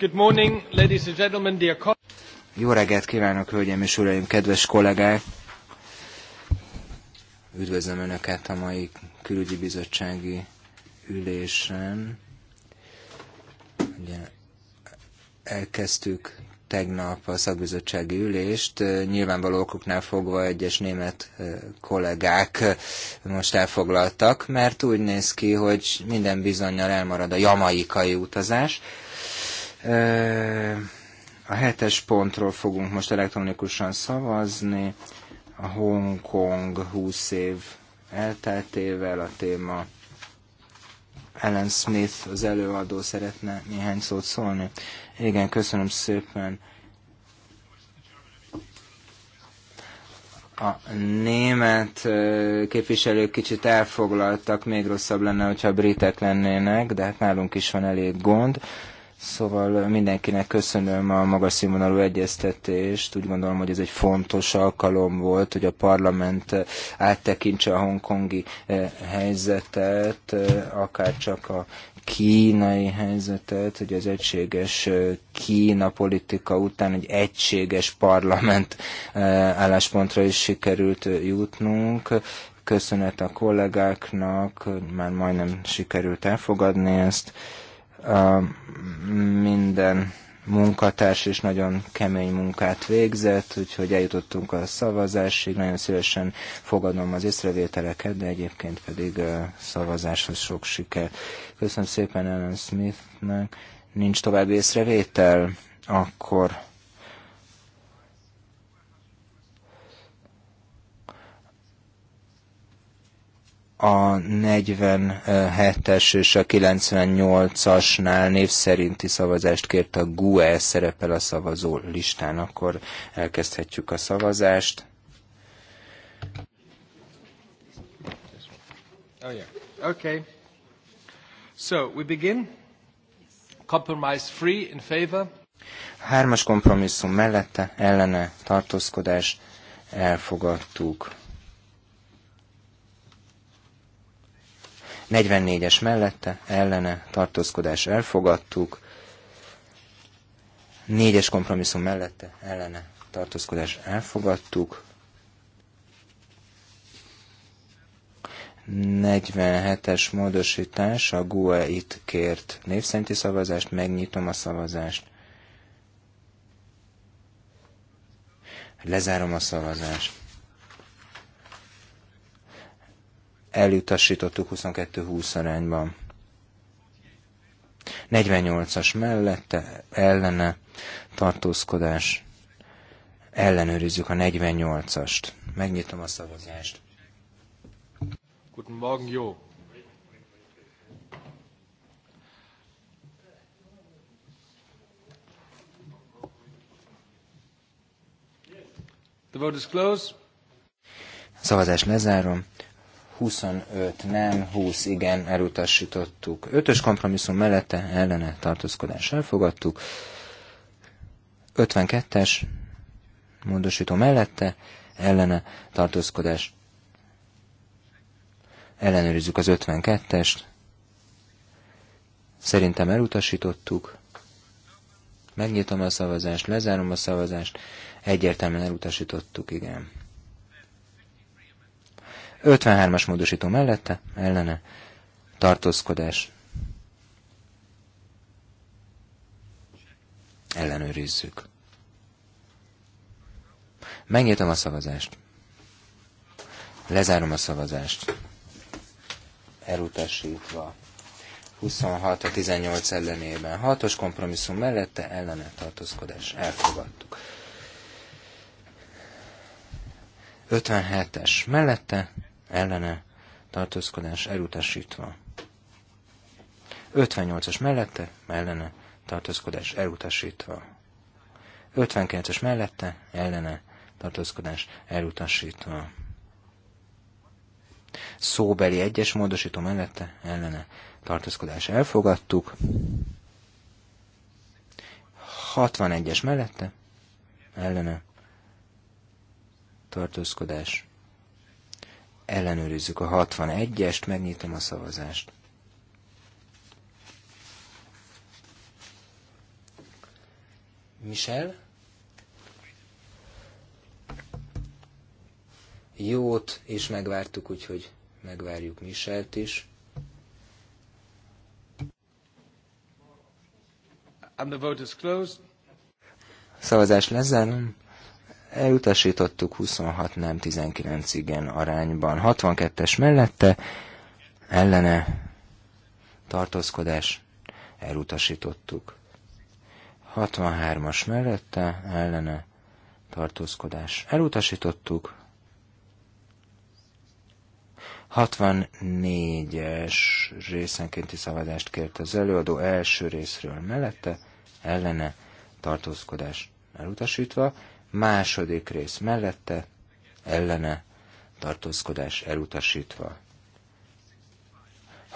Good morning, ladies and gentlemen, dear Jó reggelt kívánok, hölgyeim és uraim, kedves kollégák! Üdvözlöm Önöket a mai külügyi bizottsági ülésen. Ugye elkezdtük tegnap a szakbizottsági ülést. Nyilvánvaló okoknál fogva egyes német kollégák most elfoglaltak, mert úgy néz ki, hogy minden bizonyal elmarad a jamaikai utazás. A hetes pontról fogunk most elektronikusan szavazni. A Hongkong 20 év elteltével a téma. Ellen Smith, az előadó szeretne néhány szót szólni. Igen, köszönöm szépen. a német képviselők kicsit elfoglaltak, még rosszabb lenne, hogyha britek lennének, de hát nálunk is van elég gond. Szóval mindenkinek köszönöm a magas színvonalú egyeztetést. Úgy gondolom, hogy ez egy fontos alkalom volt, hogy a parlament eh, áttekintse a hongkongi eh, helyzetet, eh, akár csak a kínai helyzetet, hogy az egységes Kína politika után egy egységes parlament álláspontra is sikerült jutnunk. Köszönet a kollégáknak, már majdnem sikerült elfogadni ezt. Minden munkatárs is nagyon kemény munkát végzett, úgyhogy eljutottunk a szavazásig, nagyon szívesen fogadom az észrevételeket, de egyébként pedig a szavazáshoz sok sikert. Köszönöm szépen Ellen Smithnek. Nincs további észrevétel? Akkor a 47-es és a 98-asnál név szerinti szavazást kért a GUE szerepel a szavazó listán, akkor elkezdhetjük a szavazást. Oh yeah. Okay. So we begin. Compromise free in favor. Hármas kompromisszum mellette, ellene, tartózkodás, elfogadtuk. 44-es mellette ellene tartózkodás elfogadtuk. 4-es kompromisszum mellette ellene tartózkodás elfogadtuk. 47-es módosítás, a GUE itt kért névszerinti szavazást, megnyitom a szavazást. Lezárom a szavazást. elutasítottuk 22 21 ban 48-as mellette ellene tartózkodás. Ellenőrizzük a 48-ast. Megnyitom a szavazást. Guten Morgen, jó. The vote is closed. Szavazást lezárom. 25 nem, 20 igen, elutasítottuk. Ötös kompromisszum mellette ellene tartózkodás elfogadtuk. 52-es módosító mellette ellene tartózkodás. Ellenőrizzük az 52-est. Szerintem elutasítottuk. Megnyitom a szavazást, lezárom a szavazást. Egyértelműen elutasítottuk, igen. 53-as módosító mellette, ellene, tartózkodás. Ellenőrizzük. Megnyitom a szavazást. Lezárom a szavazást. Elutasítva. 26 a 18 ellenében. 6-os kompromisszum mellette ellene tartózkodás. Elfogadtuk. 57-es mellette ellene tartózkodás elutasítva. 58-as mellette, ellene tartózkodás elutasítva. 59-es mellette, ellene tartózkodás elutasítva. Szóbeli egyes módosító mellette, ellene tartózkodás elfogadtuk. 61-es mellette, ellene tartózkodás ellenőrizzük a 61-est, megnyitom a szavazást. Michel? Jót és megvártuk, úgyhogy megvárjuk Michelt is. And the vote is closed. Szavazás lezárom elutasítottuk 26 nem 19 igen arányban. 62-es mellette ellene tartózkodás elutasítottuk. 63-as mellette ellene tartózkodás elutasítottuk. 64-es részenkénti szavazást kért az előadó első részről mellette ellene tartózkodás elutasítva Második rész mellette, ellene, tartózkodás elutasítva.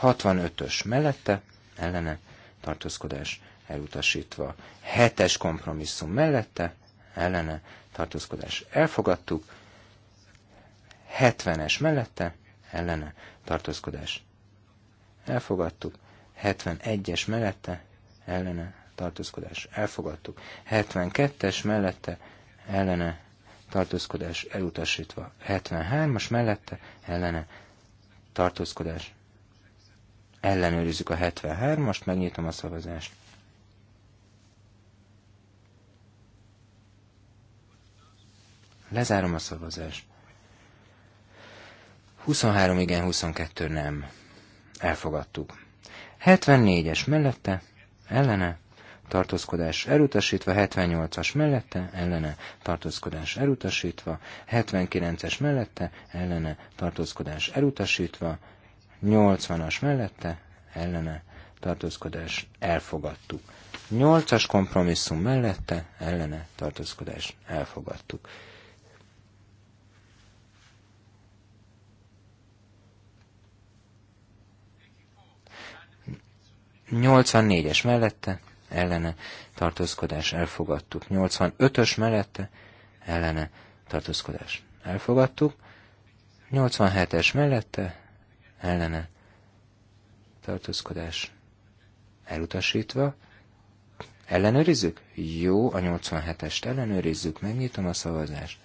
65-ös mellette, ellene, tartózkodás elutasítva. 7-es kompromisszum mellette, ellene, tartózkodás elfogadtuk. 70-es mellette, ellene, tartózkodás elfogadtuk. 71-es mellette, ellene, tartózkodás elfogadtuk. 72-es mellette, ellene tartózkodás elutasítva. 73-as mellette ellene tartózkodás. Ellenőrizzük a 73-ast, megnyitom a szavazást. Lezárom a szavazást. 23 igen, 22 nem. Elfogadtuk. 74-es mellette, ellene, tartózkodás elutasítva, 78-as mellette, ellene tartózkodás elutasítva, 79-es mellette, ellene tartózkodás elutasítva, 80-as mellette, ellene tartózkodás elfogadtuk. 8-as kompromisszum mellette, ellene tartózkodás elfogadtuk. Nyolcvan négyes mellette, ellene tartózkodás elfogadtuk. 85-ös mellette ellene tartózkodás elfogadtuk. 87-es mellette ellene tartózkodás elutasítva. Ellenőrizzük? Jó, a 87-est ellenőrizzük, megnyitom a szavazást.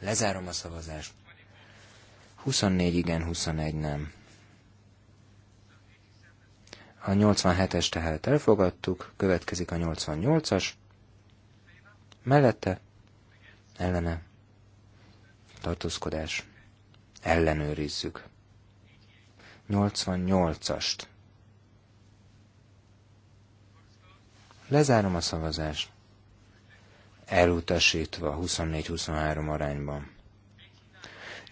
Lezárom a szavazást. 24 igen, 21 nem. A 87-es tehát elfogadtuk, következik a 88-as. Mellette ellene tartózkodás. Ellenőrizzük. 88-ast. Lezárom a szavazást. Elutasítva 24-23 arányban.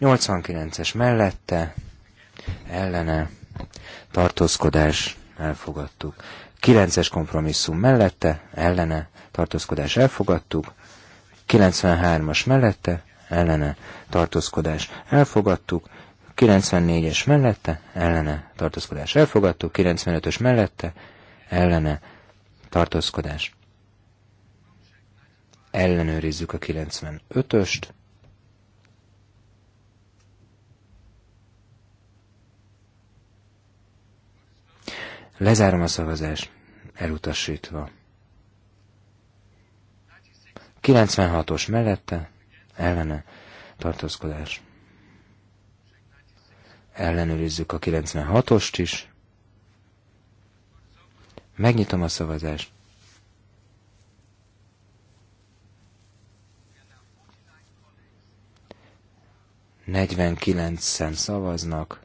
89-es mellette, ellene, tartózkodás, elfogadtuk. Kilences kompromisszum mellette, ellene, tartózkodás elfogadtuk. 93-as mellette, ellene, tartózkodás elfogadtuk. 94-es mellette, ellene, tartózkodás elfogadtuk. 95-ös mellette, ellene, tartózkodás. Ellenőrizzük a 95-öst. Lezárom a szavazást. Elutasítva. 96-os mellette, ellene, tartózkodás. Ellenőrizzük a 96-ost is. Megnyitom a szavazást. Negyvenkilencen szavaznak,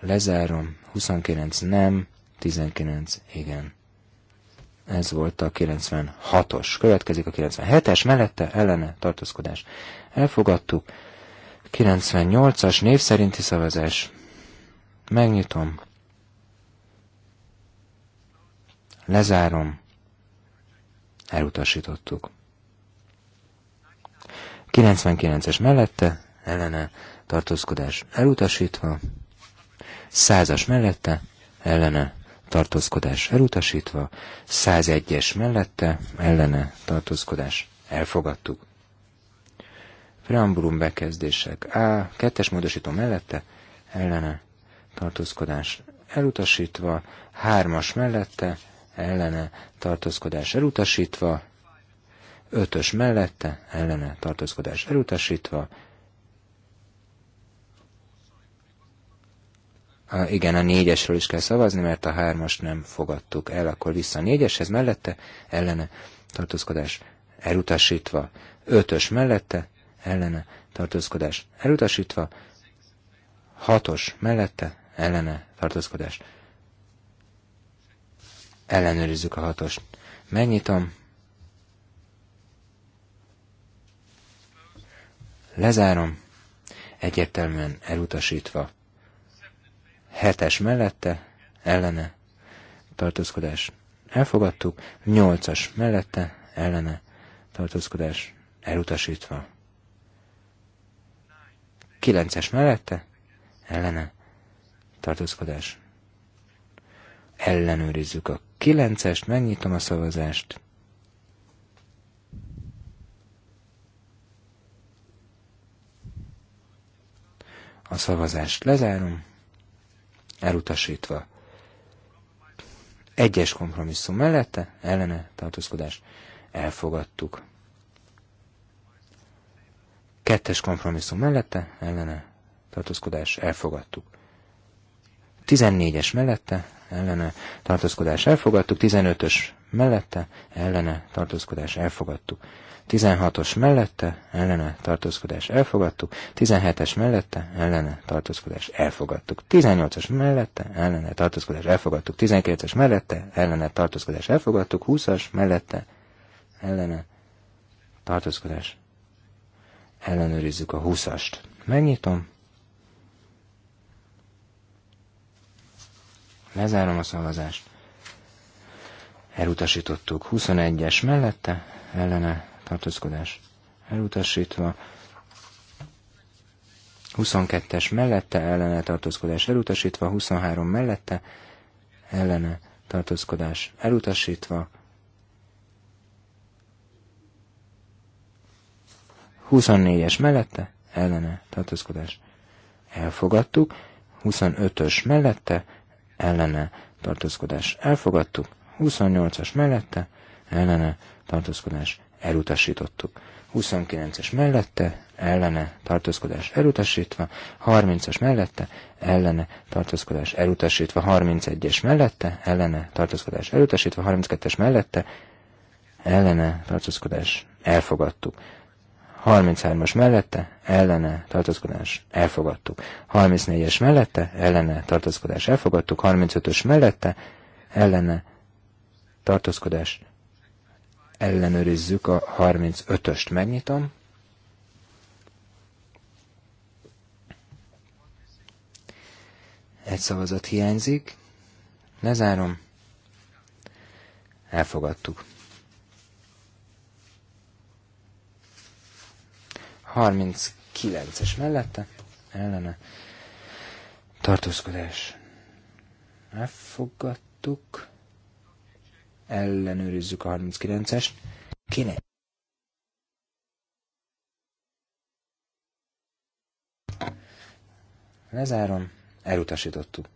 lezárom, 29 nem, 19, igen. Ez volt a 96-os. Következik a 97-es, mellette ellene tartózkodás. Elfogadtuk. 98-as név szerinti szavazás. Megnyitom. Lezárom. Elutasítottuk. 99-es mellette, ellene, tartózkodás elutasítva. 100-as mellette, ellene, tartózkodás elutasítva, 101-es mellette, ellene tartózkodás elfogadtuk. Preambulum bekezdések A, kettes módosító mellette, ellene tartózkodás elutasítva, hármas mellette, ellene tartózkodás elutasítva, ötös mellette, ellene tartózkodás elutasítva, igen, a négyesről is kell szavazni, mert a hármast nem fogadtuk el, akkor vissza a négyeshez mellette, ellene tartózkodás elutasítva, ötös mellette, ellene tartózkodás elutasítva, hatos mellette, ellene tartózkodás. Ellenőrizzük a hatost. Megnyitom. Lezárom. Egyértelműen elutasítva hetes mellette, ellene, tartózkodás elfogadtuk, nyolcas mellette, ellene, tartózkodás elutasítva. Kilences mellette, ellene, tartózkodás. Ellenőrizzük a kilencest, megnyitom a szavazást. A szavazást lezárom elutasítva. Egyes kompromisszum mellette, ellene tartózkodás elfogadtuk. Kettes kompromisszum mellette, ellene tartózkodás elfogadtuk. 14-es mellette, ellene tartózkodás elfogadtuk, 15-ös mellette, ellene tartózkodás elfogadtuk. 16-os mellette, ellene tartózkodás elfogadtuk, 17-es mellette, ellene tartózkodás elfogadtuk, 18 os mellette, ellene tartózkodás elfogadtuk, 19-es mellette, ellene tartózkodás elfogadtuk, 20-as mellette, ellene tartózkodás ellenőrizzük a 20-ast. Megnyitom. Lezárom a szavazást. Elutasítottuk. 21-es mellette, ellene tartózkodás elutasítva. 22-es mellette, ellene tartózkodás elutasítva. 23 mellette, ellene tartózkodás elutasítva. 24-es mellette, ellene tartózkodás elfogadtuk. 25-ös mellette, ellene tartózkodás elfogadtuk, 28-as mellette ellene tartózkodás elutasítottuk. 29-es mellette ellene tartózkodás elutasítva, 30-as mellette ellene tartózkodás elutasítva, 31-es mellette ellene tartózkodás elutasítva, 32-es mellette ellene tartózkodás elfogadtuk. 33-as mellette, ellene tartózkodás elfogadtuk. 34-es mellette, ellene tartózkodás elfogadtuk. 35-ös mellette, ellene tartózkodás ellenőrizzük a 35-öst. Megnyitom. Egy szavazat hiányzik. Lezárom. Elfogadtuk. 39-es mellette, ellene, tartózkodás. Elfogadtuk, ellenőrizzük a 39-est. Kéne. Lezárom, elutasítottuk.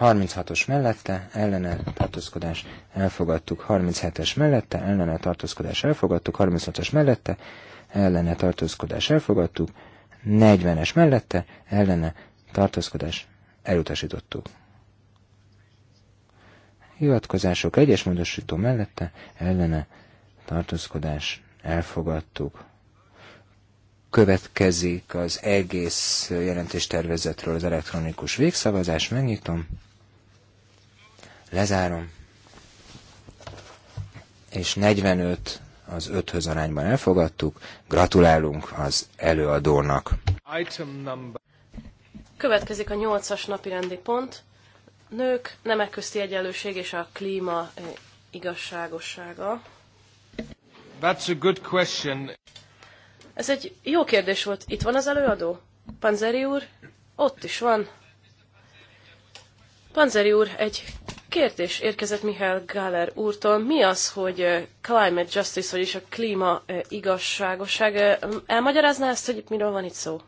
36-os mellette, ellene tartózkodás elfogadtuk. 37-es mellette, ellene tartózkodás elfogadtuk. 38 os mellette, ellene tartózkodás elfogadtuk. 40-es mellette, ellene tartózkodás elutasítottuk. Hivatkozások egyes módosító mellette, ellene tartózkodás elfogadtuk következik az egész jelentéstervezetről az elektronikus végszavazás. Megnyitom. Lezárom. És 45 az 5-höz arányban elfogadtuk. Gratulálunk az előadónak. Következik a 8-as napi rendi pont. Nők, nemek közti egyenlőség és a klíma eh, igazságossága. That's a good question. Ez egy jó kérdés volt. Itt van az előadó? Panzeri úr? Ott is van. Panzeri úr, egy Kérdés érkezett Mihály Gáler úrtól. Mi az, hogy climate justice, vagyis a klíma igazságosság? Elmagyarázná ezt, hogy miről van itt szó?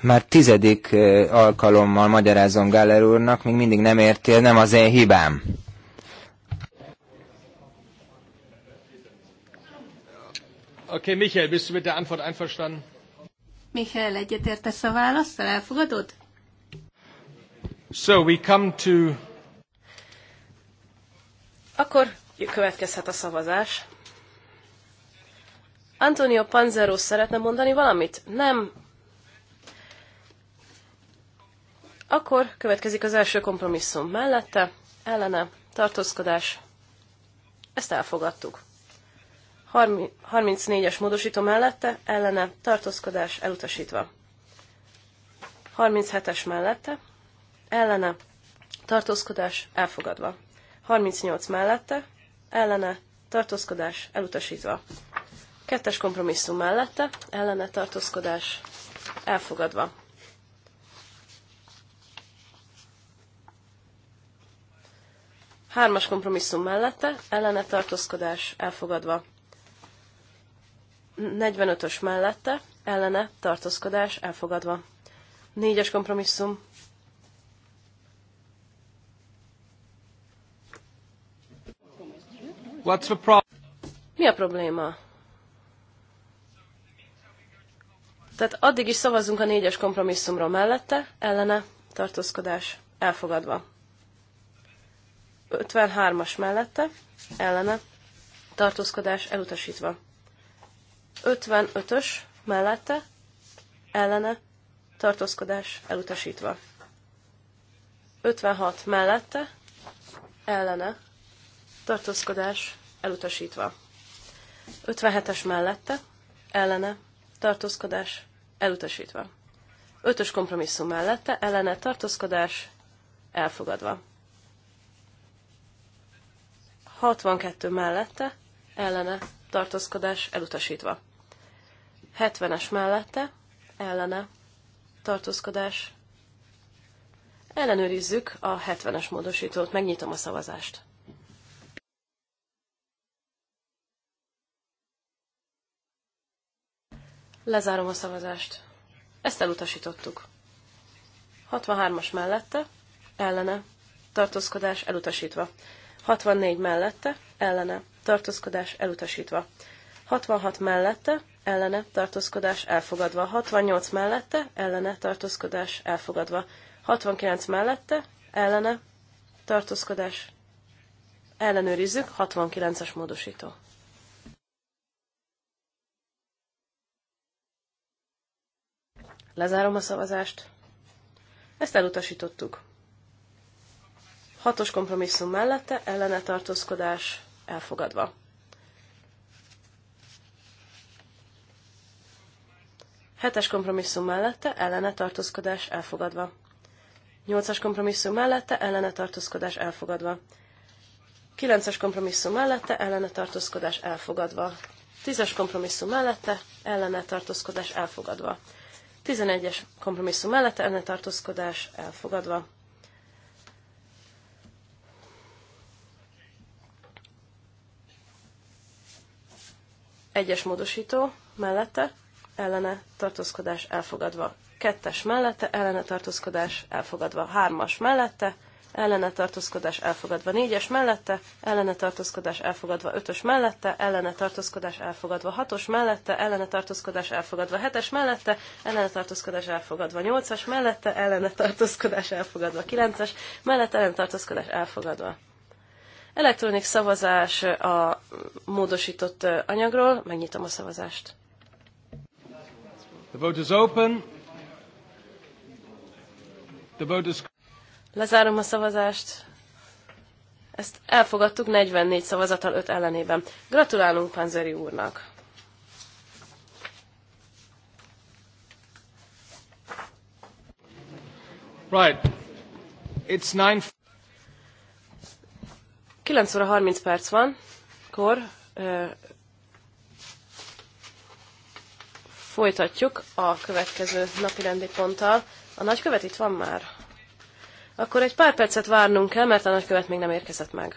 Már tizedik alkalommal magyarázom Gáler úrnak, még mindig nem ez nem az én hibám. Okay, Michael, bist du mit der Antwort einverstanden? Michael, egyetértesz a választal? Elfogadod? So we come to... Akkor következhet a szavazás. Antonio Panzero szeretne mondani valamit? Nem. Akkor következik az első kompromisszum mellette, ellene, tartózkodás. Ezt elfogadtuk. 34-es módosító mellette, ellene tartózkodás elutasítva. 37-es mellette, ellene tartózkodás elfogadva. 38 mellette, ellene tartózkodás elutasítva. Kettes kompromisszum mellette, ellene tartózkodás elfogadva. Hármas kompromisszum mellette, ellene tartózkodás elfogadva. 45-ös mellette, ellene, tartózkodás elfogadva. Négyes kompromisszum. What's the pro- Mi a probléma? Tehát addig is szavazzunk a négyes kompromisszumra mellette, ellene, tartózkodás elfogadva. 53-as mellette, ellene, tartózkodás elutasítva. 55-ös mellette ellene tartózkodás elutasítva. 56 mellette ellene tartózkodás elutasítva. 57-es mellette ellene tartózkodás elutasítva. 5-ös kompromisszum mellette ellene tartózkodás elfogadva. 62 mellette ellene tartózkodás elutasítva. 70-es mellette, ellene, tartózkodás. Ellenőrizzük a 70-es módosítót, megnyitom a szavazást. Lezárom a szavazást. Ezt elutasítottuk. 63-as mellette, ellene, tartózkodás elutasítva. 64 mellette, ellene, tartózkodás elutasítva. 66 mellette, ellene tartózkodás elfogadva. 68 mellette, ellene tartózkodás elfogadva. 69 mellette, ellene tartózkodás ellenőrizzük, 69-es módosító. Lezárom a szavazást. Ezt elutasítottuk. Hatos kompromisszum mellette ellene tartózkodás elfogadva. Hetes kompromisszum mellette ellene tartózkodás elfogadva. Nyolcas kompromisszum mellette ellene tartózkodás elfogadva. Kilences kompromisszum mellette ellene tartózkodás elfogadva. Tízes kompromisszum mellette ellene tartózkodás elfogadva. Tizenegyes kompromisszum mellette ellene tartózkodás elfogadva. Egyes módosító mellette ellene tartózkodás elfogadva. Kettes mellette ellene tartózkodás elfogadva. Hármas mellette ellene tartózkodás elfogadva. Négyes mellette ellene tartózkodás elfogadva. Ötös mellette ellene tartózkodás elfogadva. Hatos mellette ellene tartózkodás elfogadva. Hetes mellette ellene tartózkodás elfogadva. Nyolcas mellette ellene tartózkodás elfogadva. Kilences mellette ellene tartózkodás elfogadva. Elektronik szavazás a módosított anyagról. Megnyitom a szavazást. The vote is open. The vote is... Lezárom a szavazást. Ezt elfogadtuk 44 szavazattal 5 ellenében. Gratulálunk Panzeri úrnak! Right. It's nine... 9 óra 30 perc van, kor folytatjuk a következő napi rendi ponttal. A nagykövet itt van már? Akkor egy pár percet várnunk kell, mert a nagykövet még nem érkezett meg.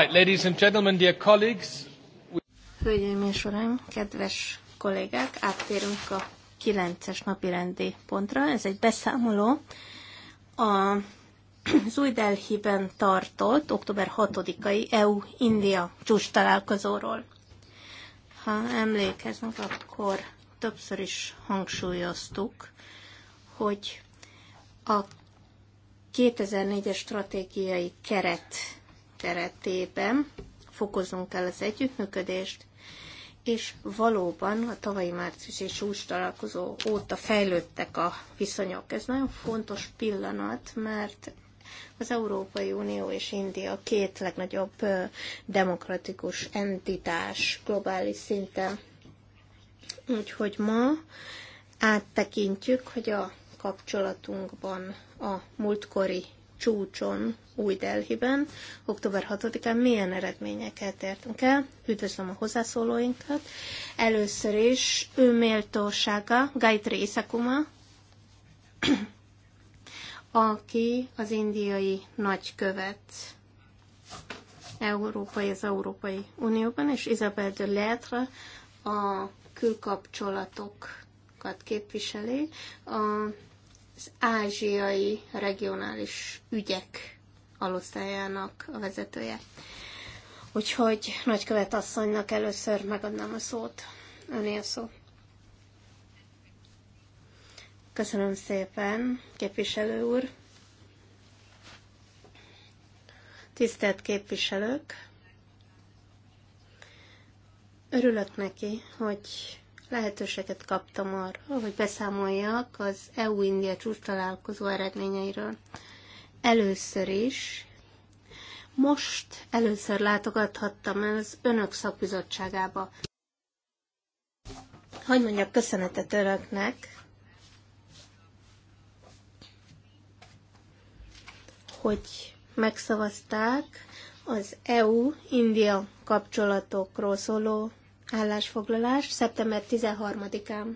Right, ladies and gentlemen, dear colleagues. Hölgyeim és uraim, kedves kollégák, áttérünk a 9-es napi rendi pontra. Ez egy beszámoló a az új tartott október 6-ai EU-India csúcs találkozóról. Ha emlékeznek, akkor többször is hangsúlyoztuk, hogy a 2004-es stratégiai keret keretében fokozunk el az együttműködést, és valóban a tavalyi március és új találkozó óta fejlődtek a viszonyok. Ez nagyon fontos pillanat, mert az Európai Unió és India két legnagyobb demokratikus entitás globális szinten. Úgyhogy ma áttekintjük, hogy a kapcsolatunkban a múltkori csúcson új Delhiben, október 6-án milyen eredményeket értünk el. Üdvözlöm a hozzászólóinkat. Először is ő méltósága, Gaitri Isakuma, aki az indiai nagykövet Európai, az Európai Unióban, és Isabel de Lettre a külkapcsolatokat képviseli, a az ázsiai regionális ügyek alosztályának a vezetője. Úgyhogy nagykövet asszonynak először megadnám a szót. Öné a szó. Köszönöm szépen, képviselő úr. Tisztelt képviselők! Örülök neki, hogy lehetőséget kaptam arra, hogy beszámoljak az EU-India csúcs találkozó eredményeiről. Először is, most először látogathattam el az Önök szakbizottságába. Hogy mondjak köszönetet Önöknek, hogy megszavazták az EU-India kapcsolatokról szóló állásfoglalás szeptember 13-án.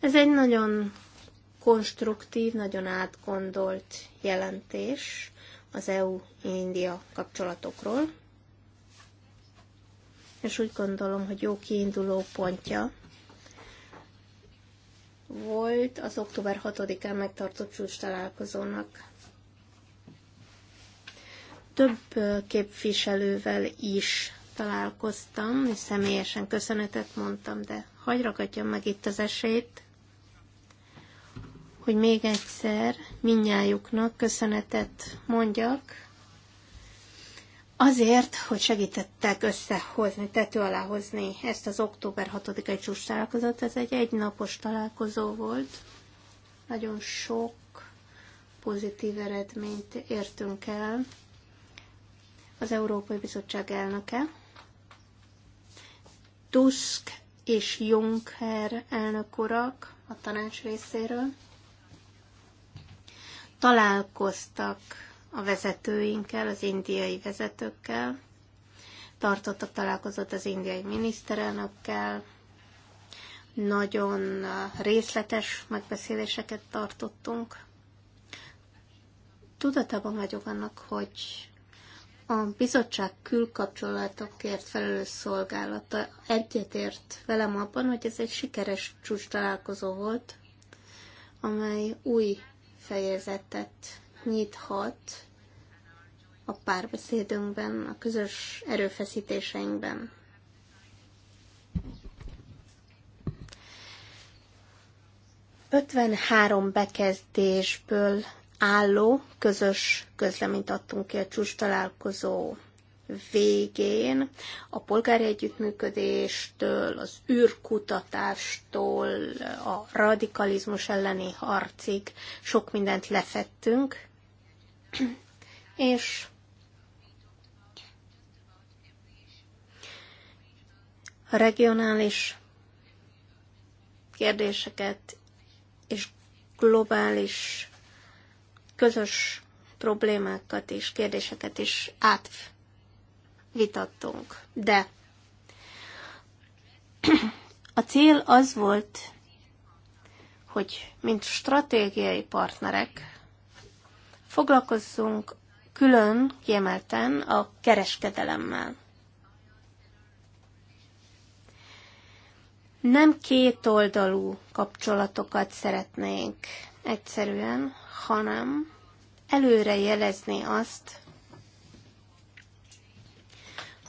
Ez egy nagyon konstruktív, nagyon átgondolt jelentés az EU-India kapcsolatokról, és úgy gondolom, hogy jó kiinduló pontja volt az október 6-án megtartott csúcs találkozónak. Több képviselővel is találkoztam, és személyesen köszönetet mondtam, de hagy ragadjam meg itt az esélyt, hogy még egyszer minnyájuknak köszönetet mondjak, azért, hogy segítettek összehozni, tető alá hozni ezt az október 6-ai csúcs találkozót. Ez egy egynapos találkozó volt. Nagyon sok pozitív eredményt értünk el. Az Európai Bizottság elnöke, Tusk és Juncker elnökorak a tanács részéről találkoztak a vezetőinkkel, az indiai vezetőkkel, tartottak találkozót az indiai miniszterelnökkel, nagyon részletes megbeszéléseket tartottunk. Tudatában vagyok annak, hogy a bizottság külkapcsolatokért felelős szolgálata egyetért velem abban, hogy ez egy sikeres csúcs találkozó volt, amely új fejezetet nyithat a párbeszédünkben, a közös erőfeszítéseinkben. Ötvenhárom bekezdésből álló közös közleményt adtunk ki a csúcs találkozó végén a polgári együttműködéstől, az űrkutatástól, a radikalizmus elleni harcig sok mindent lefettünk, és a regionális kérdéseket és globális közös problémákat és kérdéseket is átvitattunk. De a cél az volt, hogy mint stratégiai partnerek foglalkozzunk külön, kiemelten a kereskedelemmel. Nem kétoldalú kapcsolatokat szeretnénk egyszerűen, hanem előre jelezni azt,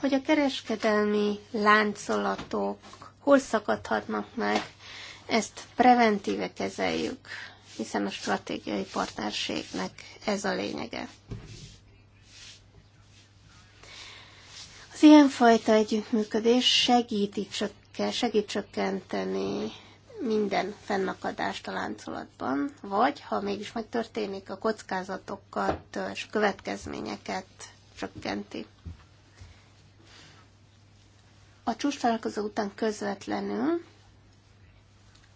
hogy a kereskedelmi láncolatok hol szakadhatnak meg, ezt preventíve kezeljük, hiszen a stratégiai partnerségnek ez a lényege. Az ilyenfajta együttműködés segíti csökken, segít csökkenteni minden fennakadást a láncolatban, vagy ha mégis megtörténik, a kockázatokat és következményeket csökkenti. A találkozó után közvetlenül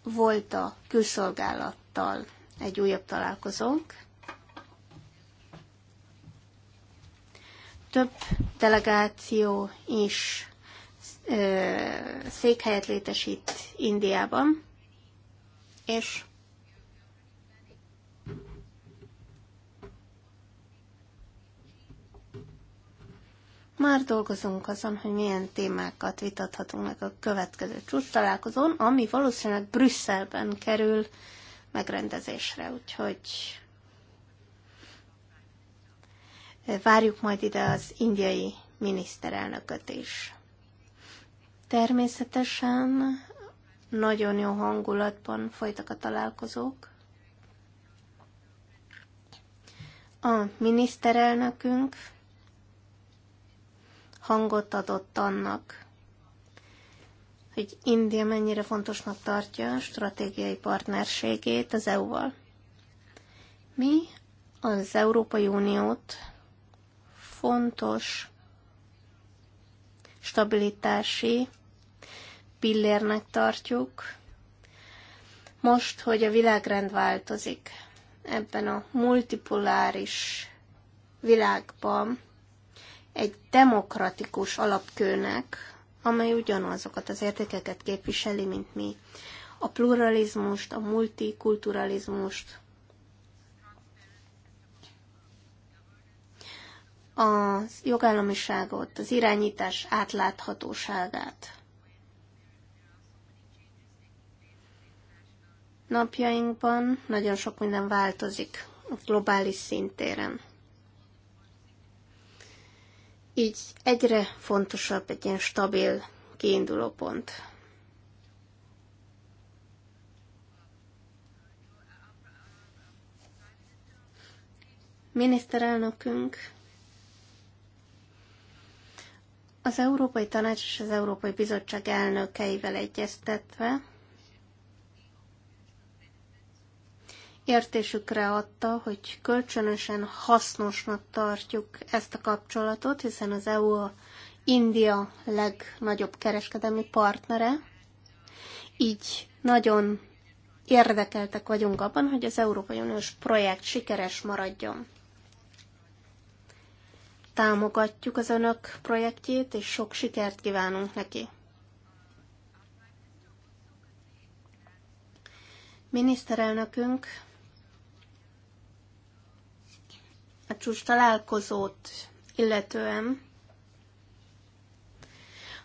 volt a külszolgálattal egy újabb találkozónk. Több delegáció is ö, székhelyet létesít Indiában, és már dolgozunk azon, hogy milyen témákat vitathatunk meg a következő csúcs találkozón, ami valószínűleg Brüsszelben kerül megrendezésre, úgyhogy várjuk majd ide az indiai miniszterelnököt is. Természetesen nagyon jó hangulatban folytak a találkozók. A miniszterelnökünk hangot adott annak, hogy India mennyire fontosnak tartja a stratégiai partnerségét az EU-val. Mi az Európai Uniót fontos stabilitási pillérnek tartjuk. Most, hogy a világrend változik ebben a multipoláris világban, egy demokratikus alapkőnek, amely ugyanazokat az értékeket képviseli, mint mi. A pluralizmust, a multikulturalizmust, a jogállamiságot, az irányítás átláthatóságát. Napjainkban nagyon sok minden változik a globális szintéren. Így egyre fontosabb egy ilyen stabil kiinduló pont. Miniszterelnökünk az Európai Tanács és az Európai Bizottság elnökeivel egyeztetve értésükre adta, hogy kölcsönösen hasznosnak tartjuk ezt a kapcsolatot, hiszen az EU a India legnagyobb kereskedelmi partnere, így nagyon érdekeltek vagyunk abban, hogy az Európai Uniós projekt sikeres maradjon. Támogatjuk az önök projektjét, és sok sikert kívánunk neki. Miniszterelnökünk a csúcs találkozót illetően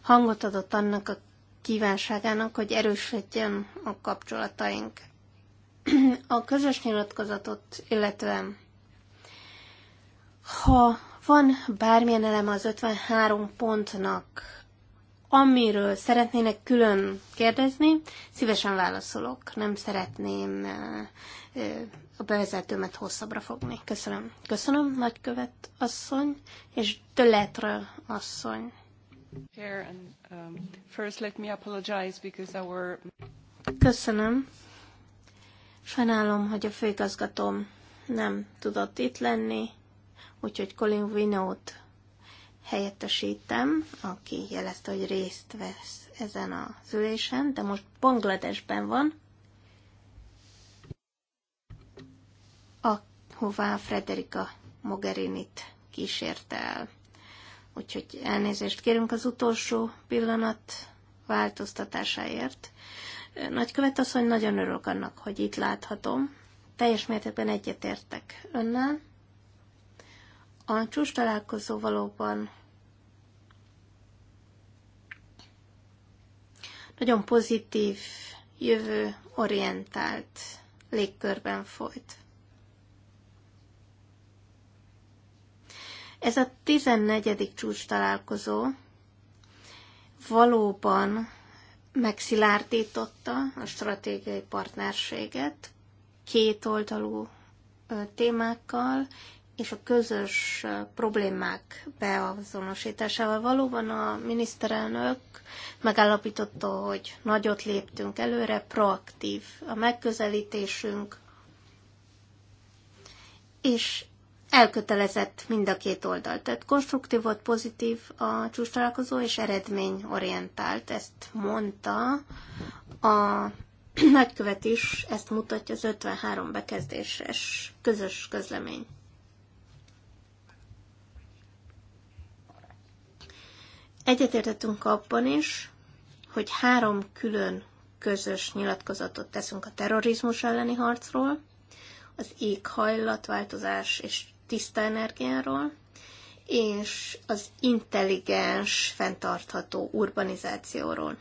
hangot adott annak a kívánságának, hogy erősödjön a kapcsolataink. A közös nyilatkozatot illetően, ha van bármilyen eleme az 53 pontnak, amiről szeretnének külön kérdezni, szívesen válaszolok. Nem szeretném a bevezetőmet hosszabbra fogni. Köszönöm. Köszönöm, nagykövet asszony és Döletre asszony. Um, Köszönöm. Sajnálom, hogy a főigazgatóm nem tudott itt lenni, úgyhogy Colin Winót helyettesítem, aki jelezte, hogy részt vesz ezen az ülésen, de most Bangladesben van, hová Frederika Mogherinit kísérte el. Úgyhogy elnézést kérünk az utolsó pillanat változtatásáért. Nagykövet hogy nagyon örülök annak, hogy itt láthatom. Teljes mértékben egyetértek önnel. A csúcs találkozó valóban nagyon pozitív, jövő orientált légkörben folyt. Ez a 14. csúcs találkozó valóban megszilárdította a stratégiai partnerséget kétoldalú témákkal, és a közös problémák beazonosításával. Valóban a miniszterelnök megállapította, hogy nagyot léptünk előre, proaktív a megközelítésünk, és elkötelezett mind a két oldal. Tehát konstruktív volt, pozitív a csúcs találkozó, és eredményorientált. Ezt mondta a nagykövet is, ezt mutatja az 53 bekezdéses közös közlemény. Egyetértettünk abban is, hogy három külön közös nyilatkozatot teszünk a terrorizmus elleni harcról, az éghajlatváltozás és tiszta energiáról, és az intelligens, fenntartható urbanizációról.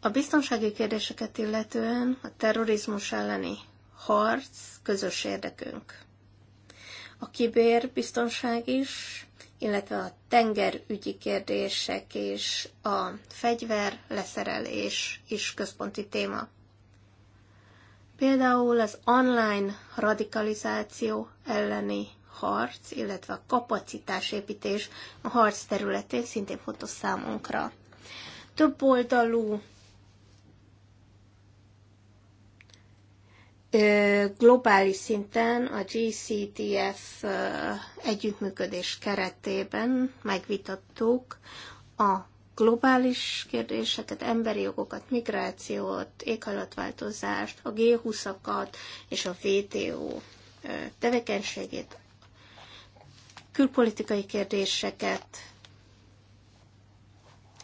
A biztonsági kérdéseket illetően a terrorizmus elleni harc közös érdekünk. A kibérbiztonság is, illetve a tengerügyi kérdések és a fegyver leszerelés is központi téma. Például az online radikalizáció elleni harc, illetve a kapacitásépítés a harc területén szintén fontos számunkra. Több oldalú globális szinten a GCTF együttműködés keretében megvitattuk a globális kérdéseket, emberi jogokat, migrációt, éghajlatváltozást, a G20-akat és a WTO tevékenységét, külpolitikai kérdéseket,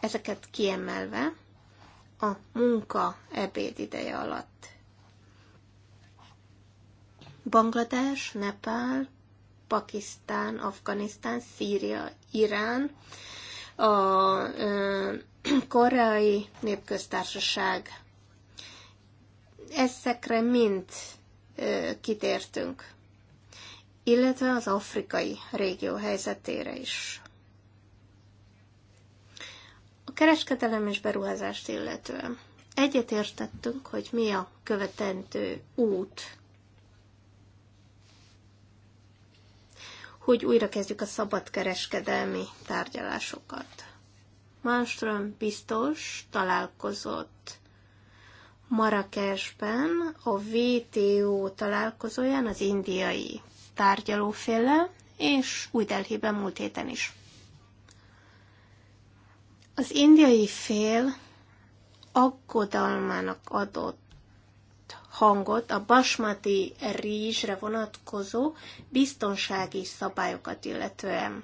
ezeket kiemelve a munka ebéd ideje alatt. Banglades, Nepál, Pakisztán, Afganisztán, Szíria, Irán, a koreai népköztársaság. Ezekre mind kitértünk, illetve az afrikai régió helyzetére is. A kereskedelem és beruházást illetően egyetértettünk, hogy mi a követendő út hogy újra kezdjük a szabadkereskedelmi tárgyalásokat. Malmström biztos találkozott Marrakesben a VTO találkozóján az indiai tárgyalóféle, és új Delhiben múlt héten is. Az indiai fél aggodalmának adott hangot a basmati rizsre vonatkozó biztonsági szabályokat illetően.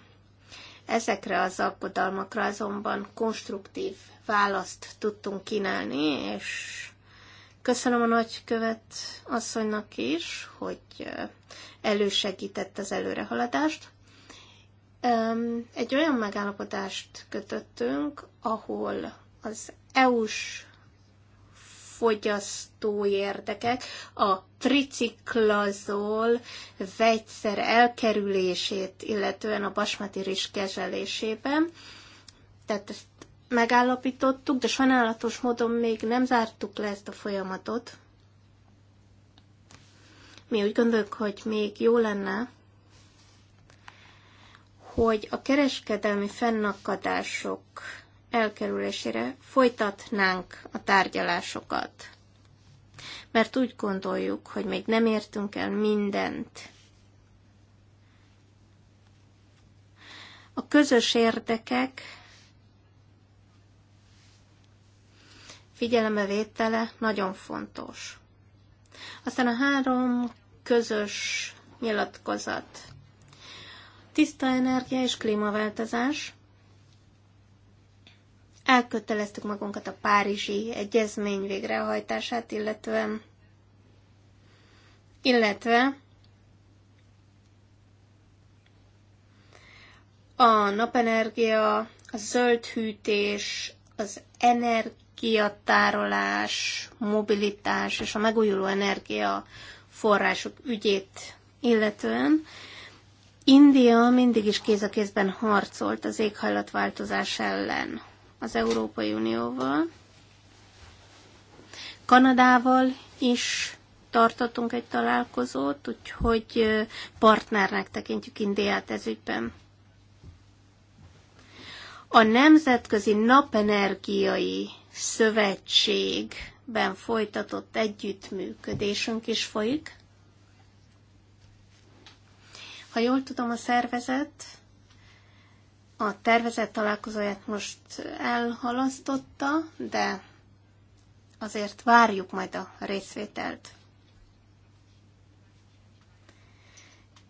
Ezekre az aggodalmakra azonban konstruktív választ tudtunk kínálni, és köszönöm a nagykövet asszonynak is, hogy elősegített az előrehaladást. Egy olyan megállapodást kötöttünk, ahol az EU-s fogyasztói érdekek, a triciklazol vegyszer elkerülését, illetően a basmati rizs kezelésében. Tehát ezt megállapítottuk, de sajnálatos módon még nem zártuk le ezt a folyamatot. Mi úgy gondoljuk, hogy még jó lenne, hogy a kereskedelmi fennakadások elkerülésére folytatnánk a tárgyalásokat. Mert úgy gondoljuk, hogy még nem értünk el mindent. A közös érdekek figyelemevétele nagyon fontos. Aztán a három közös nyilatkozat. Tiszta energia és klímaváltozás – elköteleztük magunkat a Párizsi Egyezmény végrehajtását, illetve illetve a napenergia, a zöld hűtés, az energiatárolás, mobilitás és a megújuló energia források ügyét illetően. India mindig is kéz a kézben harcolt az éghajlatváltozás ellen az Európai Unióval. Kanadával is tartottunk egy találkozót, úgyhogy partnernek tekintjük Indiát ezügyben. A Nemzetközi Napenergiai Szövetségben folytatott együttműködésünk is folyik. Ha jól tudom, a szervezet a tervezett találkozóját most elhalasztotta, de azért várjuk majd a részvételt.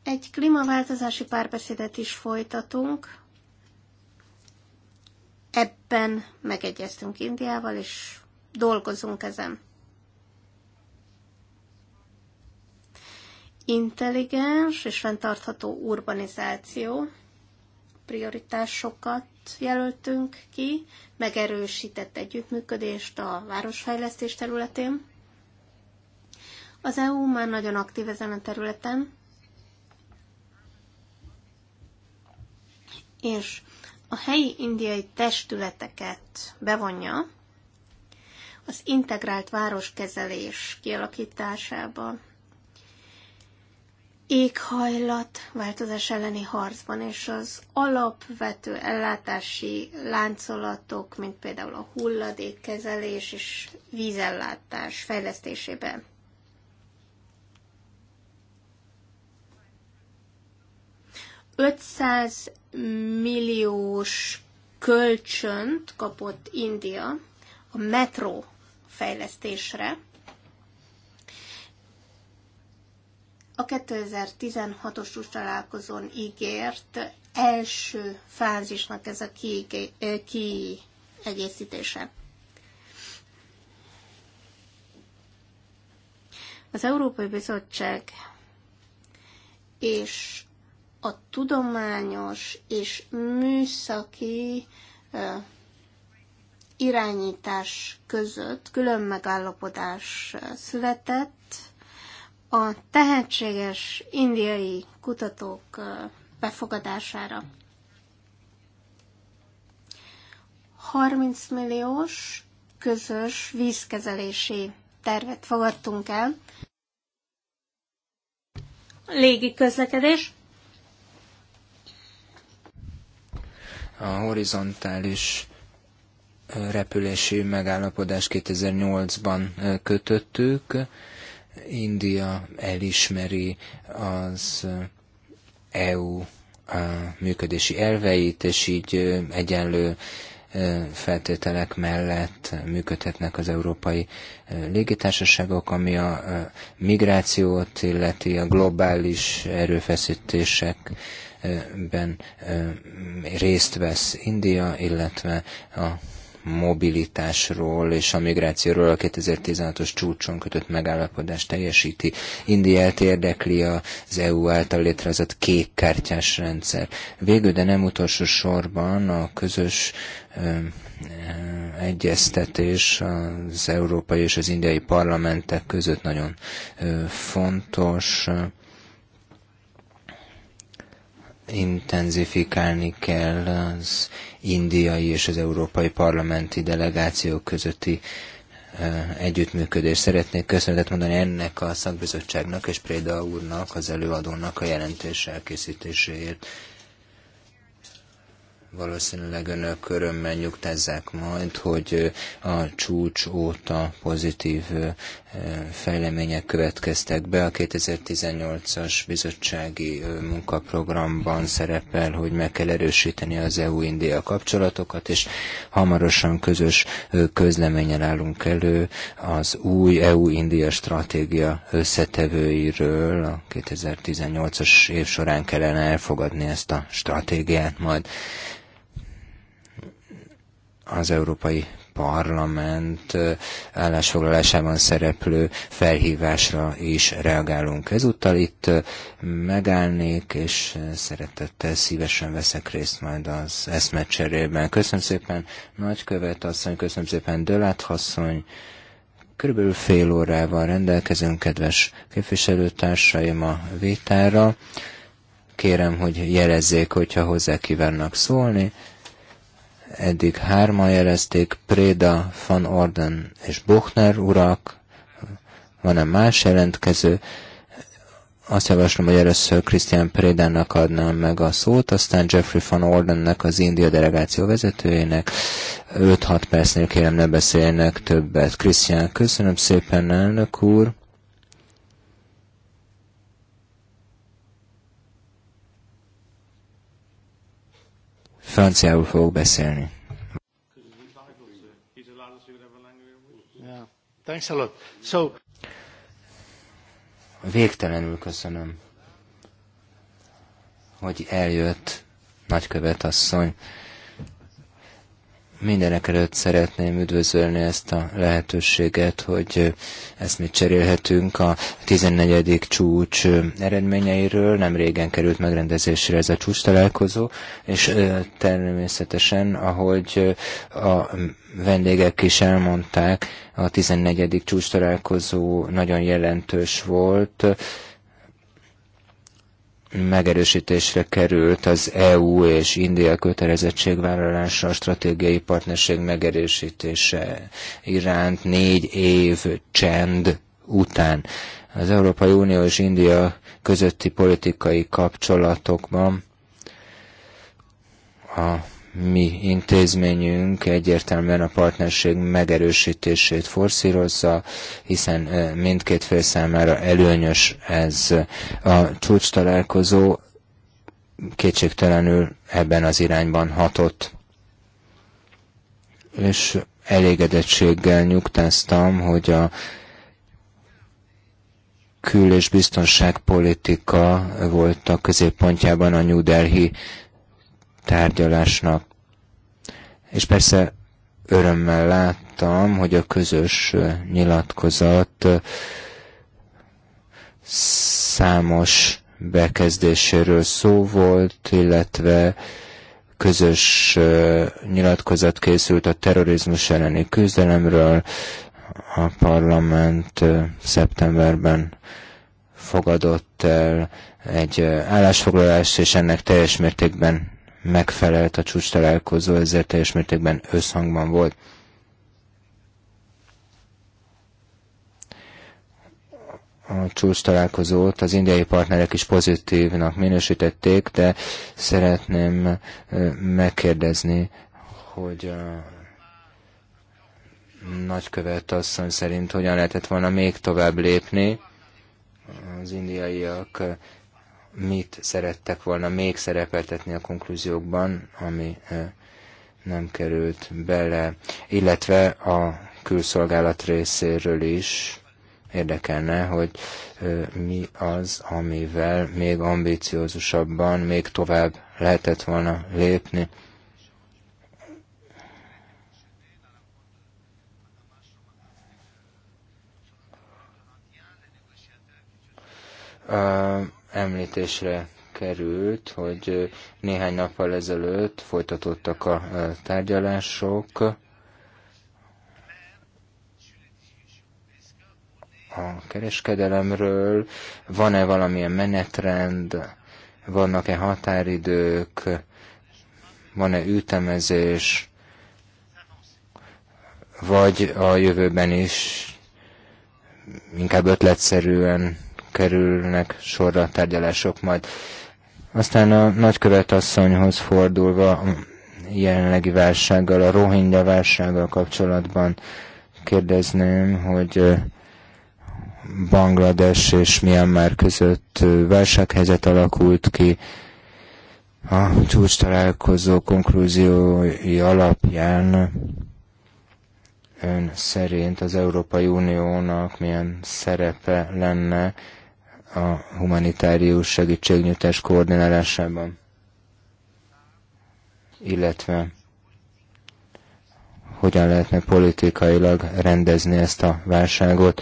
Egy klímaváltozási párbeszédet is folytatunk. Ebben megegyeztünk Indiával, és dolgozunk ezen. Intelligens és fenntartható urbanizáció prioritásokat jelöltünk ki, megerősített együttműködést a városfejlesztés területén. Az EU már nagyon aktív ezen a területen, és a helyi indiai testületeket bevonja az integrált városkezelés kialakításába éghajlat változás elleni harcban, és az alapvető ellátási láncolatok, mint például a hulladékkezelés és vízellátás fejlesztésében. Ötszáz milliós kölcsönt kapott India a metró fejlesztésre, a 2016-os csúcs találkozón ígért első fázisnak ez a kiegészítése. az Európai Bizottság és a tudományos és műszaki irányítás között külön megállapodás született, a tehetséges indiai kutatók befogadására. 30 milliós közös vízkezelési tervet fogadtunk el. Légi közlekedés. A horizontális repülési megállapodás 2008-ban kötöttük India elismeri az EU működési elveit, és így egyenlő feltételek mellett működhetnek az európai légitársaságok, ami a migrációt illeti a globális erőfeszítésekben részt vesz India, illetve a mobilitásról és a migrációról a 2016-os csúcson kötött megállapodást teljesíti. Indiát érdekli az EU által létrehozott kékkártyás rendszer. Végül, de nem utolsó sorban a közös egyeztetés az európai és az indiai parlamentek között nagyon fontos intenzifikálni kell az indiai és az európai parlamenti delegációk közötti együttműködést. Szeretnék köszönetet mondani ennek a szakbizottságnak és Préda úrnak, az előadónak a jelentés elkészítéséért. Valószínűleg önök örömmel nyugtázzák majd, hogy a csúcs óta pozitív fejlemények következtek be. A 2018-as bizottsági munkaprogramban szerepel, hogy meg kell erősíteni az EU-India kapcsolatokat, és hamarosan közös közleményen állunk elő az új EU-India stratégia összetevőiről. A 2018-as év során kellene elfogadni ezt a stratégiát majd az Európai Parlament állásfoglalásában szereplő felhívásra is reagálunk. Ezúttal itt megállnék, és szeretettel szívesen veszek részt majd az eszmecserében. Köszönöm szépen nagykövet asszony, köszönöm szépen Dölát asszony, körülbelül fél órával rendelkezünk, kedves képviselőtársaim a vétára. Kérem, hogy jelezzék, hogyha hozzá kívánnak szólni eddig hárma jelezték, Préda, Van Orden és Buchner urak, van-e más jelentkező? Azt javaslom, hogy először Christian Prédának adnám meg a szót, aztán Jeffrey Van Ordennek, az India delegáció vezetőjének. 5-6 percnél kérem ne beszéljenek többet. Christian, köszönöm szépen, elnök úr. franciául fogok beszélni. Végtelenül köszönöm, hogy eljött nagykövet asszony. Mindenek előtt szeretném üdvözölni ezt a lehetőséget, hogy ezt mit cserélhetünk a 14. csúcs eredményeiről. Nem régen került megrendezésre ez a csúcs találkozó, és természetesen, ahogy a vendégek is elmondták, a 14. csúcs találkozó nagyon jelentős volt, megerősítésre került az EU és India kötelezettségvállalása, a stratégiai partnerség megerősítése iránt négy év csend után. Az Európai Unió és India közötti politikai kapcsolatokban a mi intézményünk egyértelműen a partnerség megerősítését forszírozza, hiszen mindkét fél számára előnyös ez a csúcs találkozó, kétségtelenül ebben az irányban hatott. És elégedettséggel nyugtáztam, hogy a kül- és biztonságpolitika volt a középpontjában a New Delhi tárgyalásnak. És persze örömmel láttam, hogy a közös nyilatkozat számos bekezdéséről szó volt, illetve közös nyilatkozat készült a terrorizmus elleni küzdelemről. A parlament szeptemberben fogadott el egy állásfoglalást, és ennek teljes mértékben megfelelt a csúcs találkozó, ezért teljes mértékben összhangban volt. a csúcs találkozót az indiai partnerek is pozitívnak minősítették, de szeretném megkérdezni, hogy a nagykövet asszony szerint hogyan lehetett volna még tovább lépni az indiaiak mit szerettek volna még szerepeltetni a konklúziókban, ami eh, nem került bele, illetve a külszolgálat részéről is érdekelne, hogy eh, mi az, amivel még ambiciózusabban, még tovább lehetett volna lépni. Uh, említésre került, hogy néhány nappal ezelőtt folytatottak a tárgyalások a kereskedelemről, van-e valamilyen menetrend, vannak-e határidők, van-e ütemezés, vagy a jövőben is inkább ötletszerűen kerülnek sorra a tárgyalások majd. Aztán a nagykövet asszonyhoz fordulva a jelenlegi válsággal, a rohingya válsággal kapcsolatban kérdezném, hogy Banglades és Myanmar között válsághelyzet alakult ki, a csúcs találkozó konklúziói alapján ön szerint az Európai Uniónak milyen szerepe lenne a humanitárius segítségnyújtás koordinálásában, illetve hogyan lehetne politikailag rendezni ezt a válságot.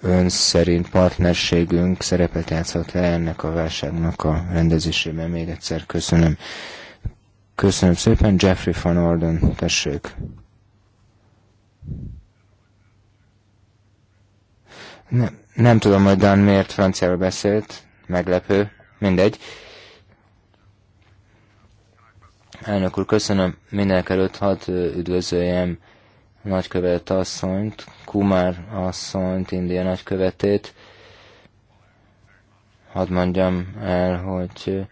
Ön szerint partnerségünk szerepet játszhat le ennek a válságnak a rendezésében. Még egyszer köszönöm. Köszönöm szépen, Jeffrey van Orden, tessék. Nem, nem tudom, hogy Dan miért franciáról beszélt, meglepő, mindegy. Elnök úr, köszönöm. Mindenek előtt hadd üdvözöljem nagykövet asszonyt, Kumar asszonyt, India nagykövetét. Hadd mondjam el, hogy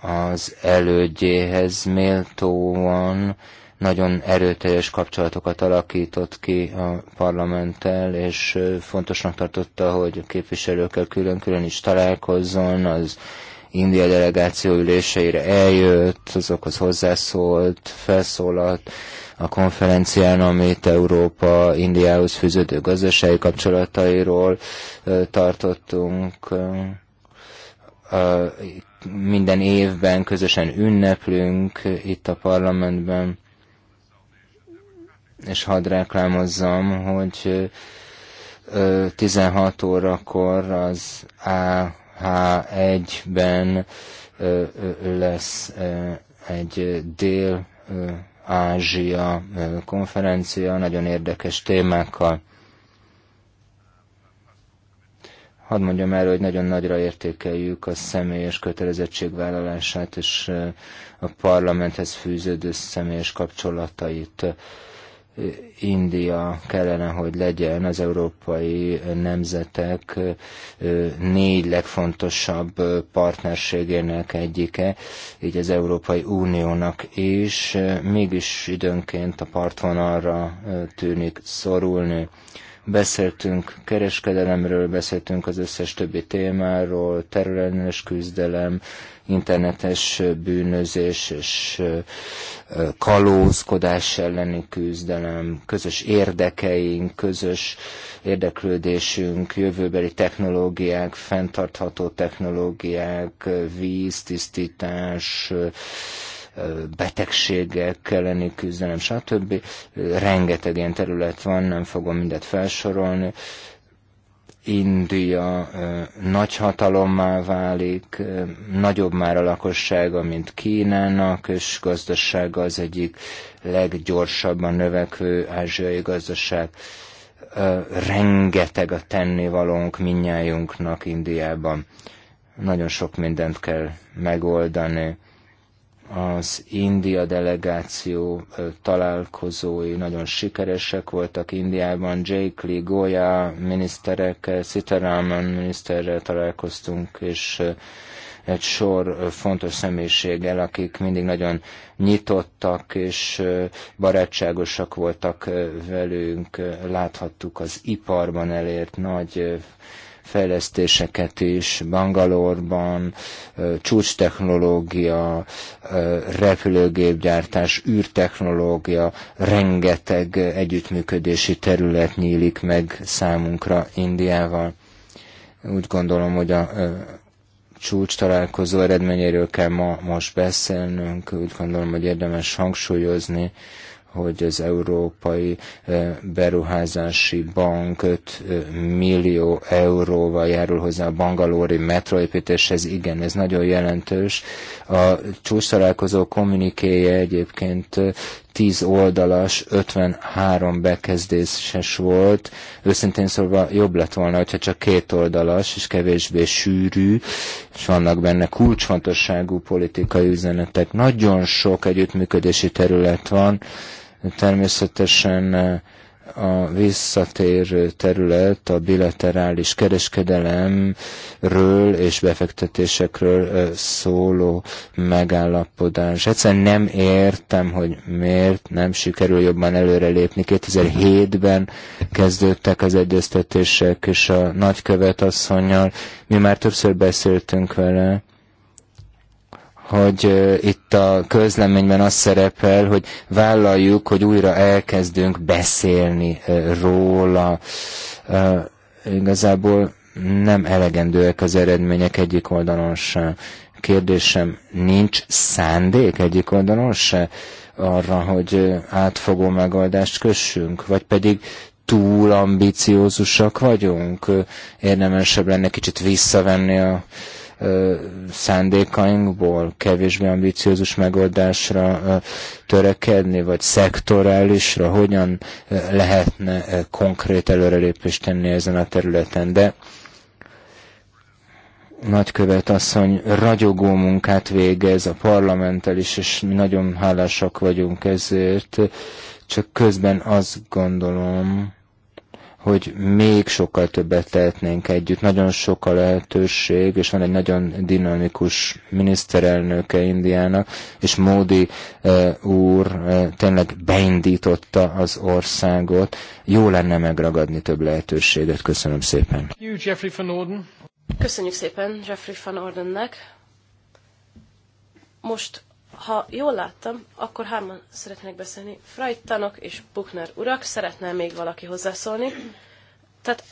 az elődjéhez méltóan nagyon erőteljes kapcsolatokat alakított ki a parlamenttel, és fontosnak tartotta, hogy a képviselőkkel külön-külön is találkozzon, az India delegáció üléseire eljött, azokhoz hozzászólt, felszólalt a konferencián, amit Európa Indiához fűződő gazdasági kapcsolatairól tartottunk minden évben közösen ünneplünk itt a parlamentben és hadd reklámozzam, hogy 16 órakor az AH1-ben lesz egy dél Ázsia konferencia, nagyon érdekes témákkal. Hadd mondjam el, hogy nagyon nagyra értékeljük a személyes kötelezettségvállalását és a parlamenthez fűződő személyes kapcsolatait. India kellene, hogy legyen az európai nemzetek négy legfontosabb partnerségének egyike, így az Európai Uniónak is, mégis időnként a partvonalra tűnik szorulni. Beszéltünk kereskedelemről, beszéltünk az összes többi témáról, területes küzdelem, internetes bűnözés és kalózkodás elleni küzdelem, közös érdekeink, közös érdeklődésünk, jövőbeli technológiák, fenntartható technológiák, víz tisztítás betegségek elleni küzdelem, stb. Rengeteg ilyen terület van, nem fogom mindet felsorolni. India nagy válik, nagyobb már a lakossága, mint Kínának, és gazdasága az egyik leggyorsabban növekvő ázsiai gazdaság. Rengeteg a tennivalónk minnyájunknak Indiában. Nagyon sok mindent kell megoldani az India delegáció találkozói nagyon sikeresek voltak Indiában. Jake Lee, Goya miniszterek, eh, Sitaraman miniszterrel találkoztunk, és eh, egy sor eh, fontos személyiséggel, akik mindig nagyon nyitottak és barátságosak voltak velünk. Láthattuk az iparban elért nagy fejlesztéseket is, Bangalorban csúcstechnológia, repülőgépgyártás, űrtechnológia, rengeteg együttműködési terület nyílik meg számunkra Indiával. Úgy gondolom, hogy a csúcs találkozó eredményéről kell ma most beszélnünk, úgy gondolom, hogy érdemes hangsúlyozni, hogy az Európai eh, Beruházási Bank 5 eh, millió euróval járul hozzá a bangalóri metroépítéshez. Igen, ez nagyon jelentős. A csúsztalálkozó kommunikéje egyébként eh, 10 oldalas, 53 bekezdéses volt. Őszintén szólva jobb lett volna, hogyha csak két oldalas, és kevésbé sűrű, és vannak benne kulcsfontosságú politikai üzenetek. Nagyon sok együttműködési terület van, természetesen eh, a visszatérő terület a bilaterális kereskedelemről és befektetésekről szóló megállapodás. Egyszerűen nem értem, hogy miért nem sikerül jobban előrelépni. 2007-ben kezdődtek az egyeztetések, és a nagykövet asszonynal mi már többször beszéltünk vele, hogy itt a közleményben az szerepel, hogy vállaljuk, hogy újra elkezdünk beszélni róla. Igazából nem elegendőek az eredmények egyik oldalon se. Kérdésem, nincs szándék egyik oldalon se arra, hogy átfogó megoldást kössünk, vagy pedig túl ambiciózusak vagyunk, érdemesebb lenne kicsit visszavenni a szándékainkból kevésbé ambiciózus megoldásra törekedni, vagy szektorálisra, hogyan lehetne konkrét előrelépést tenni ezen a területen. De nagykövet asszony ragyogó munkát végez a parlamenttel is, és mi nagyon hálásak vagyunk ezért, csak közben azt gondolom, hogy még sokkal többet tehetnénk együtt. Nagyon sok a lehetőség, és van egy nagyon dinamikus miniszterelnöke Indiának, és Módi e, eh, úr e, tényleg beindította az országot. Jó lenne megragadni több lehetőséget. Köszönöm szépen. Jeffrey van Orden. Köszönjük szépen Jeffrey van Ordennek. Most ha jól láttam, akkor hárman szeretnék beszélni. Frajtanok és Buchner urak, szeretne még valaki hozzászólni. Tehát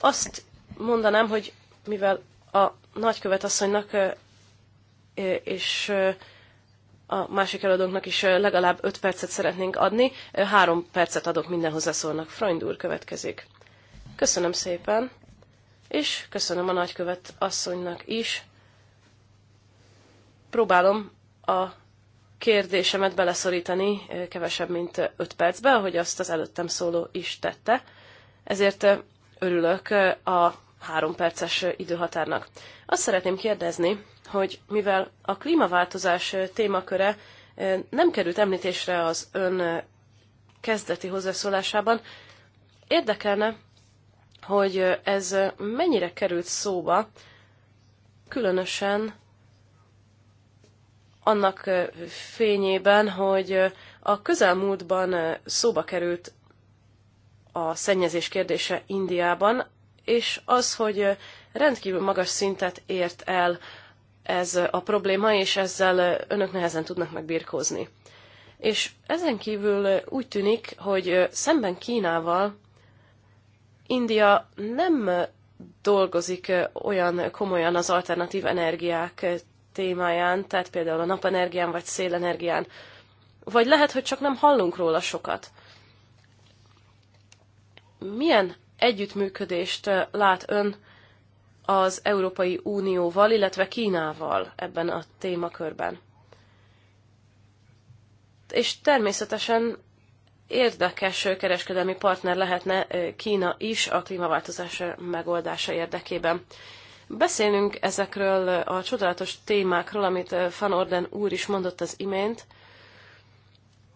azt mondanám, hogy mivel a nagykövet asszonynak és a másik előadónknak is legalább 5 percet szeretnénk adni. Három percet adok minden hozzászólnak. Freund úr következik. Köszönöm szépen, és köszönöm a nagykövet asszonynak is. Próbálom a kérdésemet beleszorítani kevesebb, mint 5 percbe, ahogy azt az előttem szóló is tette. Ezért örülök a három perces időhatárnak. Azt szeretném kérdezni, hogy mivel a klímaváltozás témaköre nem került említésre az ön kezdeti hozzászólásában, érdekelne, hogy ez mennyire került szóba, különösen annak fényében, hogy a közelmúltban szóba került a szennyezés kérdése Indiában, és az, hogy rendkívül magas szintet ért el ez a probléma, és ezzel önök nehezen tudnak megbirkózni. És ezen kívül úgy tűnik, hogy szemben Kínával India nem dolgozik olyan komolyan az alternatív energiák témáján, tehát például a napenergián vagy szélenergián. Vagy lehet, hogy csak nem hallunk róla sokat. Milyen együttműködést lát ön az Európai Unióval, illetve Kínával ebben a témakörben? És természetesen érdekes kereskedelmi partner lehetne Kína is a klímaváltozás megoldása érdekében. Beszélnünk ezekről a csodálatos témákról, amit eh, Van Orden úr is mondott az imént,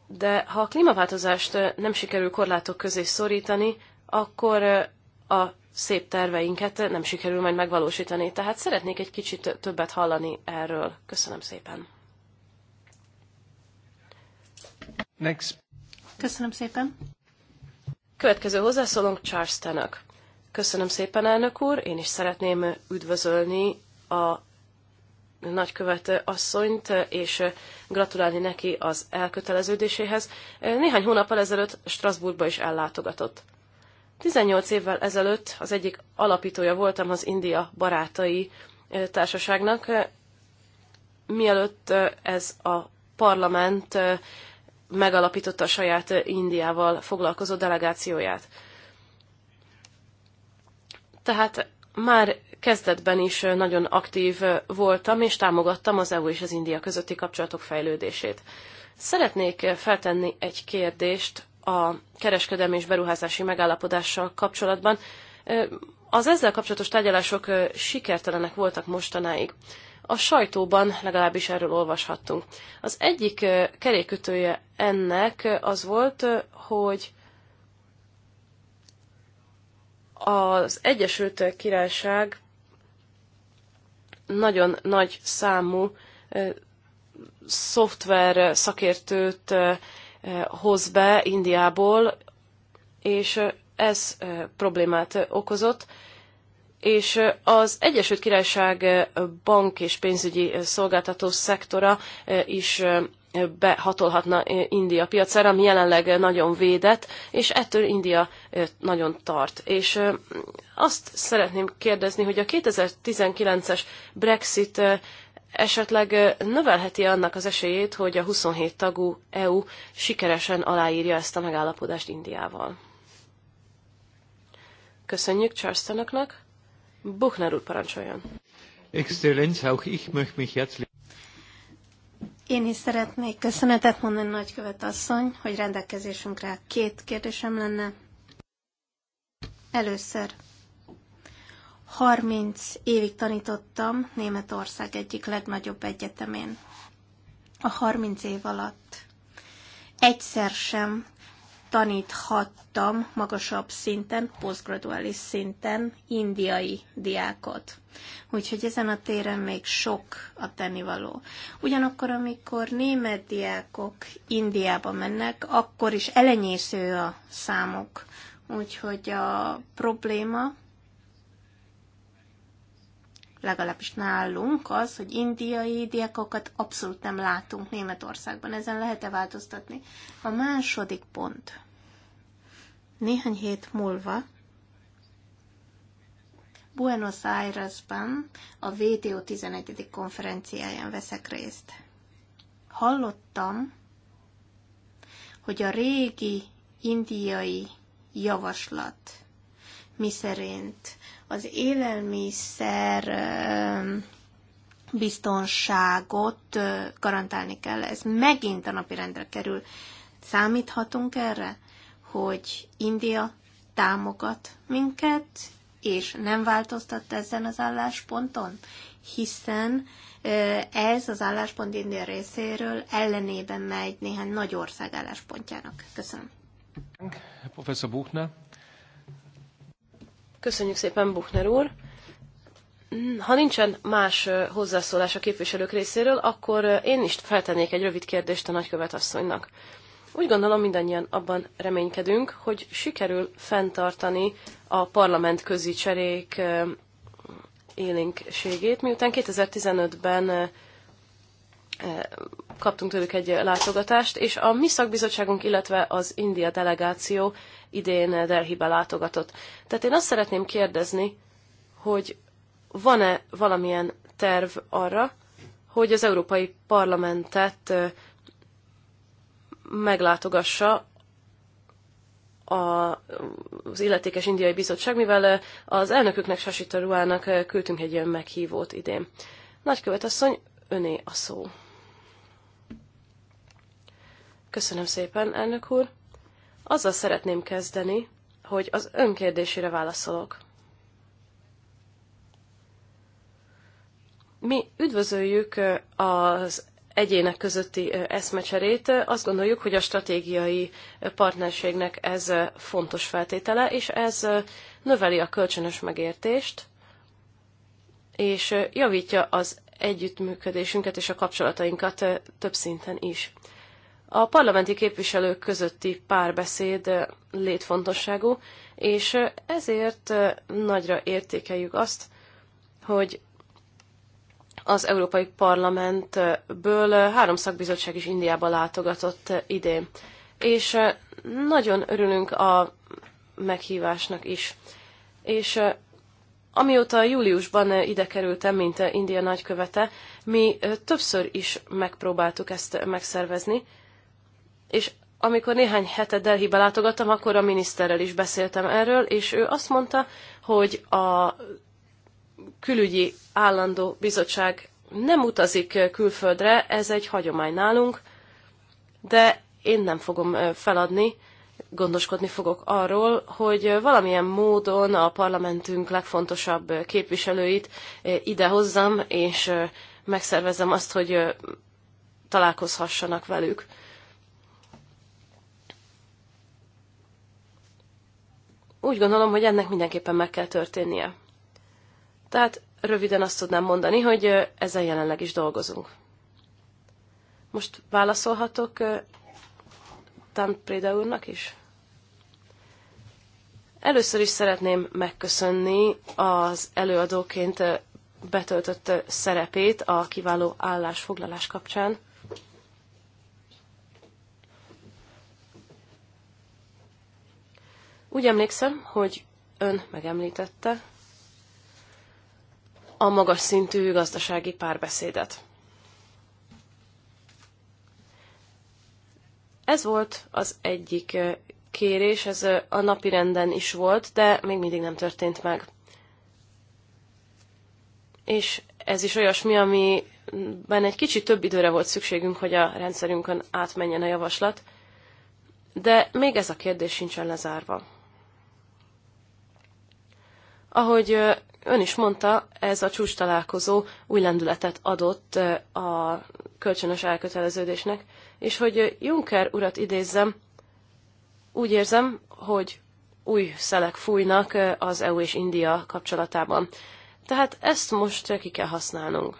de ha a klímaváltozást eh, nem sikerül korlátok közé szorítani, akkor eh, a szép terveinket nem sikerül majd megvalósítani. Tehát szeretnék egy kicsit többet hallani erről. Köszönöm szépen. Next. Köszönöm szépen. Következő hozzászólónk Charles Tenök. Köszönöm szépen, elnök úr. Én is szeretném üdvözölni a nagykövet asszonyt, és gratulálni neki az elköteleződéséhez. Néhány hónappal ezelőtt Strasbourgba is ellátogatott. 18 évvel ezelőtt az egyik alapítója voltam az India Barátai Társaságnak, mielőtt ez a parlament megalapította a saját Indiával foglalkozó delegációját. Tehát már kezdetben is nagyon aktív voltam, és támogattam az EU és az India közötti kapcsolatok fejlődését. Szeretnék feltenni egy kérdést a kereskedelmi és beruházási megállapodással kapcsolatban. Az ezzel kapcsolatos tárgyalások sikertelenek voltak mostanáig. A sajtóban legalábbis erről olvashattunk. Az egyik kerékötője ennek az volt, hogy az Egyesült Királyság nagyon nagy számú szoftver szakértőt hoz be Indiából, és ez problémát okozott, és az Egyesült Királyság bank és pénzügyi szolgáltató szektora is behatolhatna eh, India piacára, ami jelenleg nagyon védett, és ettől India eh, nagyon tart. És eh, azt szeretném kérdezni, hogy a 2019-es Brexit esetleg növelheti annak az esélyét, hogy a 27 tagú EU sikeresen aláírja ezt a megállapodást Indiával. Köszönjük Charlestonoknak. Buchner úr parancsoljon. Excellenz, auch ich möchte mich herzlich én is szeretnék köszönetet mondani, nagykövet asszony, hogy rendelkezésünkre két kérdésem lenne. Először. 30 évig tanítottam Németország egyik legnagyobb egyetemén. A 30 év alatt egyszer sem taníthattam magasabb szinten, posztgraduális szinten indiai diákot. Úgyhogy ezen a téren még sok a tennivaló. Ugyanakkor, amikor német diákok Indiába mennek, akkor is elenyésző a számok. Úgyhogy a probléma legalábbis nálunk az, hogy indiai diákokat abszolút nem látunk Németországban. Ezen lehet-e változtatni? A második pont. Néhány hét múlva Buenos Airesben a VTO 11. konferenciáján veszek részt. Hallottam, hogy a régi indiai javaslat szerint az élelmiszer biztonságot garantálni kell. Ez megint a rendre kerül. Számíthatunk erre, hogy India támogat minket, és nem változtat ezen az állásponton, hiszen ez az álláspont India részéről ellenében megy néhány nagy ország álláspontjának. Köszönöm. Professor Buchner. Köszönjük szépen, Buchner úr. Ha nincsen más hozzászólás a képviselők részéről, akkor én is feltennék egy rövid kérdést a nagykövet asszonynak. Úgy gondolom mindannyian abban reménykedünk, hogy sikerül fenntartani a parlament közi cserék élénkségét, miután 2015-ben kaptunk tőlük egy látogatást, és a mi szakbizottságunk, illetve az India delegáció idén Delhibe látogatott. Tehát én azt szeretném kérdezni, hogy van-e valamilyen terv arra, hogy az Európai Parlamentet meglátogassa az illetékes indiai bizottság, mivel az elnöküknek Sasi Taruának küldtünk egy ilyen meghívót idén. Nagykövet asszony, öné a szó. Köszönöm szépen, elnök úr. Azzal szeretném kezdeni, hogy az önkérdésére válaszolok. Mi üdvözöljük az egyének közötti eszmecserét. Azt gondoljuk, hogy a stratégiai partnerségnek ez fontos feltétele, és ez növeli a kölcsönös megértést, és javítja az együttműködésünket és a kapcsolatainkat több szinten is. A parlamenti képviselők közötti párbeszéd létfontosságú, és ezért nagyra értékeljük azt, hogy az Európai Parlamentből három szakbizottság is Indiába látogatott idén. És nagyon örülünk a meghívásnak is. És amióta júliusban ide kerültem, mint India nagykövete, mi többször is megpróbáltuk ezt megszervezni, és amikor néhány hete Delhibe látogattam, akkor a miniszterrel is beszéltem erről, és ő azt mondta, hogy a külügyi állandó bizottság nem utazik külföldre, ez egy hagyomány nálunk, de én nem fogom feladni, gondoskodni fogok arról, hogy valamilyen módon a parlamentünk legfontosabb képviselőit idehozzam, és megszervezem azt, hogy találkozhassanak velük. úgy gondolom, hogy ennek mindenképpen meg kell történnie. Tehát röviden azt tudnám mondani, hogy ezzel jelenleg is dolgozunk. Most válaszolhatok Tan Préda úrnak is? Először is szeretném megköszönni az előadóként betöltött szerepét a kiváló állásfoglalás kapcsán. Úgy emlékszem, hogy ön megemlítette a magas szintű gazdasági párbeszédet. Ez volt az egyik eh, kérés, ez eh, a napi renden is volt, de még mindig nem történt meg. És ez is olyasmi, amiben egy kicsit több időre volt szükségünk, hogy a rendszerünkön átmenjen a javaslat, de még ez a kérdés sincsen lezárva. Ahogy ön is mondta, ez a csúcs találkozó új lendületet adott a kölcsönös elköteleződésnek, és hogy Juncker urat idézzem, úgy érzem, hogy új szelek fújnak az EU és India kapcsolatában. Tehát ezt most ki kell használnunk.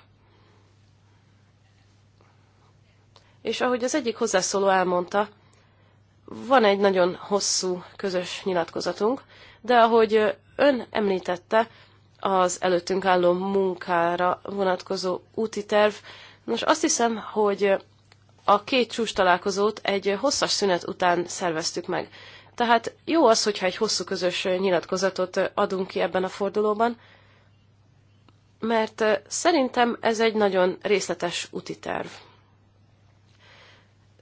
És ahogy az egyik hozzászóló elmondta, van egy nagyon hosszú közös nyilatkozatunk, de ahogy ön említette, az előttünk álló munkára vonatkozó úti terv, most azt hiszem, hogy a két csúcs találkozót egy hosszas szünet után szerveztük meg. Tehát jó az, hogyha egy hosszú közös nyilatkozatot adunk ki ebben a fordulóban, mert szerintem ez egy nagyon részletes úti terv.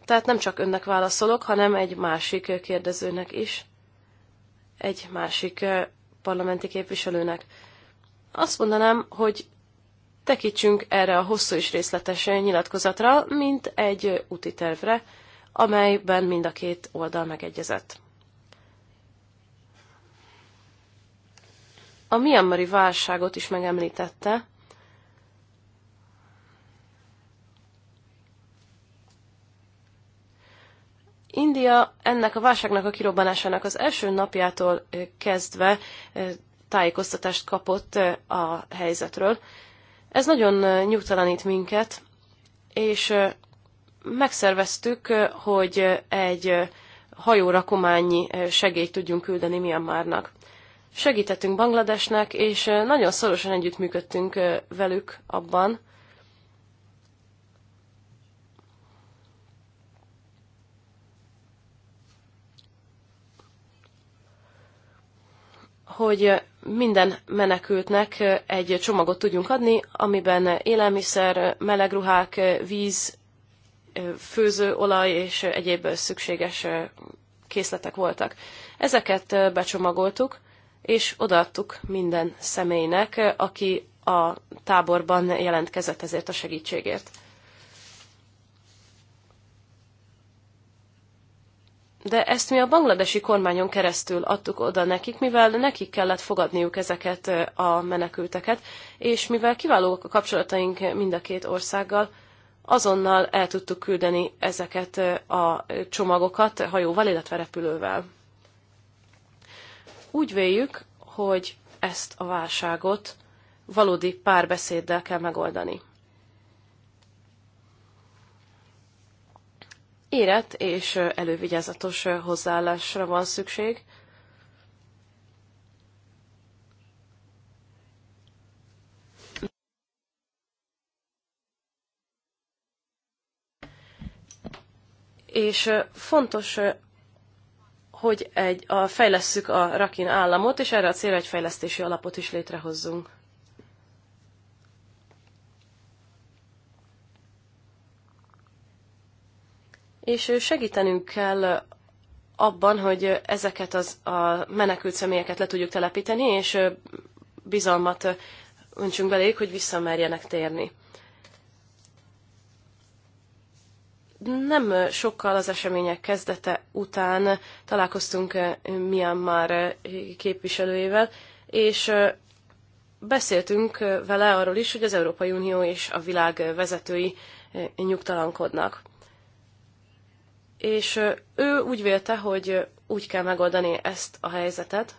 Tehát nem csak önnek válaszolok, hanem egy másik kérdezőnek is egy másik eh, parlamenti képviselőnek. Azt mondanám, hogy tekítsünk erre a hosszú és részletes nyilatkozatra, mint egy úti tervre, amelyben mind a két oldal megegyezett. A Myanmari válságot is megemlítette, India ennek a válságnak a kirobbanásának az első napjától kezdve tájékoztatást kapott a helyzetről. Ez nagyon nyugtalanít minket, és megszerveztük, hogy egy hajórakományi segélyt tudjunk küldeni Myanmarnak. Segítettünk Bangladesnek, és nagyon szorosan együttműködtünk velük abban, hogy minden menekültnek egy csomagot tudjunk adni, amiben élelmiszer, melegruhák, víz, főzőolaj és egyéb szükséges készletek voltak. Ezeket becsomagoltuk, és odaadtuk minden személynek, aki a táborban jelentkezett ezért a segítségért. de ezt mi a bangladesi kormányon keresztül adtuk oda nekik, mivel nekik kellett fogadniuk ezeket a menekülteket, és mivel kiválóak a kapcsolataink mind a két országgal, azonnal el tudtuk küldeni ezeket a csomagokat hajóval, illetve repülővel. Úgy véljük, hogy ezt a válságot valódi párbeszéddel kell megoldani. érett és elővigyázatos hozzáállásra van szükség. És fontos, hogy egy, a, fejlesszük a rakin államot, és erre a célra egy fejlesztési alapot is létrehozzunk. és segítenünk kell abban, hogy ezeket az, a menekült személyeket le tudjuk telepíteni, és bizalmat öntsünk beléjük, hogy visszamerjenek térni. Nem sokkal az események kezdete után találkoztunk Myanmar képviselőjével, és beszéltünk vele arról is, hogy az Európai Unió és a világ vezetői nyugtalankodnak és ő úgy vélte, hogy úgy kell megoldani ezt a helyzetet,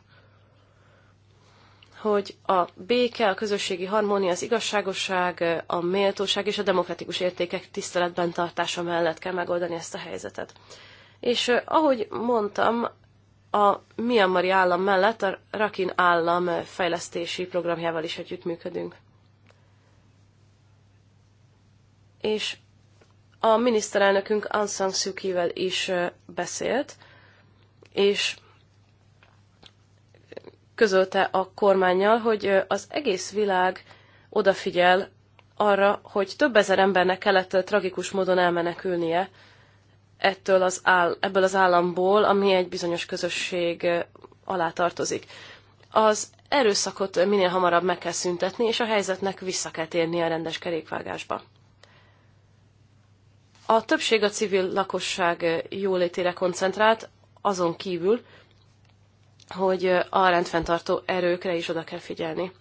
hogy a béke, a közösségi harmónia, az igazságosság, a méltóság és a demokratikus értékek tiszteletben tartása mellett kell megoldani ezt a helyzetet. És ahogy mondtam, a Myanmari állam mellett a Rakin állam fejlesztési programjával is együttműködünk. És a miniszterelnökünk Aung San Suu kyi is beszélt, és közölte a kormányjal, hogy az egész világ odafigyel arra, hogy több ezer embernek kellett tragikus módon elmenekülnie ettől az áll, ebből az államból, ami egy bizonyos közösség alá tartozik. Az erőszakot minél hamarabb meg kell szüntetni, és a helyzetnek vissza kell térni a rendes kerékvágásba. A többség a civil lakosság eh, jólétére koncentrált, azon kívül, hogy eh, a rendfenntartó erőkre is oda kell figyelni.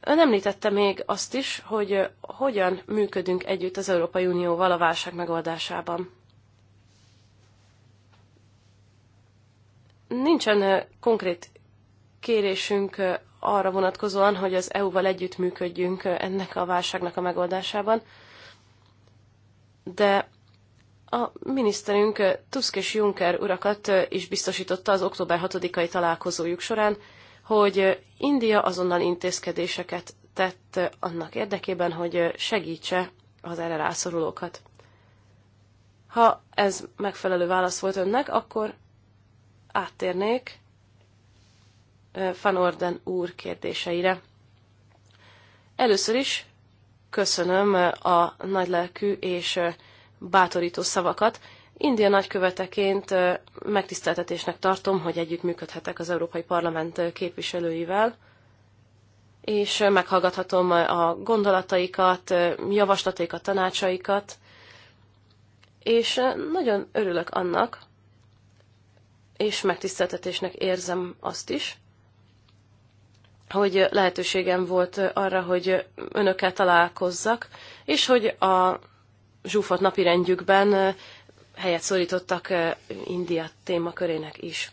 Ön említette még azt is, hogy eh, hogyan működünk együtt az Európai Unióval a válság megoldásában. Nincsen konkrét kérésünk arra vonatkozóan, hogy az EU-val együtt működjünk ennek a válságnak a megoldásában de a miniszterünk eh, Tusk és Juncker urakat eh, is biztosította az október 6-ai találkozójuk során, hogy eh, India azonnal intézkedéseket tett annak érdekében, hogy segítse az erre rászorulókat. Ha ez megfelelő válasz volt önnek, akkor áttérnék Van Orden úr kérdéseire. Először is köszönöm a nagylelkű és bátorító szavakat. India nagyköveteként megtiszteltetésnek tartom, hogy együttműködhetek az Európai Parlament képviselőivel, és meghallgathatom a gondolataikat, javaslataikat, tanácsaikat, és nagyon örülök annak, és megtiszteltetésnek érzem azt is, hogy lehetőségem volt arra, hogy önökkel találkozzak, és hogy a zsúfolt napirendjükben helyet szorítottak India témakörének is.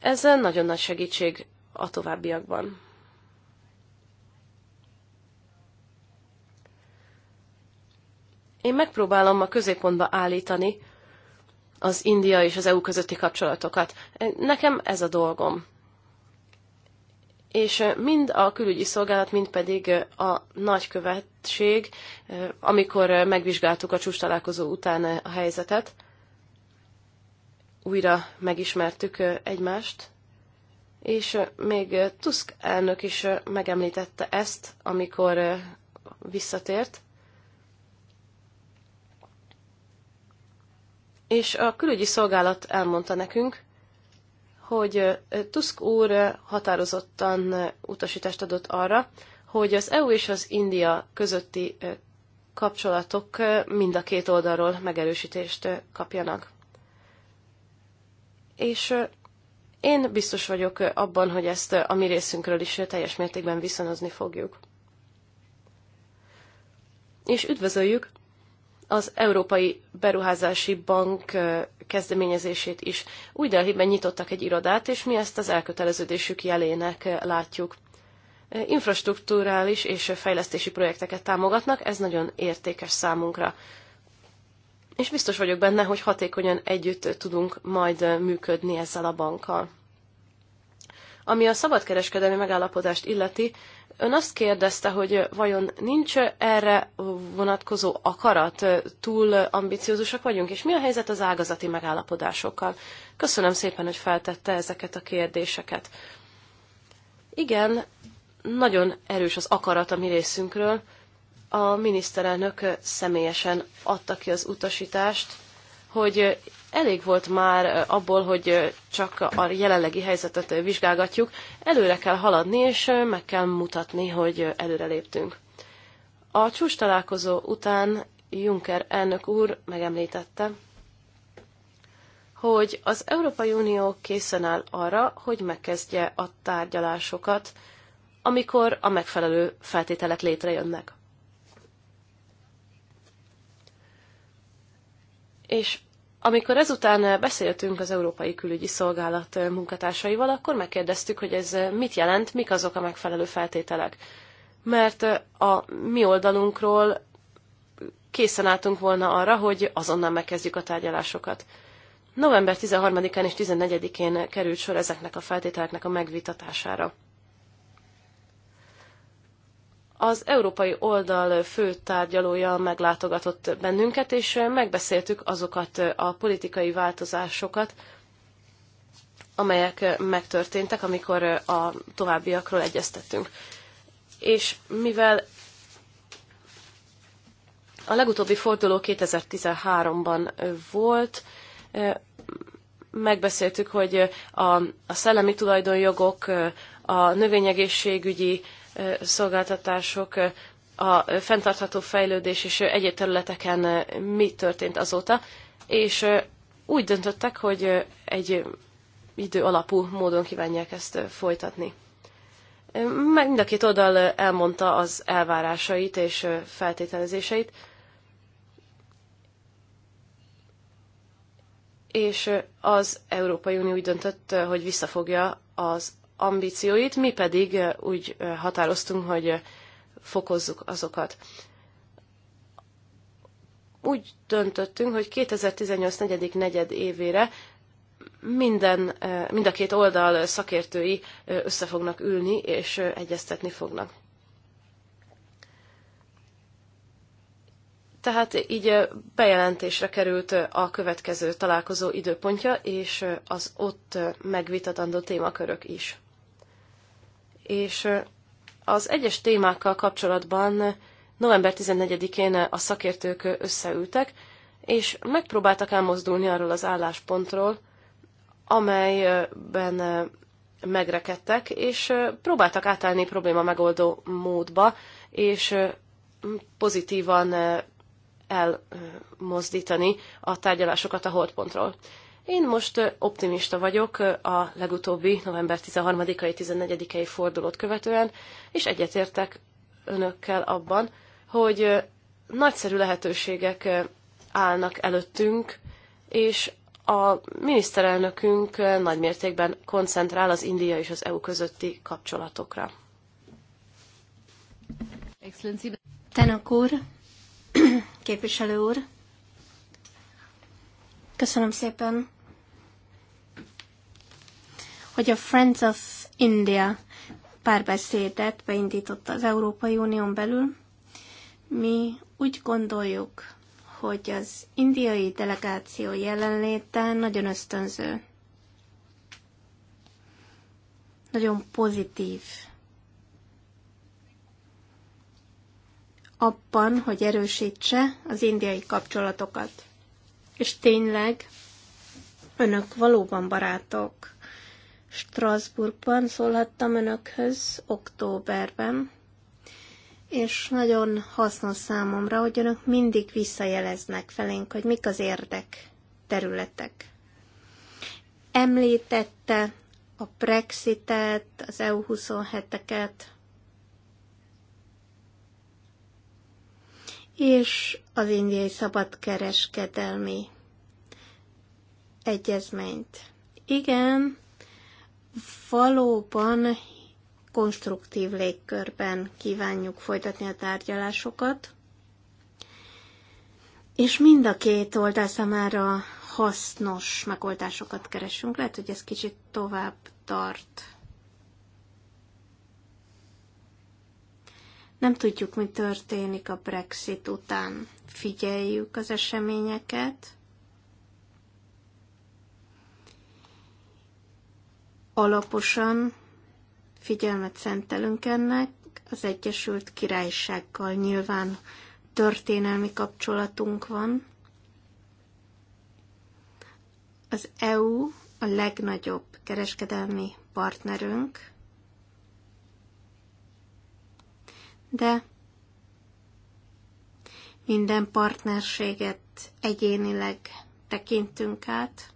Ez nagyon nagy segítség a továbbiakban. Én megpróbálom a középpontba állítani az India és az EU közötti kapcsolatokat. Nekem ez a dolgom és mind a külügyi szolgálat, mind pedig a nagykövetség, amikor megvizsgáltuk a csúcs találkozó után a helyzetet, újra megismertük egymást, és még Tusk elnök is megemlítette ezt, amikor visszatért. És a külügyi szolgálat elmondta nekünk, hogy Tusk úr határozottan utasítást adott arra, hogy az EU és az India közötti kapcsolatok mind a két oldalról megerősítést kapjanak. És én biztos vagyok abban, hogy ezt a mi részünkről is teljes mértékben viszonozni fogjuk. És üdvözöljük, az Európai Beruházási Bank kezdeményezését is. Új Delhiben nyitottak egy irodát, és mi ezt az elköteleződésük jelének látjuk. Infrastruktúrális és fejlesztési projekteket támogatnak, ez nagyon értékes számunkra. És biztos vagyok benne, hogy hatékonyan együtt tudunk majd működni ezzel a bankkal. Ami a szabadkereskedelmi megállapodást illeti, Ön azt kérdezte, hogy vajon nincs erre vonatkozó akarat, túl ambiciózusak vagyunk, és mi a helyzet az ágazati megállapodásokkal? Köszönöm szépen, hogy feltette ezeket a kérdéseket. Igen, nagyon erős az akarat a mi részünkről. A miniszterelnök személyesen adta ki az utasítást, hogy elég volt már abból, hogy csak a jelenlegi helyzetet vizsgálgatjuk, előre kell haladni, és meg kell mutatni, hogy előre léptünk. A csúcs találkozó után Juncker elnök úr megemlítette, hogy az Európai Unió készen áll arra, hogy megkezdje a tárgyalásokat, amikor a megfelelő feltételek létrejönnek. És amikor ezután eh, beszéltünk az Európai Külügyi Szolgálat eh, munkatársaival, akkor megkérdeztük, hogy ez eh, mit jelent, mik azok a megfelelő feltételek. Mert a mi oldalunkról készen álltunk volna arra, hogy azonnal megkezdjük a tárgyalásokat. November 13-án és 14-én került sor ezeknek a feltételeknek a megvitatására. Az európai oldal fő tárgyalója meglátogatott bennünket, és megbeszéltük azokat a politikai változásokat, amelyek megtörténtek, amikor a továbbiakról egyeztettünk. És mivel a legutóbbi forduló 2013-ban volt, megbeszéltük, hogy a, a szellemi tulajdonjogok, a növényegészségügyi szolgáltatások, a fenntartható fejlődés és egyéb területeken mi történt azóta, és úgy döntöttek, hogy egy idő alapú módon kívánják ezt folytatni. Meg mind a két oldal elmondta az elvárásait és feltételezéseit, és az Európai Unió úgy döntött, hogy visszafogja az ambícióit, mi pedig úgy határoztunk, hogy fokozzuk azokat. Úgy döntöttünk, hogy 2018 negyedik negyed évére minden, mind a két oldal szakértői össze fognak ülni és egyeztetni fognak. Tehát így bejelentésre került a következő találkozó időpontja és az ott megvitatandó témakörök is és az egyes témákkal kapcsolatban november 14-én a szakértők összeültek, és megpróbáltak elmozdulni arról az álláspontról, amelyben megrekedtek, és próbáltak átállni probléma megoldó módba, és pozitívan elmozdítani a tárgyalásokat a holdpontról. Én most optimista vagyok a legutóbbi november 13-ai, 14-ei fordulót követően, és egyetértek önökkel abban, hogy nagyszerű lehetőségek állnak előttünk, és a miniszterelnökünk nagymértékben koncentrál az India és az EU közötti kapcsolatokra. Tenak úr, képviselő úr, köszönöm szépen hogy a Friends of India párbeszédet beindította az Európai Unión belül. Mi úgy gondoljuk, hogy az indiai delegáció jelenléte nagyon ösztönző. Nagyon pozitív. Abban, hogy erősítse az indiai kapcsolatokat. És tényleg, önök valóban barátok. Strasbourgban szólhattam önökhöz októberben, és nagyon hasznos számomra, hogy önök mindig visszajeleznek felénk, hogy mik az érdek területek. Említette a Brexitet, az EU27-eket, és az indiai szabadkereskedelmi egyezményt. Igen, valóban konstruktív légkörben kívánjuk folytatni a tárgyalásokat, és mind a két oldal számára hasznos megoldásokat keresünk. Lehet, hogy ez kicsit tovább tart. Nem tudjuk, mi történik a Brexit után. Figyeljük az eseményeket, alaposan figyelmet szentelünk ennek, az Egyesült Királysággal nyilván történelmi kapcsolatunk van. Az EU a legnagyobb kereskedelmi partnerünk, de minden partnerséget egyénileg tekintünk át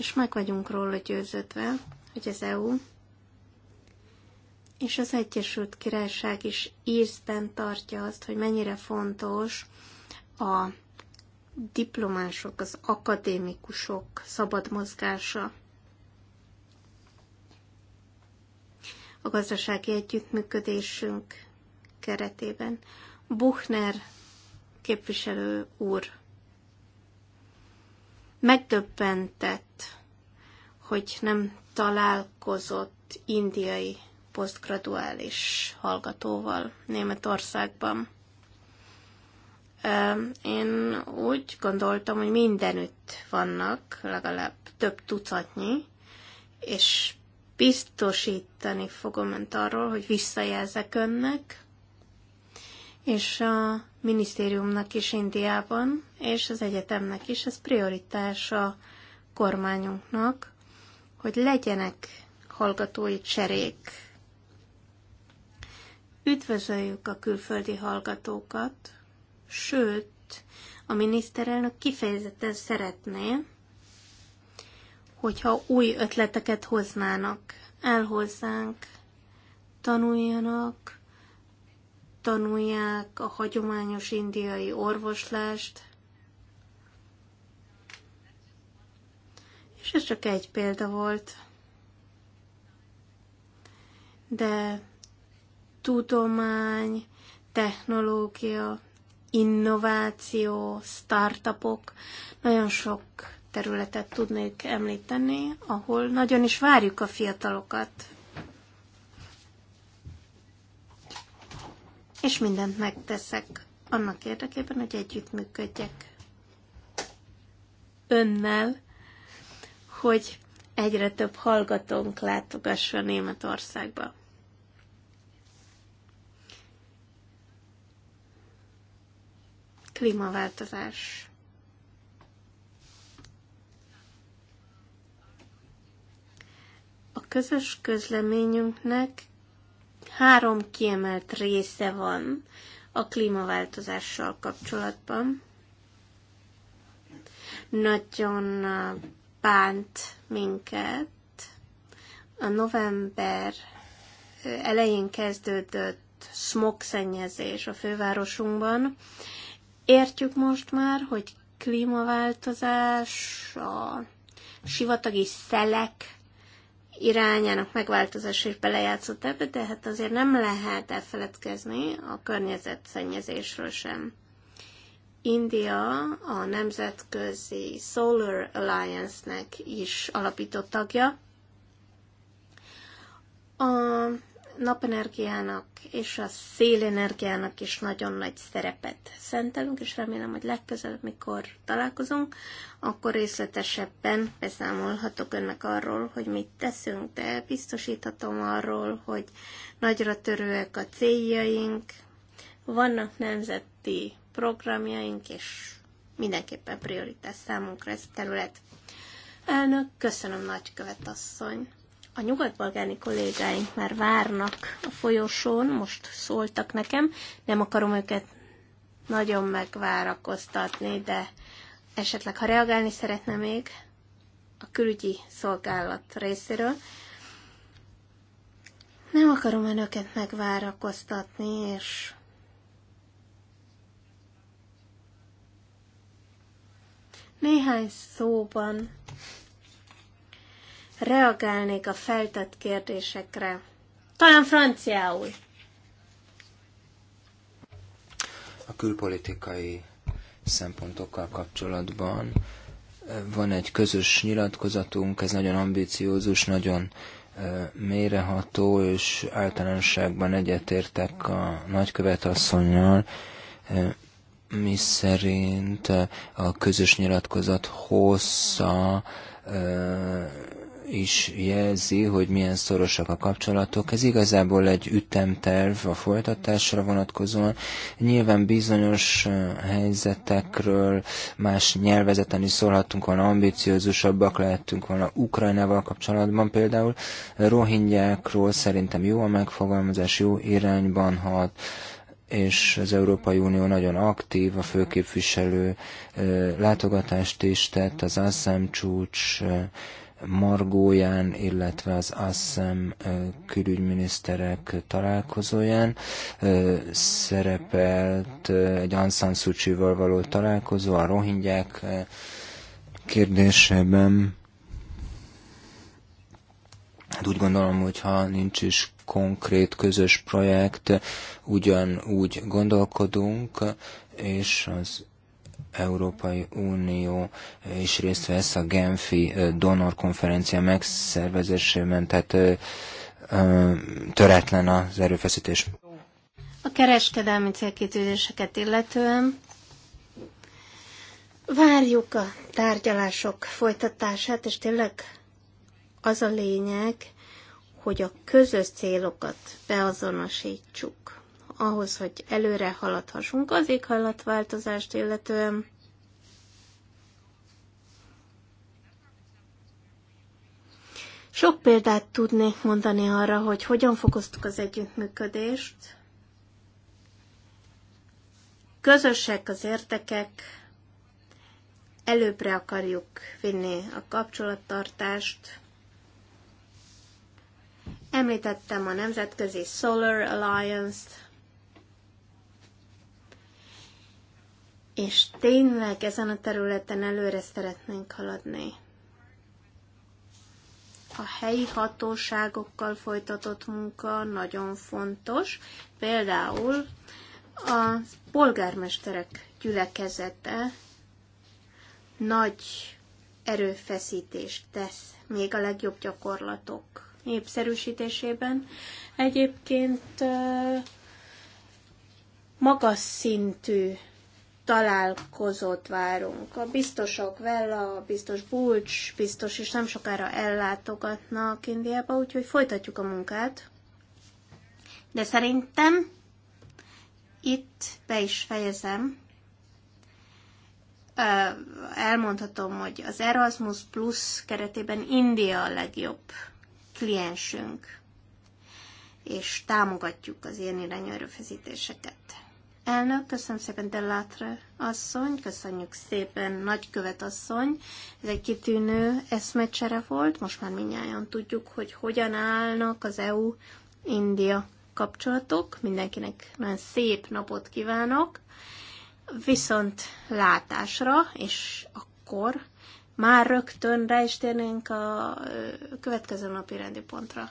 és meg vagyunk róla győződve, hogy az EU és az Egyesült Királyság is ízben tartja azt, hogy mennyire fontos a diplomások, az akadémikusok szabad mozgása. A gazdasági együttműködésünk keretében. Buchner képviselő úr megdöbbentett, hogy nem találkozott indiai posztgraduális hallgatóval Németországban. Én úgy gondoltam, hogy mindenütt vannak, legalább több tucatnyi, és biztosítani fogom önt arról, hogy visszajelzek önnek, és a minisztériumnak is Indiában, és az egyetemnek is. Ez prioritás a kormányunknak, hogy legyenek hallgatói cserék. Üdvözöljük a külföldi hallgatókat, sőt, a miniszterelnök kifejezetten szeretné, hogyha új ötleteket hoznának el hozzánk, tanuljanak, tanulják a hagyományos indiai orvoslást, és ez csak egy példa volt. De tudomány, technológia, innováció, startupok, nagyon sok területet tudnék említeni, ahol nagyon is várjuk a fiatalokat. és mindent megteszek annak érdekében, hogy együttműködjek önnel, hogy egyre több hallgatónk látogassa Németországba. Klímaváltozás. A közös közleményünknek három kiemelt része van a klímaváltozással kapcsolatban. Nagyon uh, bánt minket a november uh, elején kezdődött smogszennyezés a fővárosunkban. Értjük most már, hogy klímaváltozás, a sivatagi szelek irányának megváltozása is belejátszott ebbe, de hát azért nem lehet elfeledkezni a környezetszennyezésről sem. India a nemzetközi Solar Alliance-nek is alapított tagja. A napenergiának és a szélenergiának is nagyon nagy szerepet szentelünk, és remélem, hogy legközelebb, mikor találkozunk, akkor részletesebben beszámolhatok önnek arról, hogy mit teszünk, de biztosíthatom arról, hogy nagyra törőek a céljaink, vannak nemzeti programjaink, és mindenképpen prioritás számunkra ez terület. Elnök, köszönöm nagykövet asszony! A nyugatbalgáni kollégáink már várnak a folyosón, most szóltak nekem, nem akarom őket nagyon megvárakoztatni, de esetleg, ha reagálni szeretne még a külügyi szolgálat részéről, nem akarom önöket megvárakoztatni, és néhány szóban reagálnék a feltett kérdésekre. Talán franciául. A külpolitikai szempontokkal kapcsolatban eh, van egy közös nyilatkozatunk, ez nagyon ambiciózus, nagyon eh, méreható, és általánosságban egyetértek a nagykövet asszonynal, eh, mi szerint a közös nyilatkozat hossza is jelzi, hogy milyen szorosak a kapcsolatok. Ez igazából egy ütemterv a folytatásra vonatkozóan. Nyilván bizonyos helyzetekről más nyelvezeten is szólhatunk volna, ambiciózusabbak lehettünk volna Ukrajnával kapcsolatban például. Rohingyákról szerintem jó a megfogalmazás, jó irányban hat és az Európai Unió nagyon aktív, a főképviselő látogatást is tett, az ASZEM csúcs margóján, illetve az ASZEM külügyminiszterek találkozóján szerepelt egy Ansan Szucsival való találkozó a rohingyák kérdésében. Hát úgy gondolom, hogy ha nincs is konkrét közös projekt, ugyanúgy gondolkodunk, és az Európai Unió is részt vesz a Genfi donor konferencia megszervezésében, tehát töretlen az erőfeszítés. A kereskedelmi célkitűzéseket illetően várjuk a tárgyalások folytatását, és tényleg az a lényeg, hogy a közös célokat beazonosítsuk ahhoz, hogy előre haladhassunk az éghajlatváltozást illetően. Sok példát tudnék mondani arra, hogy hogyan fokoztuk az együttműködést. Közösek az értekek, előbbre akarjuk vinni a kapcsolattartást. Említettem a Nemzetközi Solar Alliance-t, és tényleg ezen a területen előre szeretnénk haladni. A helyi hatóságokkal folytatott munka nagyon fontos, például a polgármesterek gyülekezete nagy erőfeszítést tesz, még a legjobb gyakorlatok népszerűsítésében. Egyébként magas szintű találkozót várunk. A biztosok, Vella, a biztos Bulcs, biztos is nem sokára ellátogatnak Indiába, úgyhogy folytatjuk a munkát. De szerintem itt be is fejezem. Elmondhatom, hogy az Erasmus Plus keretében India a legjobb kliensünk, és támogatjuk az ilyen irányú erőfeszítéseket. Elnök, köszönöm szépen, de asszony, köszönjük szépen, nagykövet asszony. Ez egy kitűnő eszmecsere volt, most már minnyáján tudjuk, hogy hogyan állnak az EU-India kapcsolatok. Mindenkinek nagyon szép napot kívánok. Viszont látásra, és akkor már rögtön rá is térnénk a következő napi rendi pontra.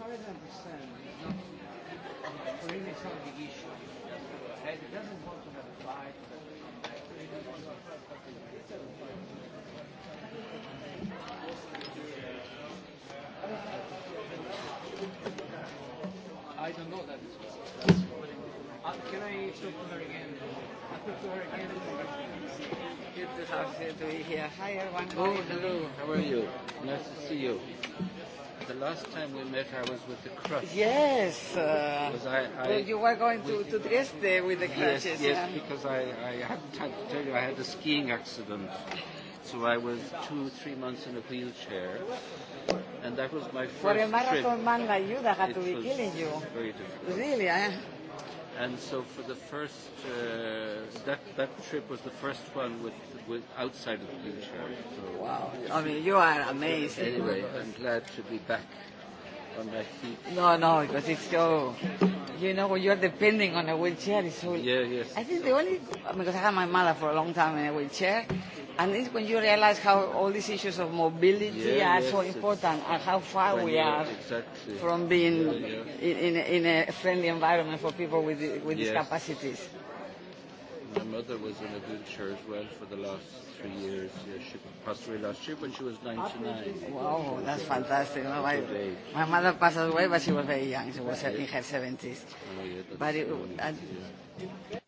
I understand, not really some big issue. And he doesn't want to have a fight. I don't know that. That's uh, can I talk to her again? I talk to her again. Good to, to be here. Hi, everyone. Oh, hello. How are you? Nice to see you the last time we met, I was with the crutches. Yes. Uh, was I, I, well, you were going to, with, to Dresde with the crutches. Yes, yes yeah. because I, I haven't time to tell you, I had a skiing accident. So I was two, three months in a wheelchair. And that was my first For a marathon trip. man like you, that had it to be killing you. Very difficult. Really, eh? And so for the first, uh, that, that trip was the first one with with outside of the beach area. So wow, I mean, you are amazing. Anyway, I'm glad to be back on my feet. No, no, because it's so, you know, when you're depending on a wheelchair, it's so. Yeah, yes. I think so. the only, because I had my mother for a long time in a wheelchair, and it's when you realize how all these issues of mobility yeah, are yes, so important and how far we are exactly. from being yeah, yeah. In, in, a, in a friendly environment for people with, with yes. discapacities. My mother was in a wheelchair as well for the last three years. Yeah, she passed away last year when she was 99. Wow, that's fantastic. No? My, my mother passed away, but she was very young. She was in her 70s. Oh, yeah, but it, uh, yeah.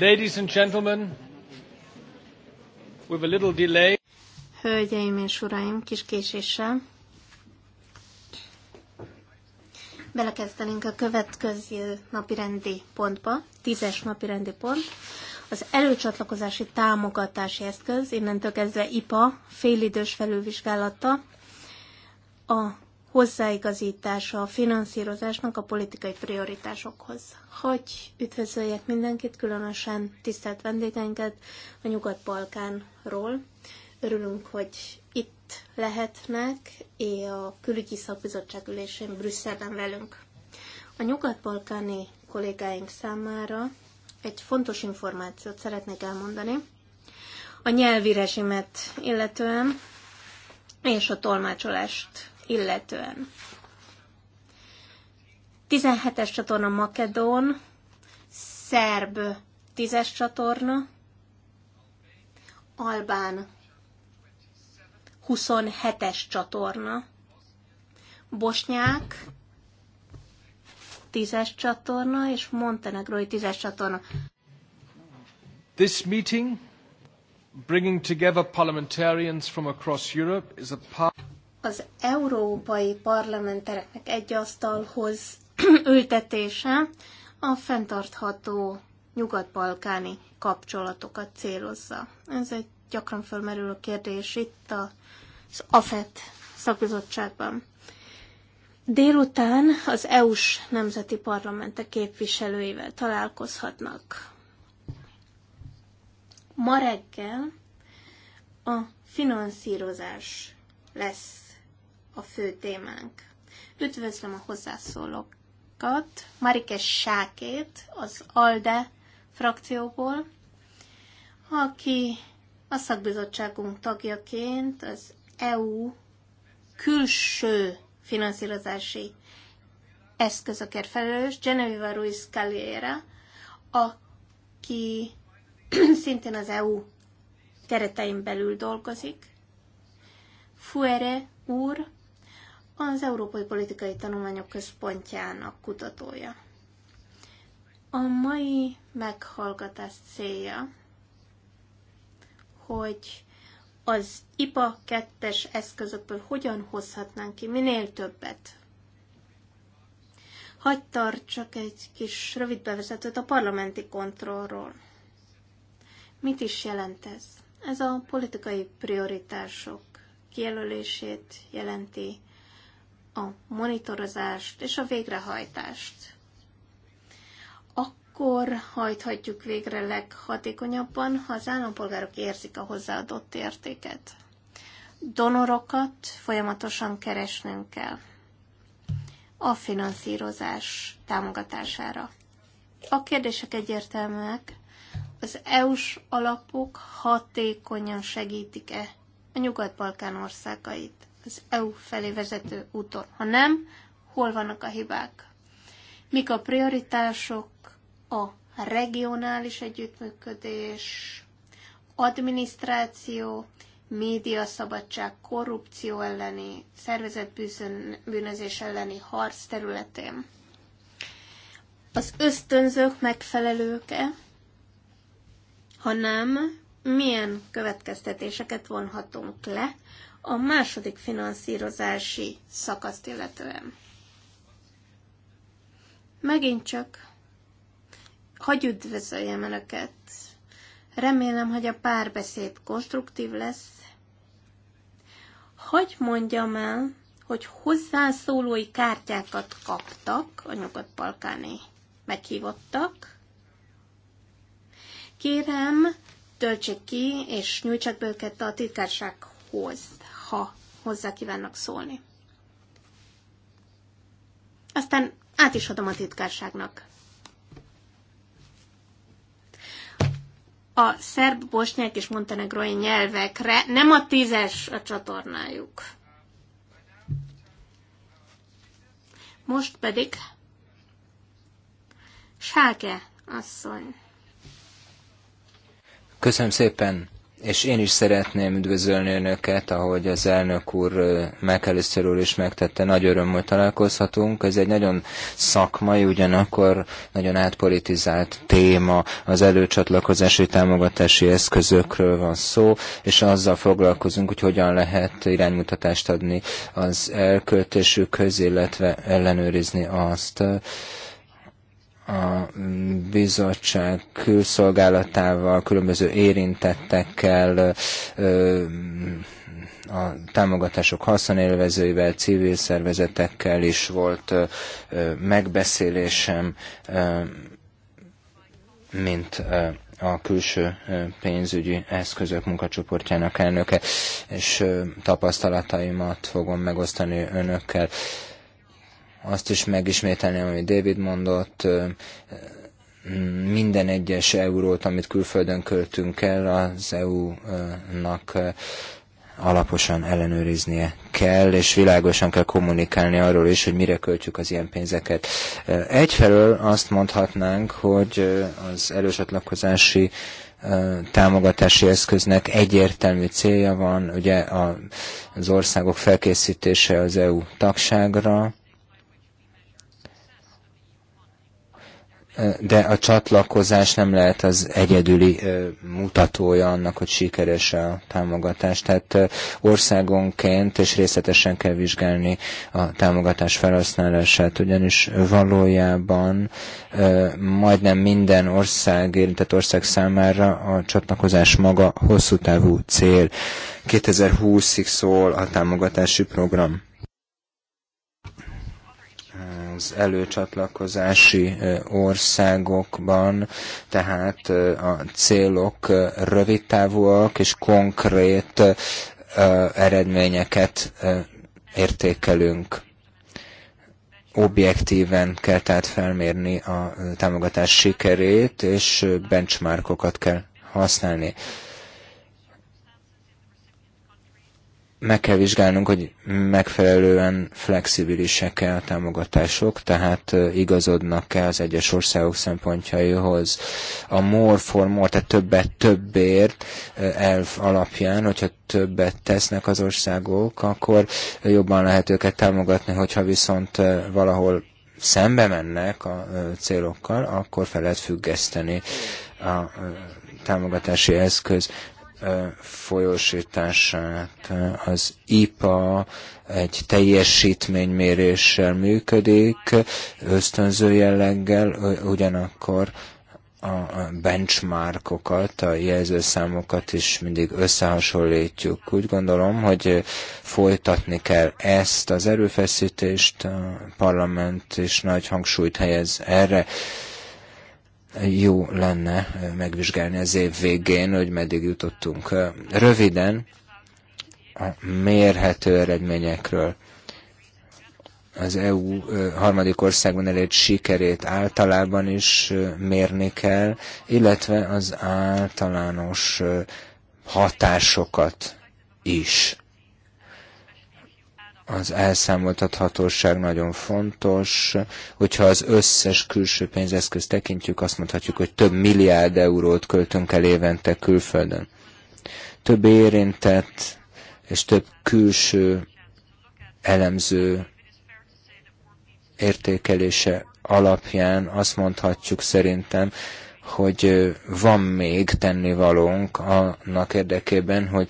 Ladies and gentlemen, with a little delay. Hölgyeim és uraim, kis késéssel. Belekezdenünk a következő napirendi pontba, tízes napirendi pont, az előcsatlakozási támogatási eszköz, innentől kezdve IPA, félidős felülvizsgálata, a hozzáigazítása a finanszírozásnak a politikai prioritásokhoz. Hogy üdvözöljek mindenkit, különösen tisztelt vendégeinket a Nyugat-Balkánról. Örülünk, hogy itt lehetnek, és a külügyi szakbizottság ülésén Brüsszelben velünk. A nyugat-balkáni kollégáink számára egy fontos információt szeretnék elmondani. A nyelvi rezsimet illetően és a tolmácsolást illetően. 17-es csatorna Makedón, Szerb 10-es csatorna, Albán 27-es csatorna, Bosnyák 10-es csatorna és Montenegrói 10-es csatorna. This meeting bringing together parliamentarians from across Europe is a part az európai parlamentereknek egy asztalhoz ültetése a fenntartható nyugat-balkáni kapcsolatokat célozza. Ez egy gyakran fölmerülő kérdés itt az AFET szakbizottságban. Délután az EU-s nemzeti parlamente képviselőivel találkozhatnak. Ma reggel a finanszírozás lesz a fő témánk. Üdvözlöm a hozzászólókat, Marike Sákét az ALDE frakcióból, aki a szakbizottságunk tagjaként az EU külső finanszírozási eszközökért felelős, Genevieve Ruiz Calera, aki szintén az EU keretein belül dolgozik. Fuere úr, az Európai Politikai Tanulmányok Központjának kutatója. A mai meghallgatás célja, hogy az IPA 2-es eszközökből hogyan hozhatnánk ki minél többet. Hagy tartsak egy kis rövid bevezetőt a parlamenti kontrollról. Mit is jelent ez? Ez a politikai prioritások kijelölését jelenti, a monitorozást és a végrehajtást, akkor hajthatjuk végre leghatékonyabban, ha az állampolgárok érzik a hozzáadott értéket. Donorokat folyamatosan keresnünk kell a finanszírozás támogatására. A kérdések egyértelműek. Az EU-s alapok hatékonyan segítik-e a Nyugat-Balkán országait? az EU felé vezető úton. Ha nem, hol vannak a hibák? Mik a prioritások, a regionális együttműködés, adminisztráció, médiaszabadság, korrupció elleni, szervezetbűnözés elleni harc területén. Az ösztönzők megfelelőke, ha nem, milyen következtetéseket vonhatunk le a második finanszírozási szakaszt illetően. Megint csak hagy üdvözöljem Önöket. Remélem, hogy a párbeszéd konstruktív lesz. Hagy mondjam el, hogy hozzászólói kártyákat kaptak a nyugat-balkáni meghívottak. Kérem, töltsék ki, és nyújtsák be őket a titkársághoz ha hozzá kívánnak szólni. Aztán át is adom a titkárságnak. A szerb, bosnyák és montenegrói nyelvekre nem a tízes a csatornájuk. Most pedig Sáke asszony. Köszönöm szépen és én is szeretném üdvözölni önöket, ahogy az elnök úr McAllister úr is megtette, nagy öröm, hogy találkozhatunk. Ez egy nagyon szakmai, ugyanakkor nagyon átpolitizált téma. Az előcsatlakozási támogatási eszközökről van szó, és azzal foglalkozunk, hogy hogyan lehet iránymutatást adni az elköltésükhöz, illetve ellenőrizni azt, a bizottság külszolgálatával, különböző érintettekkel, a támogatások haszonélvezőivel, civil szervezetekkel is volt megbeszélésem, mint a külső pénzügyi eszközök munkacsoportjának elnöke, és tapasztalataimat fogom megosztani önökkel azt is megismételném, amit David mondott, minden egyes eurót, amit külföldön költünk el, az EU-nak alaposan ellenőriznie kell, és világosan kell kommunikálni arról is, hogy mire költjük az ilyen pénzeket. Egyfelől azt mondhatnánk, hogy az elősatlakozási támogatási eszköznek egyértelmű célja van, ugye az országok felkészítése az EU tagságra, de a csatlakozás nem lehet az egyedüli mutatója annak, hogy sikeres a támogatás. Tehát országonként és részletesen kell vizsgálni a támogatás felhasználását, ugyanis valójában majdnem minden ország, érintett ország számára a csatlakozás maga hosszú távú cél. 2020-ig szól a támogatási program az előcsatlakozási országokban, tehát a célok rövidtávúak és konkrét eredményeket értékelünk. Objektíven kell tehát felmérni a támogatás sikerét, és benchmarkokat kell használni. meg kell vizsgálnunk, hogy megfelelően flexibilisek-e a támogatások, tehát igazodnak-e az egyes országok szempontjaihoz. A more for more, tehát többet többért elf alapján, hogyha többet tesznek az országok, akkor jobban lehet őket támogatni, hogyha viszont valahol szembe mennek a célokkal, akkor fel lehet függeszteni a támogatási eszköz folyósítását. Az IPA egy teljesítményméréssel működik, ösztönző jelleggel, ugyanakkor a benchmarkokat, a jelzőszámokat is mindig összehasonlítjuk. Úgy gondolom, hogy folytatni kell ezt az erőfeszítést, a parlament is nagy hangsúlyt helyez erre jó lenne megvizsgálni az év végén, hogy meddig jutottunk. Röviden a mérhető eredményekről az EU harmadik országban elért sikerét általában is mérni kell, illetve az általános hatásokat is az elszámoltathatóság nagyon fontos. Hogyha az összes külső pénzeszközt tekintjük, azt mondhatjuk, hogy több milliárd eurót költünk el évente külföldön. Több érintett és több külső elemző értékelése alapján azt mondhatjuk szerintem, hogy van még tennivalónk annak érdekében, hogy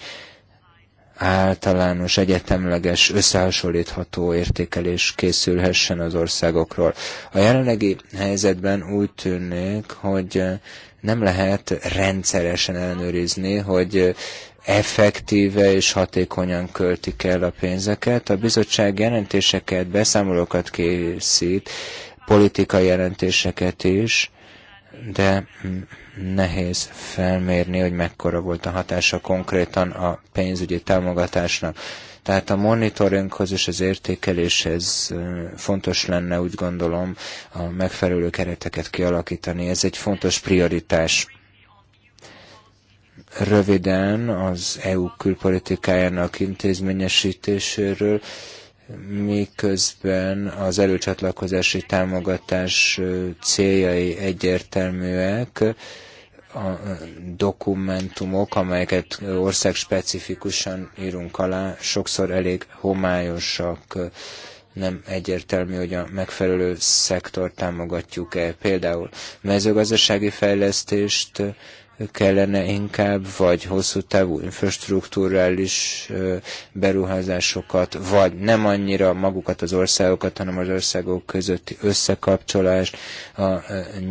általános, egyetemleges, összehasonlítható értékelés készülhessen az országokról. A jelenlegi helyzetben úgy tűnik, hogy nem lehet rendszeresen ellenőrizni, hogy effektíve és hatékonyan költik el a pénzeket. A bizottság jelentéseket, beszámolókat készít, politikai jelentéseket is, de nehéz felmérni, hogy mekkora volt a hatása konkrétan a pénzügyi támogatásnak. Tehát a monitoringhoz és az értékeléshez fontos lenne, úgy gondolom, a megfelelő kereteket kialakítani. Ez egy fontos prioritás röviden az EU külpolitikájának intézményesítéséről, miközben az előcsatlakozási támogatás céljai egyértelműek, a dokumentumok, amelyeket országspecifikusan írunk alá, sokszor elég homályosak, nem egyértelmű, hogy a megfelelő szektor támogatjuk-e. Például mezőgazdasági fejlesztést kellene inkább, vagy hosszú távú infrastruktúrális beruházásokat, vagy nem annyira magukat az országokat, hanem az országok közötti összekapcsolást a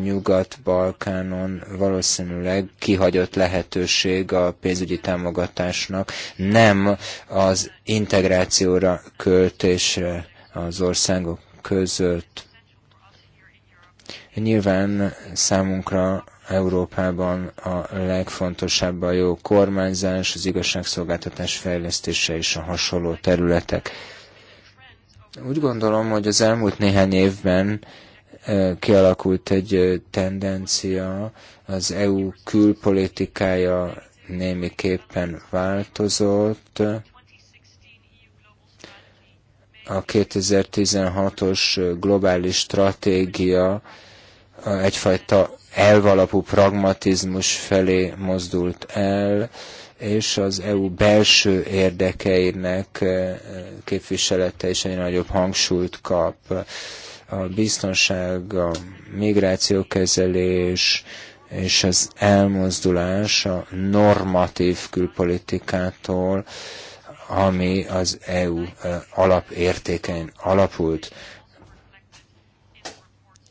Nyugat-Balkánon valószínűleg kihagyott lehetőség a pénzügyi támogatásnak, nem az integrációra költésre az országok között. Nyilván számunkra Európában a legfontosabb a jó kormányzás, az igazságszolgáltatás fejlesztése és a hasonló területek. Úgy gondolom, hogy az elmúlt néhány évben kialakult egy tendencia, az EU külpolitikája némiképpen változott, a 2016-os globális stratégia egyfajta elvalapú pragmatizmus felé mozdult el, és az EU belső érdekeinek eh, képviselete is egy nagyobb hangsúlyt kap. A biztonság, a migrációkezelés és az elmozdulás a normatív külpolitikától, ami az EU eh, alapértékein alapult.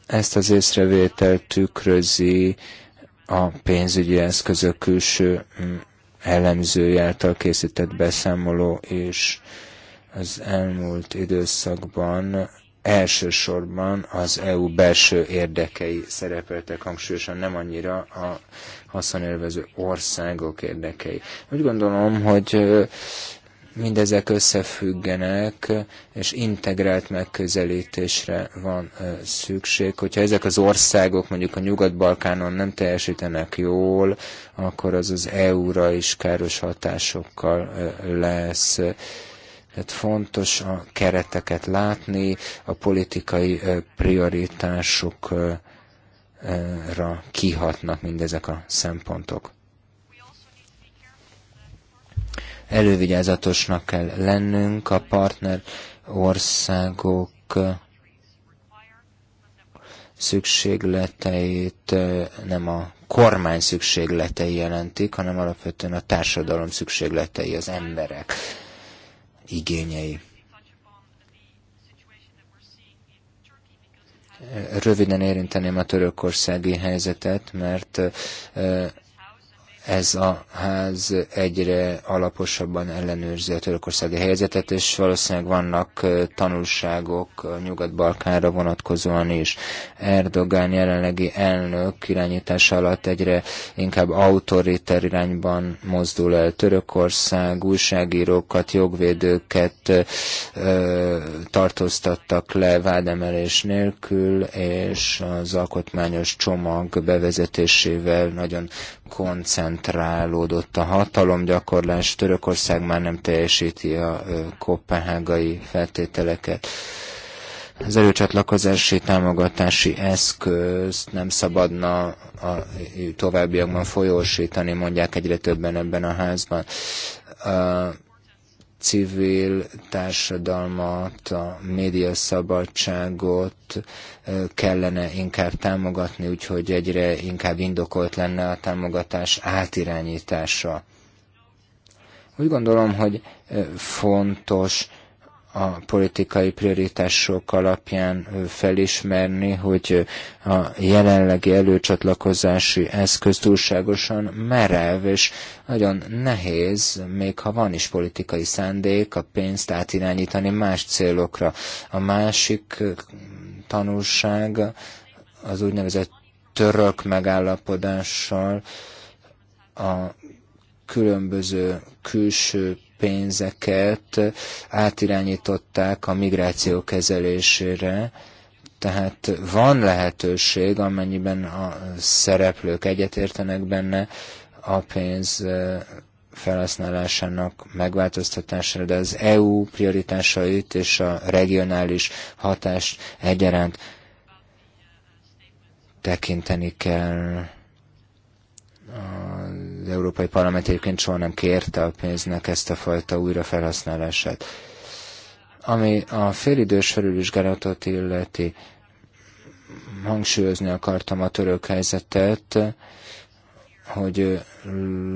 Ezt az észrevételt tükrözi a pénzügyi eszközök külső mm, elemzője által készített beszámoló, és az elmúlt időszakban elsősorban az EU belső érdekei szerepeltek hangsúlyosan, nem annyira a haszonélvező országok érdekei. Úgy gondolom, hogy Mindezek összefüggenek, és integrált megközelítésre van szükség. Hogyha ezek az országok mondjuk a Nyugat-Balkánon nem teljesítenek jól, akkor az az EU-ra is káros hatásokkal lesz. Tehát fontos a kereteket látni, a politikai prioritásokra kihatnak mindezek a szempontok. Elővigyázatosnak kell lennünk a partner országok szükségleteit nem a kormány szükségletei jelentik, hanem alapvetően a társadalom szükségletei, az emberek igényei. Röviden érinteném a törökországi helyzetet, mert ez a ház egyre alaposabban ellenőrzi a törökországi helyzetet, és valószínűleg vannak tanulságok a Nyugat-Balkánra vonatkozóan is. Erdogán jelenlegi elnök irányítása alatt egyre inkább autoriter irányban mozdul el Törökország, újságírókat, jogvédőket ö, tartóztattak le vádemelés nélkül, és az alkotmányos csomag bevezetésével nagyon koncentrálódott a hatalomgyakorlás, Törökország már nem teljesíti a kopenhágai feltételeket. Az előcsatlakozási támogatási eszközt nem szabadna a továbbiakban folyósítani, mondják egyre többen ebben a házban civil társadalmat, a médiaszabadságot kellene inkább támogatni, úgyhogy egyre inkább indokolt lenne a támogatás átirányítása. Úgy gondolom, hogy fontos a politikai prioritások alapján felismerni, hogy a jelenlegi előcsatlakozási eszköz túlságosan merev, és nagyon nehéz, még ha van is politikai szándék, a pénzt átirányítani más célokra. A másik tanulság az úgynevezett török megállapodással a különböző külső pénzeket átirányították a migráció kezelésére, tehát van lehetőség, amennyiben a szereplők egyetértenek benne a pénz felhasználásának megváltoztatására, de az EU prioritásait és a regionális hatást egyaránt tekinteni kell. A az Európai Parlament egyébként soha nem kérte a pénznek ezt a fajta újrafelhasználását. Ami a félidős felülvizsgálatot illeti, hangsúlyozni akartam a török helyzetet, hogy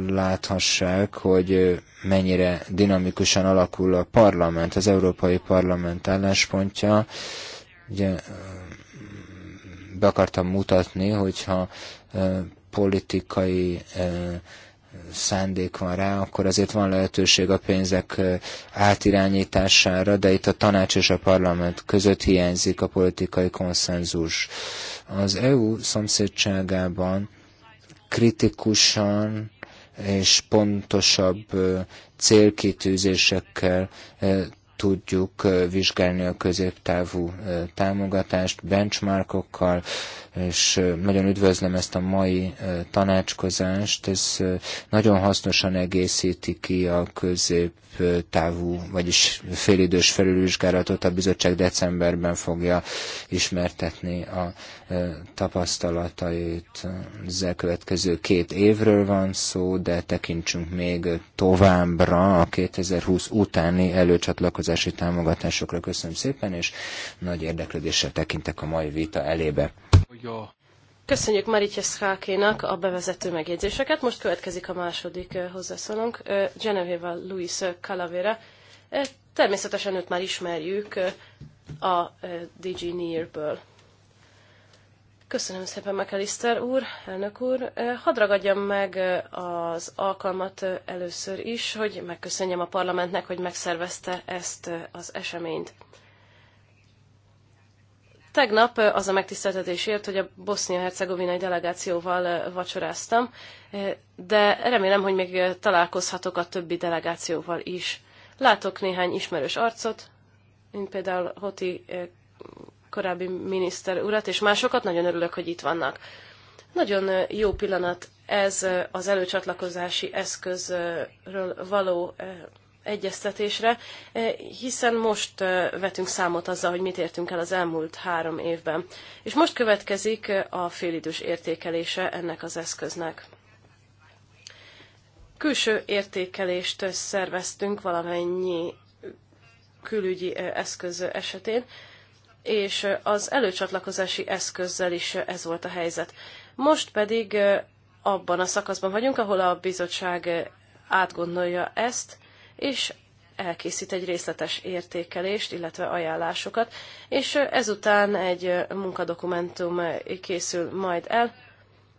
láthassák, hogy mennyire dinamikusan alakul a parlament, az Európai Parlament álláspontja. Ugye be akartam mutatni, hogyha politikai e, szándék van rá, akkor azért van lehetőség a pénzek e, átirányítására, de itt a tanács és a parlament között hiányzik a politikai konszenzus. Az EU szomszédságában kritikusan és pontosabb e, célkitűzésekkel tudjuk vizsgálni a középtávú támogatást benchmarkokkal, és nagyon üdvözlöm ezt a mai tanácskozást. Ez nagyon hasznosan egészíti ki a középtávú, vagyis félidős felülvizsgálatot. A bizottság decemberben fogja ismertetni a tapasztalatait. Ezzel következő két évről van szó, de tekintsünk még továbbra a 2020 utáni előcsatlakozási támogatásokra. Köszönöm szépen, és nagy érdeklődéssel tekintek a mai vita elébe your... Köszönjük Maritja Szkákénak a bevezető megjegyzéseket. Most következik a második hozzászólónk, Genevieve Luis Calavera. Természetesen őt már ismerjük a DG Near-ből. Köszönöm szépen, McAllister úr, elnök úr. Hadd ragadjam meg az alkalmat először is, hogy megköszönjem a parlamentnek, hogy megszervezte ezt az eseményt. Tegnap az a megtiszteltetésért, hogy a Bosznia-Hercegovinai delegációval vacsoráztam, de remélem, hogy még találkozhatok a többi delegációval is. Látok néhány ismerős arcot, mint például Hoti korábbi miniszter urat, és másokat, nagyon örülök, hogy itt vannak. Nagyon jó pillanat ez az előcsatlakozási eszközről való egyeztetésre, eh, hiszen most eh, vetünk számot azzal, hogy mit értünk el az elmúlt három évben. És most következik eh, a félidős értékelése ennek az eszköznek. Külső értékelést szerveztünk valamennyi külügyi eszköz esetén, és az előcsatlakozási eszközzel is ez volt a helyzet. Most pedig abban a szakaszban vagyunk, ahol a bizottság átgondolja ezt, és elkészít egy részletes értékelést, illetve ajánlásokat, és ezután egy munkadokumentum készül majd el,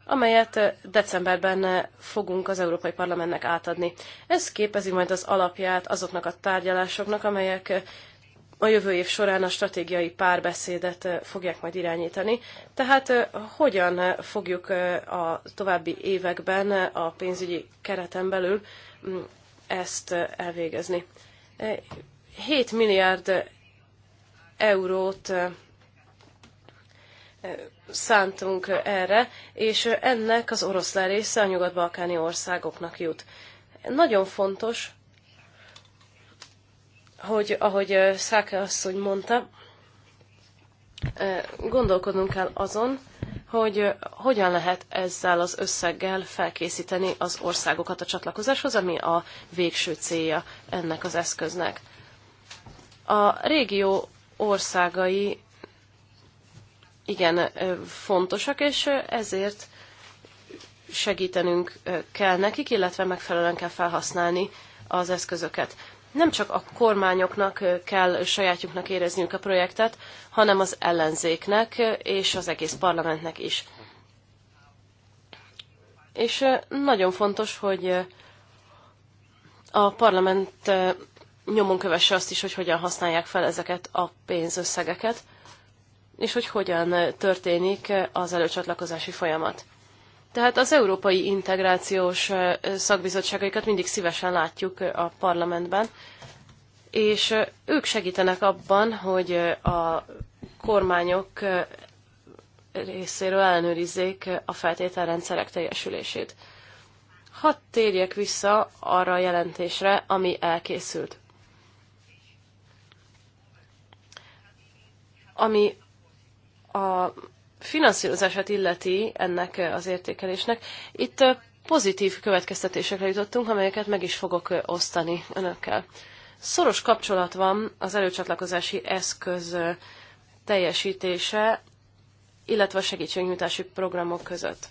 amelyet decemberben fogunk az Európai Parlamentnek átadni. Ez képezi majd az alapját azoknak a tárgyalásoknak, amelyek a jövő év során a stratégiai párbeszédet fogják majd irányítani. Tehát eh, hogyan fogjuk eh, a további években eh, a pénzügyi kereten belül mm, ezt elvégezni. 7 milliárd eurót szántunk erre, és ennek az oroszlán része a nyugat-balkáni országoknak jut. Nagyon fontos, hogy ahogy Száke asszony mondta, gondolkodnunk kell azon, hogy hogyan lehet ezzel az összeggel felkészíteni az országokat a csatlakozáshoz, ami a végső célja ennek az eszköznek. A régió országai igen fontosak, és ezért segítenünk kell nekik, illetve megfelelően kell felhasználni az eszközöket nem csak a kormányoknak kell sajátjuknak érezniük a projektet, hanem az ellenzéknek és az egész parlamentnek is. És nagyon fontos, hogy a parlament nyomon kövesse azt is, hogy hogyan használják fel ezeket a pénzösszegeket, és hogy hogyan történik az előcsatlakozási folyamat. Tehát az európai integrációs szakbizottságaikat mindig szívesen látjuk a parlamentben, és ők segítenek abban, hogy a kormányok részéről ellenőrizzék a feltételrendszerek teljesülését. Hadd térjek vissza arra a jelentésre, ami elkészült. Ami a finanszírozását illeti ennek az értékelésnek, itt pozitív következtetésekre jutottunk, amelyeket meg is fogok osztani önökkel. Szoros kapcsolat van az előcsatlakozási eszköz teljesítése, illetve a segítségnyújtási programok között.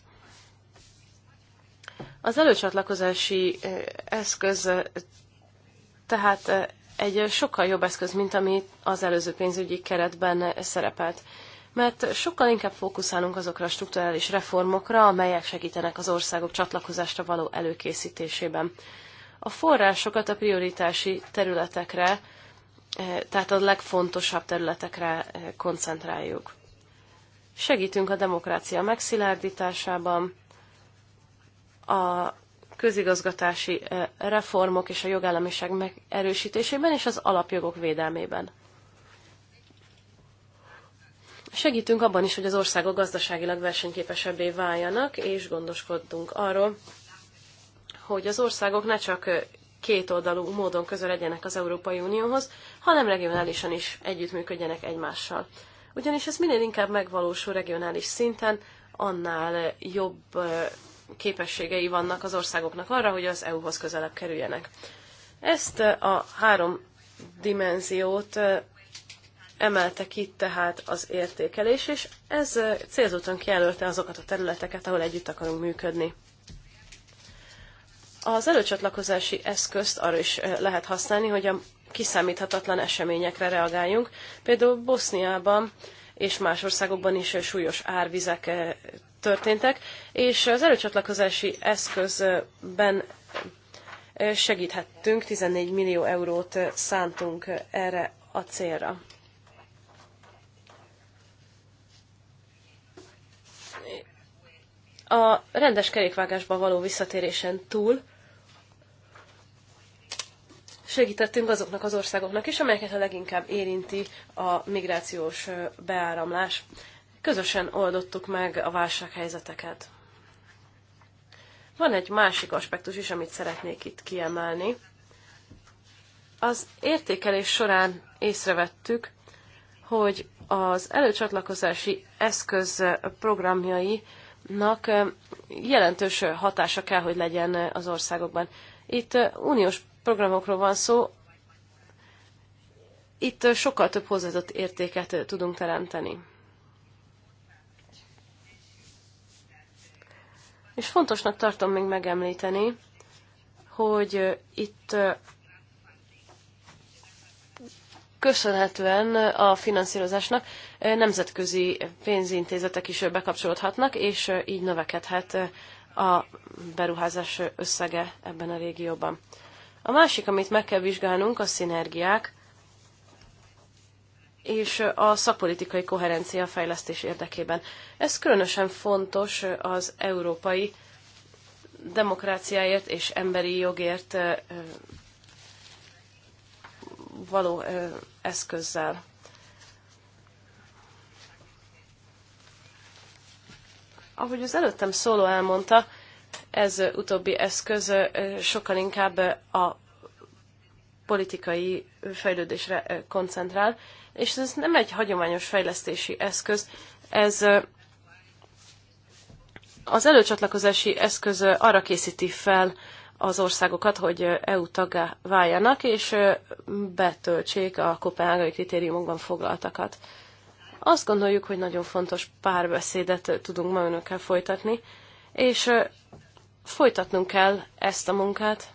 Az előcsatlakozási eszköz tehát egy sokkal jobb eszköz, mint ami az előző pénzügyi keretben szerepelt mert sokkal inkább fókuszálunk azokra a strukturális reformokra, amelyek segítenek az országok csatlakozásra való előkészítésében. A forrásokat a prioritási területekre, eh, tehát a legfontosabb területekre eh, koncentráljuk. Segítünk a demokrácia megszilárdításában, a közigazgatási eh, reformok és a jogállamiság megerősítésében és az alapjogok védelmében. Segítünk abban is, hogy az országok gazdaságilag versenyképesebbé váljanak, és gondoskodunk arról, hogy az országok ne csak kétoldalú módon közeledjenek az Európai Unióhoz, hanem regionálisan is együttműködjenek egymással. Ugyanis ez minél inkább megvalósul regionális szinten, annál jobb képességei vannak az országoknak arra, hogy az EU-hoz közelebb kerüljenek. Ezt a három dimenziót emelte ki tehát az értékelés, és ez célzottan kijelölte azokat a területeket, ahol együtt akarunk működni. Az előcsatlakozási eszközt arra is lehet használni, hogy a kiszámíthatatlan eseményekre reagáljunk. Például Boszniában és más országokban is súlyos árvizek történtek, és az előcsatlakozási eszközben segíthettünk, 14 millió eurót szántunk erre a célra. a rendes kerékvágásba való visszatérésen túl segítettünk azoknak az országoknak is, amelyeket a leginkább érinti a migrációs beáramlás. Közösen oldottuk meg a válsághelyzeteket. Van egy másik aspektus is, amit szeretnék itt kiemelni. Az értékelés során észrevettük, hogy az előcsatlakozási eszköz programjai nak jelentős hatása kell, hogy legyen az országokban. Itt uniós programokról van szó, itt sokkal több hozzáadott értéket tudunk teremteni. És fontosnak tartom még megemlíteni, hogy itt köszönhetően a finanszírozásnak nemzetközi pénzintézetek is bekapcsolódhatnak, és így növekedhet a beruházás összege ebben a régióban. A másik, amit meg kell vizsgálnunk, a szinergiák és a szakpolitikai koherencia fejlesztés érdekében. Ez különösen fontos az európai demokráciáért és emberi jogért való eszközzel. Ahogy az előttem szóló elmondta, ez utóbbi eszköz sokkal inkább a politikai fejlődésre koncentrál, és ez nem egy hagyományos fejlesztési eszköz, ez az előcsatlakozási eszköz arra készíti fel az országokat, hogy EU taggá váljanak, és betöltsék a kopenhágai kritériumokban foglaltakat. Azt gondoljuk, hogy nagyon fontos párbeszédet tudunk ma önökkel folytatni, és folytatnunk kell ezt a munkát.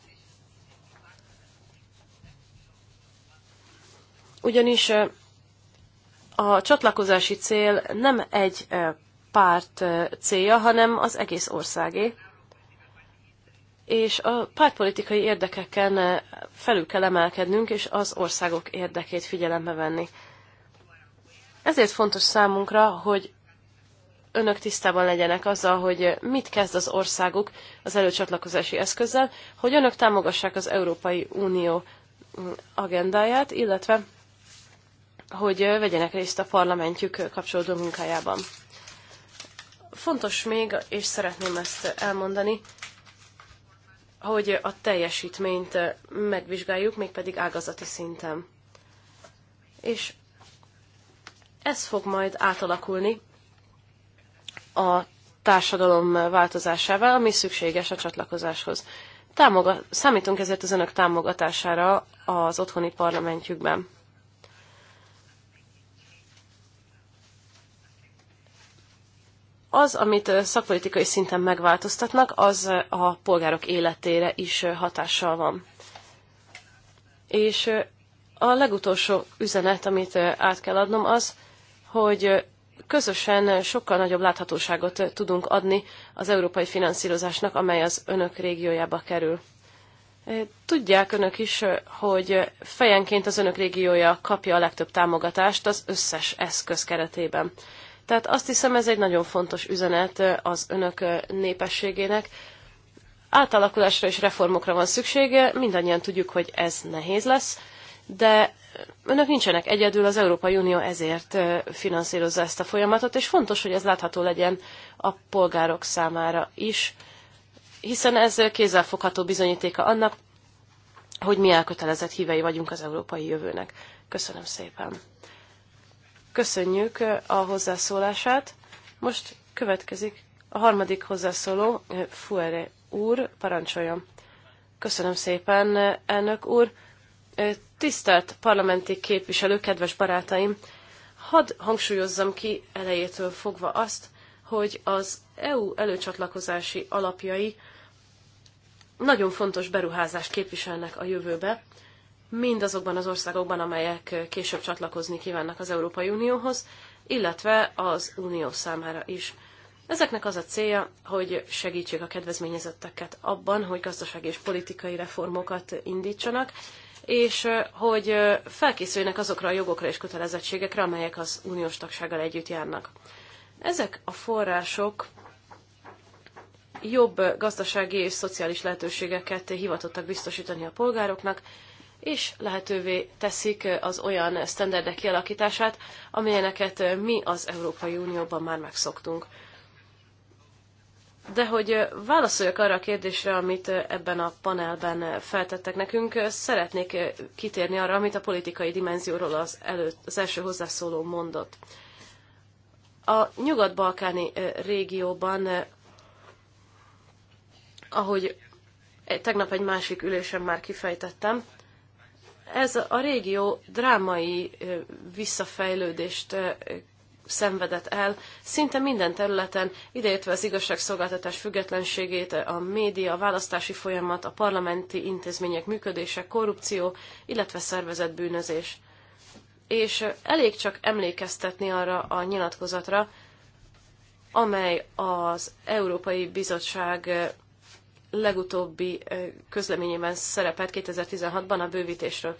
Ugyanis a csatlakozási cél nem egy párt célja, hanem az egész országé. És a pártpolitikai érdekeken felül kell emelkednünk, és az országok érdekét figyelembe venni. Ezért fontos számunkra, hogy önök tisztában legyenek azzal, hogy mit kezd az országuk az előcsatlakozási eszközzel, hogy önök támogassák az Európai Unió agendáját, illetve hogy vegyenek részt a parlamentjük kapcsolódó munkájában. Fontos még, és szeretném ezt elmondani, hogy a teljesítményt megvizsgáljuk, mégpedig ágazati szinten. És ez fog majd átalakulni a társadalom változásával, ami szükséges a csatlakozáshoz. Támogat, számítunk ezért az önök támogatására az otthoni parlamentjükben. Az, amit szakpolitikai szinten megváltoztatnak, az a polgárok életére is hatással van. És a legutolsó üzenet, amit át kell adnom, az, hogy közösen sokkal nagyobb láthatóságot tudunk adni az európai finanszírozásnak, amely az önök régiójába kerül. Tudják önök is, hogy fejenként az önök régiója kapja a legtöbb támogatást az összes eszköz keretében. Tehát azt hiszem ez egy nagyon fontos üzenet az önök népességének. Átalakulásra és reformokra van szüksége, mindannyian tudjuk, hogy ez nehéz lesz, de önök nincsenek egyedül, az Európai Unió ezért finanszírozza ezt a folyamatot, és fontos, hogy ez látható legyen a polgárok számára is, hiszen ez kézzelfogható bizonyítéka annak, hogy mi elkötelezett hívei vagyunk az európai jövőnek. Köszönöm szépen. Köszönjük a hozzászólását. Most következik a harmadik hozzászóló, Fuere úr, parancsoljon. Köszönöm szépen, elnök úr. Tisztelt parlamenti képviselő, kedves barátaim! Hadd hangsúlyozzam ki elejétől fogva azt, hogy az EU előcsatlakozási alapjai nagyon fontos beruházást képviselnek a jövőbe, mindazokban az országokban, amelyek később csatlakozni kívánnak az Európai Unióhoz, illetve az Unió számára is. Ezeknek az a célja, hogy segítsék a kedvezményezetteket abban, hogy gazdasági és politikai reformokat indítsanak, és hogy felkészüljenek azokra a jogokra és kötelezettségekre, amelyek az uniós tagsággal együtt járnak. Ezek a források jobb gazdasági és szociális lehetőségeket hivatottak biztosítani a polgároknak, és lehetővé teszik az olyan sztenderdek kialakítását, amelyeneket mi az Európai Unióban már megszoktunk. De hogy válaszoljak arra a kérdésre, amit ebben a panelben feltettek nekünk, szeretnék kitérni arra, amit a politikai dimenzióról az, előtt, az első hozzászóló mondott. A nyugat-balkáni régióban, ahogy tegnap egy másik ülésen már kifejtettem, ez a régió drámai visszafejlődést szenvedett el szinte minden területen, ideértve az igazságszolgáltatás függetlenségét, a média, a választási folyamat, a parlamenti intézmények működése, korrupció, illetve szervezetbűnözés. És elég csak emlékeztetni arra a nyilatkozatra, amely az Európai Bizottság legutóbbi közleményében szerepelt 2016-ban a bővítésről.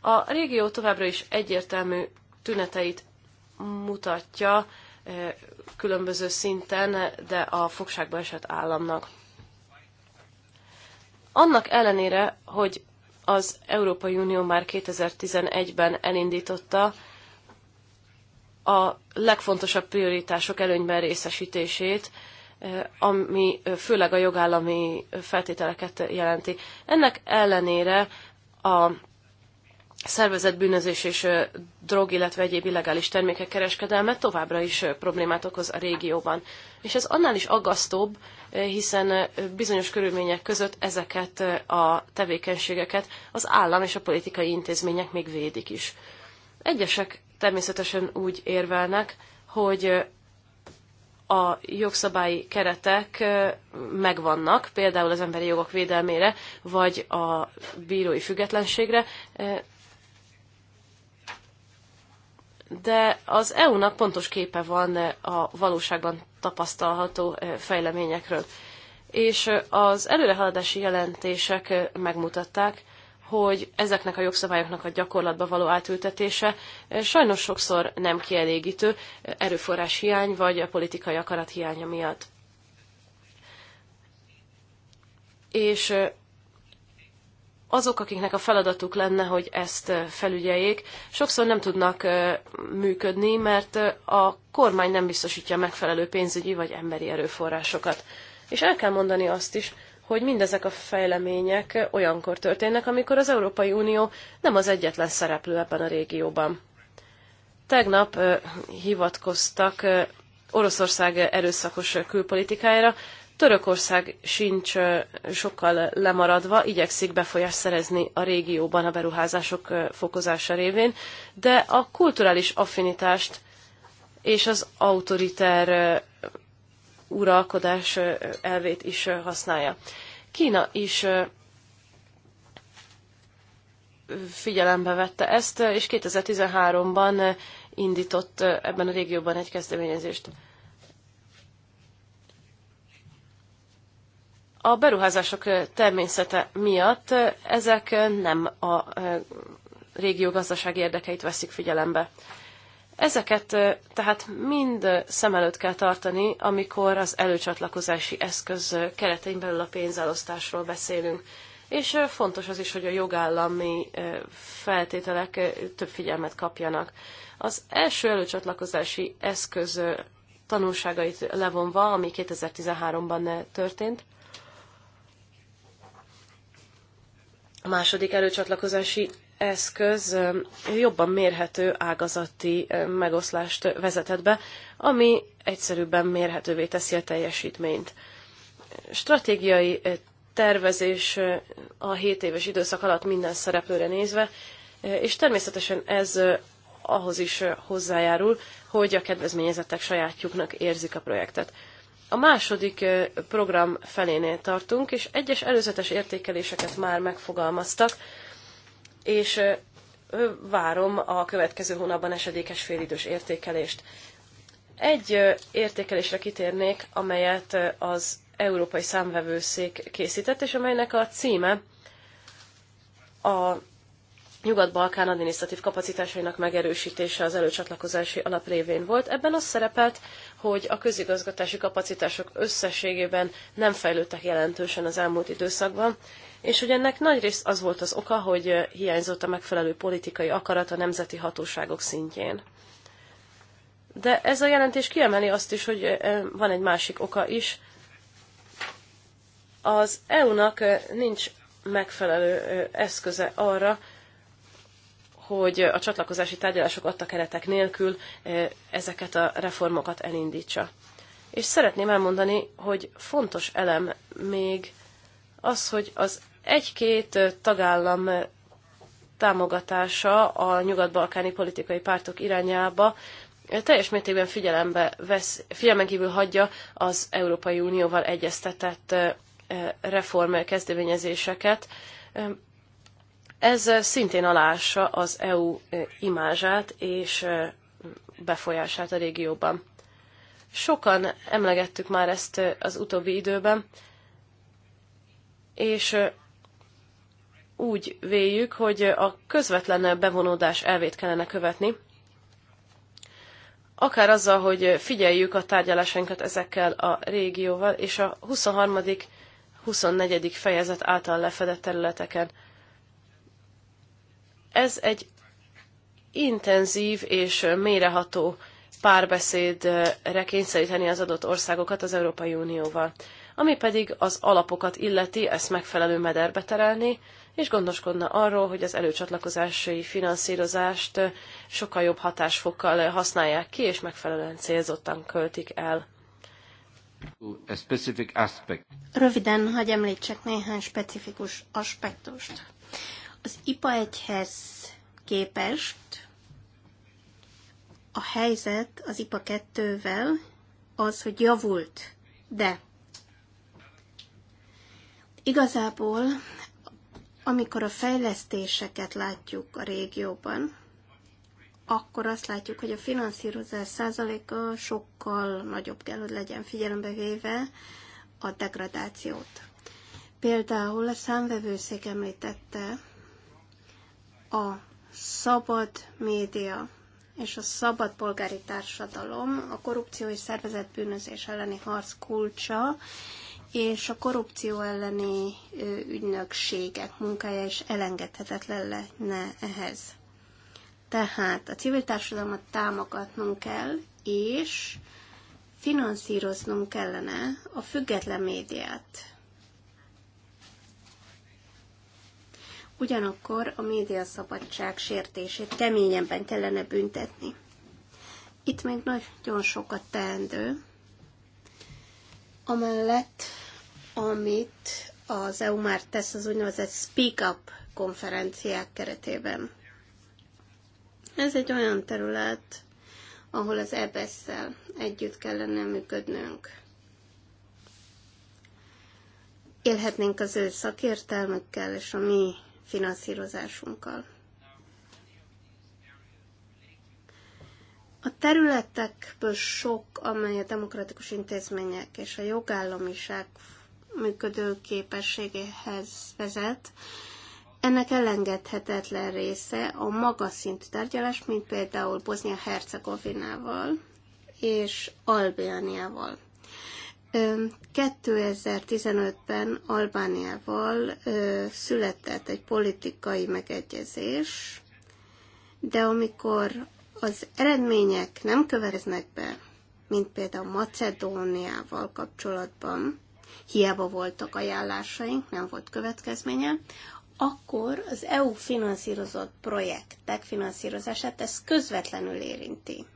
A régió továbbra is egyértelmű tüneteit mutatja különböző szinten, de a fogságba esett államnak. Annak ellenére, hogy az Európai Unió már 2011-ben elindította a legfontosabb prioritások előnyben részesítését, ami főleg a jogállami feltételeket jelenti. Ennek ellenére a szervezett bűnözés és drog, illetve egyéb illegális termékek kereskedelme továbbra is problémát okoz a régióban. És ez annál is aggasztóbb, hiszen bizonyos körülmények között ezeket a tevékenységeket az állam és a politikai intézmények még védik is. Egyesek természetesen úgy érvelnek, hogy a jogszabályi keretek megvannak, például az emberi jogok védelmére, vagy a bírói függetlenségre, de az EU-nak pontos képe van eh, a valóságban tapasztalható eh, fejleményekről. És eh, az előrehaladási jelentések megmutatták, hogy ezeknek a jogszabályoknak a gyakorlatba való átültetése sajnos sokszor nem kielégítő erőforrás hiány vagy a politikai akarat hiánya miatt. És azok, akiknek a feladatuk lenne, hogy ezt felügyeljék, sokszor nem tudnak működni, mert a kormány nem biztosítja megfelelő pénzügyi vagy emberi erőforrásokat. És el kell mondani azt is, hogy mindezek a fejlemények olyankor történnek, amikor az Európai Unió nem az egyetlen szereplő ebben a régióban. Tegnap hivatkoztak Oroszország erőszakos külpolitikájára, Törökország sincs sokkal lemaradva, igyekszik befolyás szerezni a régióban a beruházások fokozása révén, de a kulturális affinitást és az autoriter uralkodás elvét is használja. Kína is figyelembe vette ezt, és 2013-ban indított ebben a régióban egy kezdeményezést. A beruházások természete miatt ezek nem a régió gazdasági érdekeit veszik figyelembe. Ezeket tehát mind szem előtt kell tartani, amikor az előcsatlakozási eszköz keretein belül a pénzelosztásról beszélünk. És fontos az is, hogy a jogállami feltételek több figyelmet kapjanak. Az első előcsatlakozási eszköz tanulságait levonva, ami 2013-ban történt, második előcsatlakozási eszköz jobban mérhető ágazati megoszlást vezetett be, ami egyszerűbben mérhetővé teszi a teljesítményt. Stratégiai tervezés a 7 éves időszak alatt minden szereplőre nézve, és természetesen ez ahhoz is hozzájárul, hogy a kedvezményezettek sajátjuknak érzik a projektet. A második program felénél tartunk, és egyes előzetes értékeléseket már megfogalmaztak, és várom a következő hónapban esedékes félidős értékelést. Egy értékelésre kitérnék, amelyet az Európai Számvevőszék készített, és amelynek a címe a Nyugat-Balkán adminisztratív kapacitásainak megerősítése az előcsatlakozási alap révén volt. Ebben az szerepelt, hogy a közigazgatási kapacitások összességében nem fejlődtek jelentősen az elmúlt időszakban, és hogy ennek nagyrészt az volt az oka, hogy hiányzott a megfelelő politikai akarat a nemzeti hatóságok szintjén. De ez a jelentés kiemeli azt is, hogy eh, van egy másik oka is. Az EU-nak eh, nincs megfelelő eh, eszköze arra, hogy a csatlakozási tárgyalások adta keretek nélkül eh, ezeket a reformokat elindítsa. És szeretném elmondani, hogy fontos elem még az, hogy az egy-két eh, tagállam eh, támogatása a nyugat-balkáni politikai pártok irányába teljes mértékben figyelembe vesz, figyelmen kívül hagyja az Európai Unióval egyeztetett reform kezdeményezéseket, ez eh, szintén aláássa az EU eh, imázsát és eh, befolyását a régióban. Sokan emlegettük már ezt az utóbbi időben, és úgy véljük, hogy a közvetlen bevonódás elvét kellene követni, akár azzal, hogy figyeljük a tárgyalásainkat ezekkel a régióval, és a 23. 24. fejezet által lefedett területeken – ez egy intenzív és mélyreható párbeszédre kényszeríteni az adott országokat az Európai Unióval. Ami pedig az alapokat illeti, ezt megfelelő mederbe terelni, és gondoskodna arról, hogy az előcsatlakozási finanszírozást sokkal jobb hatásfokkal használják ki, és megfelelően célzottan költik el. Röviden, hagy említsek néhány specifikus aspektust. Az IPA egyhez képest a helyzet az IPA 2-vel az, hogy javult, de igazából, amikor a fejlesztéseket látjuk a régióban, akkor azt látjuk, hogy a finanszírozás százaléka sokkal nagyobb kell, hogy legyen figyelembe véve a degradációt. Például a számvevőszék említette, a szabad média és a szabad polgári társadalom a korrupció és szervezett bűnözés elleni harc kulcsa, és a korrupció elleni ügynökségek munkája is elengedhetetlen lenne ehhez. Tehát a civil társadalmat támogatnunk kell, és finanszíroznunk kellene a független médiát. Ugyanakkor a médiaszabadság sértését keményebben kellene büntetni. Itt még nagyon sokat teendő, amellett, amit az EU már tesz az úgynevezett Speak Up konferenciák keretében. Ez egy olyan terület, ahol az EBS-szel együtt kellene működnünk. Élhetnénk az ő szakértelmekkel és a mi finanszírozásunkkal. A területekből sok, amely a demokratikus intézmények és a jogállamiság működő képességéhez vezet, ennek elengedhetetlen része a magas szintű tárgyalás, mint például bosnia hercegovinával és Albániával. 2015-ben Albániával született egy politikai megegyezés, de amikor az eredmények nem következnek be, mint például Macedóniával kapcsolatban, hiába voltak ajánlásaink, nem volt következménye, akkor az EU finanszírozott projektek finanszírozását ez közvetlenül érinti.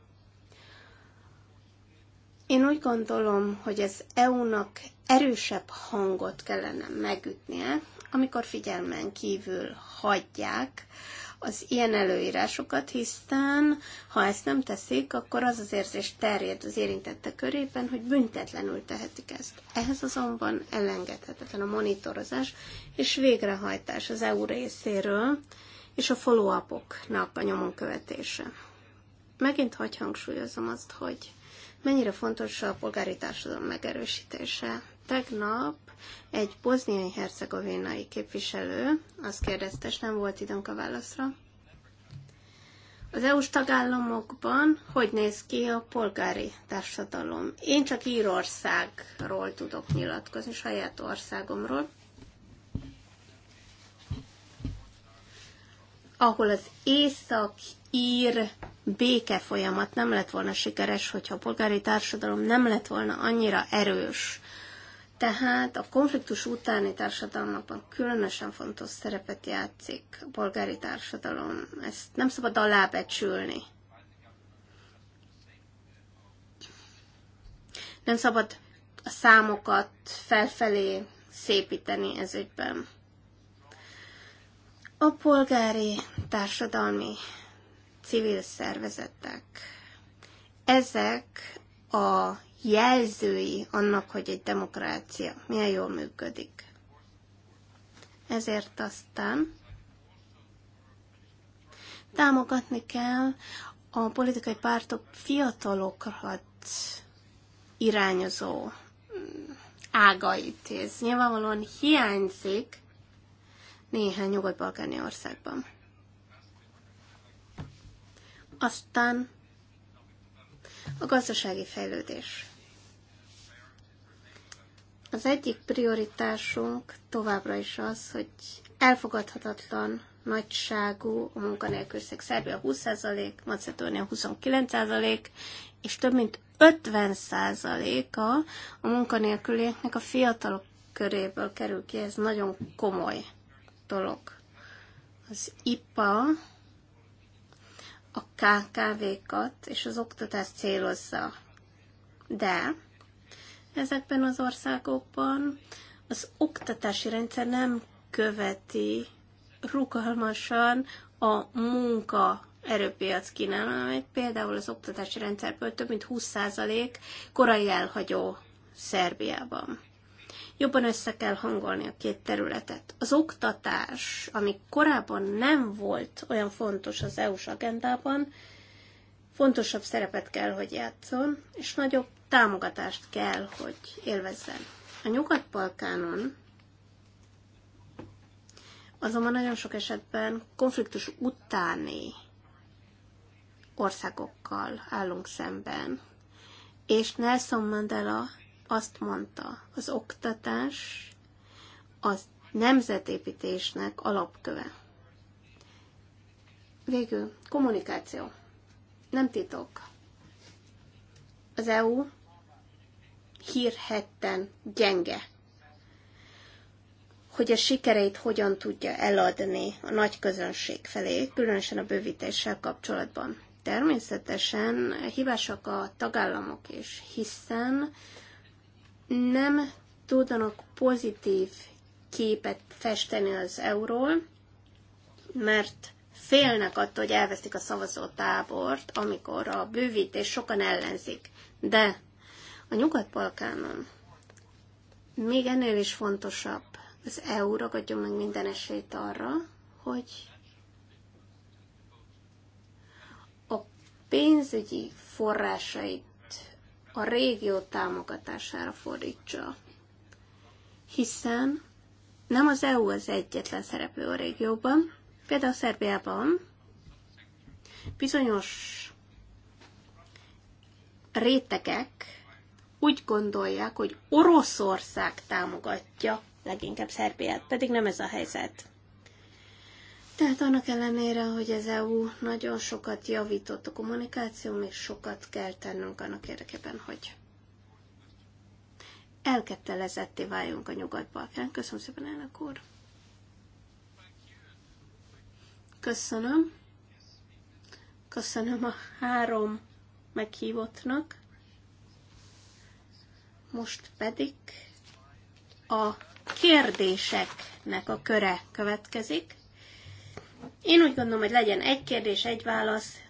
Én úgy gondolom, hogy az EU-nak erősebb hangot kellene megütnie, amikor figyelmen kívül hagyják az ilyen előírásokat, hiszen ha ezt nem teszik, akkor az az érzés terjed az érintettek körében, hogy büntetlenül tehetik ezt. Ehhez azonban elengedhetetlen a monitorozás és végrehajtás az EU részéről, és a follow-upoknak a nyomon követése. Megint hagy hangsúlyozom azt, hogy mennyire fontos a polgári társadalom megerősítése. Tegnap egy bozniai hercegovinai képviselő azt kérdezte, és nem volt időnk a válaszra, az EU-s tagállamokban hogy néz ki a polgári társadalom? Én csak Írországról tudok nyilatkozni, saját országomról, ahol az északi ír béke folyamat nem lett volna sikeres, hogyha a polgári társadalom nem lett volna annyira erős. Tehát a konfliktus utáni társadalmakban különösen fontos szerepet játszik a polgári társadalom. Ezt nem szabad alábecsülni. Nem szabad a számokat felfelé szépíteni ez ügyben. A polgári társadalmi civil szervezetek. Ezek a jelzői annak, hogy egy demokrácia milyen jól működik. Ezért aztán támogatni kell a politikai pártok fiatalokat irányozó mm, ágait. Ez nyilvánvalóan hiányzik néhány nyugat-balkáni országban. Aztán a gazdasági fejlődés. Az egyik prioritásunk továbbra is az, hogy elfogadhatatlan nagyságú a munkanélküliség. Szerbia 20%, Macedónia 29%, és több mint 50 a, a munkanélkülieknek a fiatalok köréből kerül ki. Ez nagyon komoly dolog. Az IPA a KKV-kat és az oktatást célozza. De ezekben az országokban az oktatási rendszer nem követi rugalmasan a munka erőpiac kínálat, például az oktatási rendszerből több mint 20% korai elhagyó Szerbiában. Jobban össze kell hangolni a két területet. Az oktatás, ami korábban nem volt olyan fontos az EU-s agendában, fontosabb szerepet kell, hogy játszon, és nagyobb támogatást kell, hogy élvezzen. A Nyugat-Balkánon azonban nagyon sok esetben konfliktus utáni országokkal állunk szemben. És Nelson Mandela azt mondta, az oktatás az nemzetépítésnek alapköve. Végül, kommunikáció. Nem titok. Az EU hírhetten gyenge. Hogy a sikereit hogyan tudja eladni a nagy közönség felé, különösen a bővítéssel kapcsolatban. Természetesen hibásak a tagállamok is, hiszen nem tudnak pozitív képet festeni az euról, mert félnek attól, hogy elveszik a szavazótábort, amikor a bővítés sokan ellenzik. De a Nyugat-Balkánon még ennél is fontosabb az EU ragadjon meg minden esélyt arra, hogy a pénzügyi forrásait a régió támogatására fordítsa. Hiszen nem az EU az egyetlen szereplő a régióban, például Szerbiában bizonyos rétegek úgy gondolják, hogy Oroszország támogatja leginkább Szerbiát, pedig nem ez a helyzet. Tehát annak ellenére, hogy az EU nagyon sokat javított a kommunikáció, és sokat kell tennünk annak érdekében, hogy elkettelezetté váljunk a Nyugat-Balkán. Köszönöm szépen, elnök úr! Köszönöm. Köszönöm a három meghívottnak. Most pedig a kérdéseknek a köre következik. Én úgy gondolom, hogy legyen egy kérdés, egy válasz,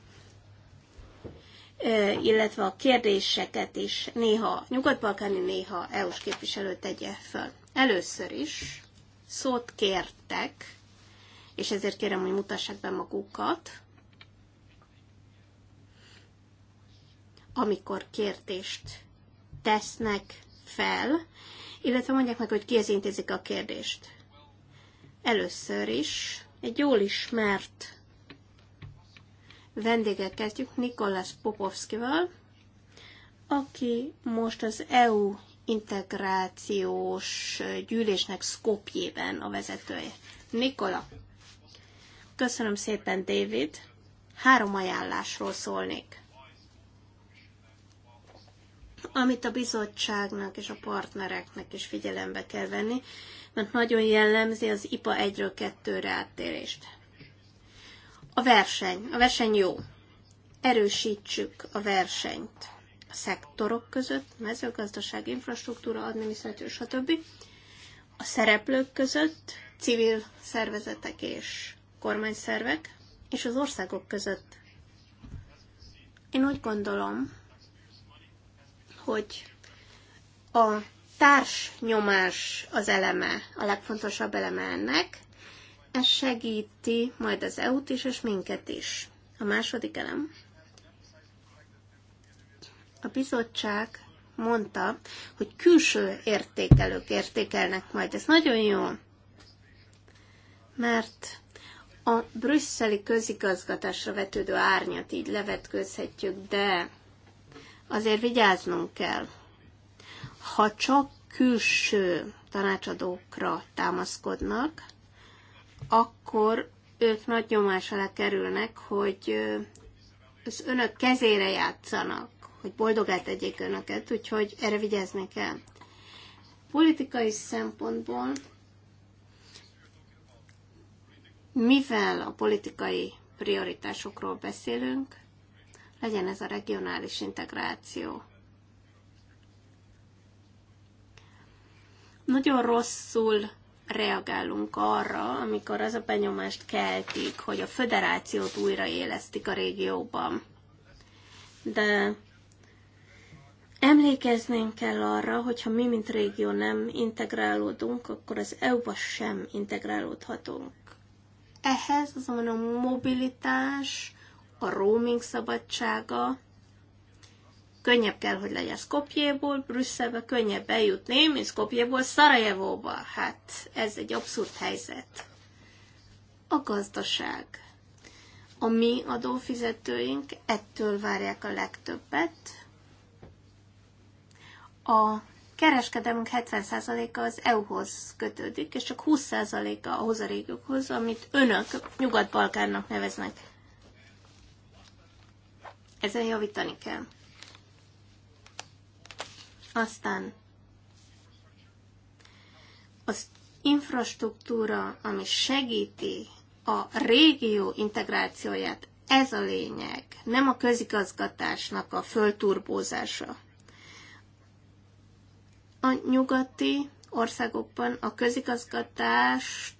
illetve a kérdéseket is néha nyugat-balkáni, néha EU-s képviselő tegye föl. Először is szót kértek, és ezért kérem, hogy mutassák be magukat, amikor kértést tesznek fel, illetve mondják meg, hogy az intézik a kérdést. Először is egy jól ismert vendéget kezdjük, Nikolas Popovskival, aki most az EU integrációs gyűlésnek szkopjében a vezetője. Nikola, köszönöm szépen, David. Három ajánlásról szólnék amit a bizottságnak és a partnereknek is figyelembe kell venni, mert nagyon jellemzi az IPA 1-ről 2-re áttérést. A verseny. A verseny jó. Erősítsük a versenyt a szektorok között, mezőgazdaság, infrastruktúra, adminisztráció, stb. A szereplők között, civil szervezetek és kormányszervek, és az országok között. Én úgy gondolom, hogy a társ nyomás az eleme, a legfontosabb eleme ennek. Ez segíti majd az EU-t is, és minket is. A második elem. A bizottság mondta, hogy külső értékelők értékelnek majd. Ez nagyon jó, mert a brüsszeli közigazgatásra vetődő árnyat így levetkőzhetjük, de azért vigyáznunk kell. Ha csak külső tanácsadókra támaszkodnak, akkor ők nagy nyomás alá kerülnek, hogy az önök kezére játszanak, hogy boldogát tegyék önöket, úgyhogy erre vigyázni kell. Politikai szempontból, mivel a politikai prioritásokról beszélünk, legyen ez a regionális integráció. Nagyon rosszul reagálunk arra, amikor az a benyomást keltik, hogy a föderációt újraélesztik a régióban. De emlékeznénk kell arra, hogyha mi, mint régió nem integrálódunk, akkor az EU-ba sem integrálódhatunk. Ehhez azonban a mobilitás, a roaming szabadsága, Könnyebb kell, hogy legyen Skopjéból, Brüsszelbe könnyebb eljutni, mint Skopjéból Szarajevóba. Hát ez egy abszurd helyzet. A gazdaság. A mi adófizetőink ettől várják a legtöbbet. A kereskedelmünk 70%-a az EU-hoz kötődik, és csak 20%-a ahhoz a régiókhoz, amit önök Nyugat-Balkánnak neveznek. Ezen javítani kell. Aztán az infrastruktúra, ami segíti a régió integrációját, ez a lényeg, nem a közigazgatásnak a fölturbózása. A nyugati országokban a közigazgatást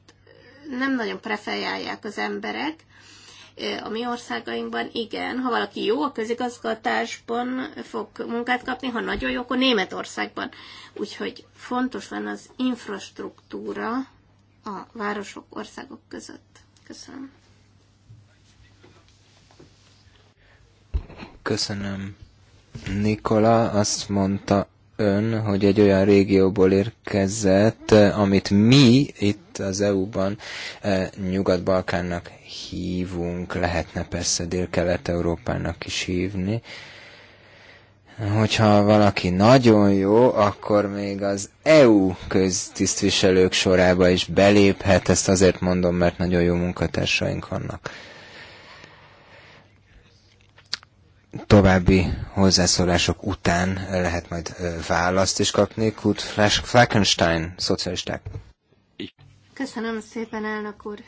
nem nagyon preferálják az emberek, a mi országainkban igen, ha valaki jó a közigazgatásban fog munkát kapni, ha nagyon jó, akkor Németországban. Úgyhogy fontos lenne az infrastruktúra a városok, országok között. Köszönöm. Köszönöm. Nikola azt mondta, ön, hogy egy olyan régióból érkezett, amit mi itt az EU-ban e, Nyugat-Balkánnak hívunk, lehetne persze Dél-Kelet-Európának is hívni. Hogyha valaki nagyon jó, akkor még az EU köztisztviselők sorába is beléphet, ezt azért mondom, mert nagyon jó munkatársaink vannak. további hozzászólások után lehet majd választ is kapni. Kut Fleckenstein, szocialisták. Köszönöm szépen, elnök úr.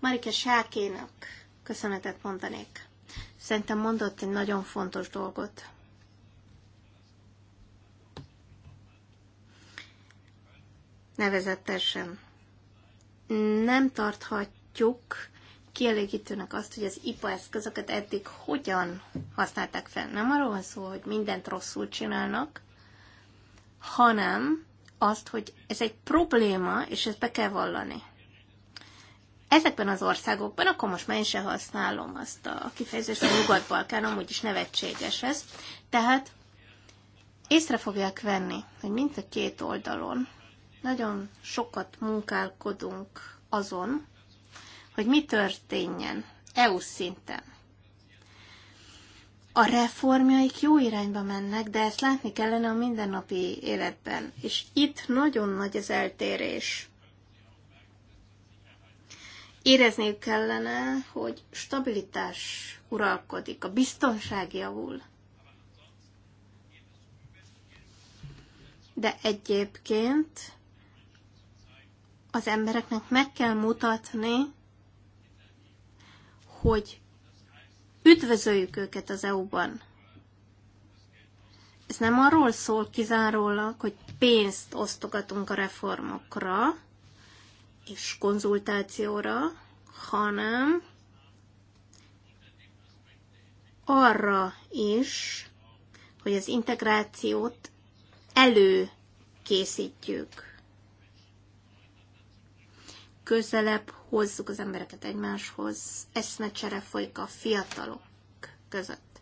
Marike Sákénak köszönetet mondanék. Szerintem mondott egy nagyon fontos dolgot. Nevezetesen. Nem tarthatjuk kielégítőnek azt, hogy az IPA eszközöket eddig hogyan használták fel. Nem arról van szó, hogy mindent rosszul csinálnak, hanem azt, hogy ez egy probléma, és ezt be kell vallani. Ezekben az országokban, akkor most már én sem használom azt a kifejezést, a Nyugat-Balkán amúgy is nevetséges ez. Tehát észre fogják venni, hogy mind a két oldalon nagyon sokat munkálkodunk azon, hogy mi történjen EU szinten. A reformjaik jó irányba mennek, de ezt látni kellene a mindennapi életben. És itt nagyon nagy az eltérés. Érezniük kellene, hogy stabilitás uralkodik, a biztonság javul. De egyébként az embereknek meg kell mutatni, hogy üdvözöljük őket az EU-ban. Ez nem arról szól kizárólag, hogy pénzt osztogatunk a reformokra és konzultációra, hanem arra is, hogy az integrációt előkészítjük közelebb hozzuk az embereket egymáshoz, eszmecsere folyik a fiatalok között.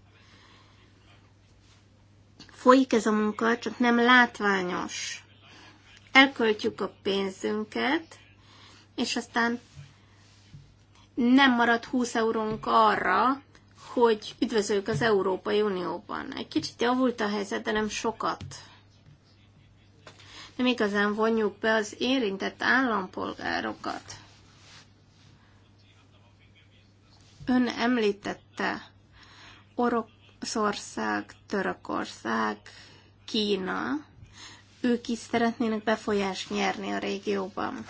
Folyik ez a munka, csak nem látványos. Elköltjük a pénzünket, és aztán nem marad 20 eurónk arra, hogy üdvözöljük az Európai Unióban. Egy kicsit javult a helyzet, de nem sokat nem igazán vonjuk be az érintett állampolgárokat. Ön említette Oroszország, Törökország, Kína, ők is szeretnének befolyást nyerni a régióban.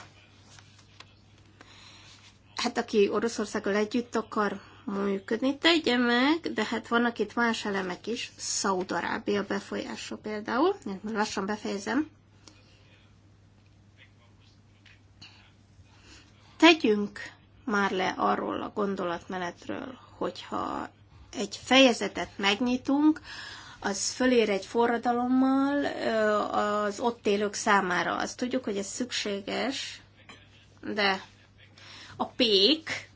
Hát aki Oroszországgal együtt akar működni, tegye meg, de hát vannak itt más elemek is, Szaudarábia befolyása például, mert lassan befejezem. Tegyünk már le arról a gondolatmenetről, hogyha egy fejezetet megnyitunk, az fölér egy forradalommal az ott élők számára. Azt tudjuk, hogy ez szükséges, de a pék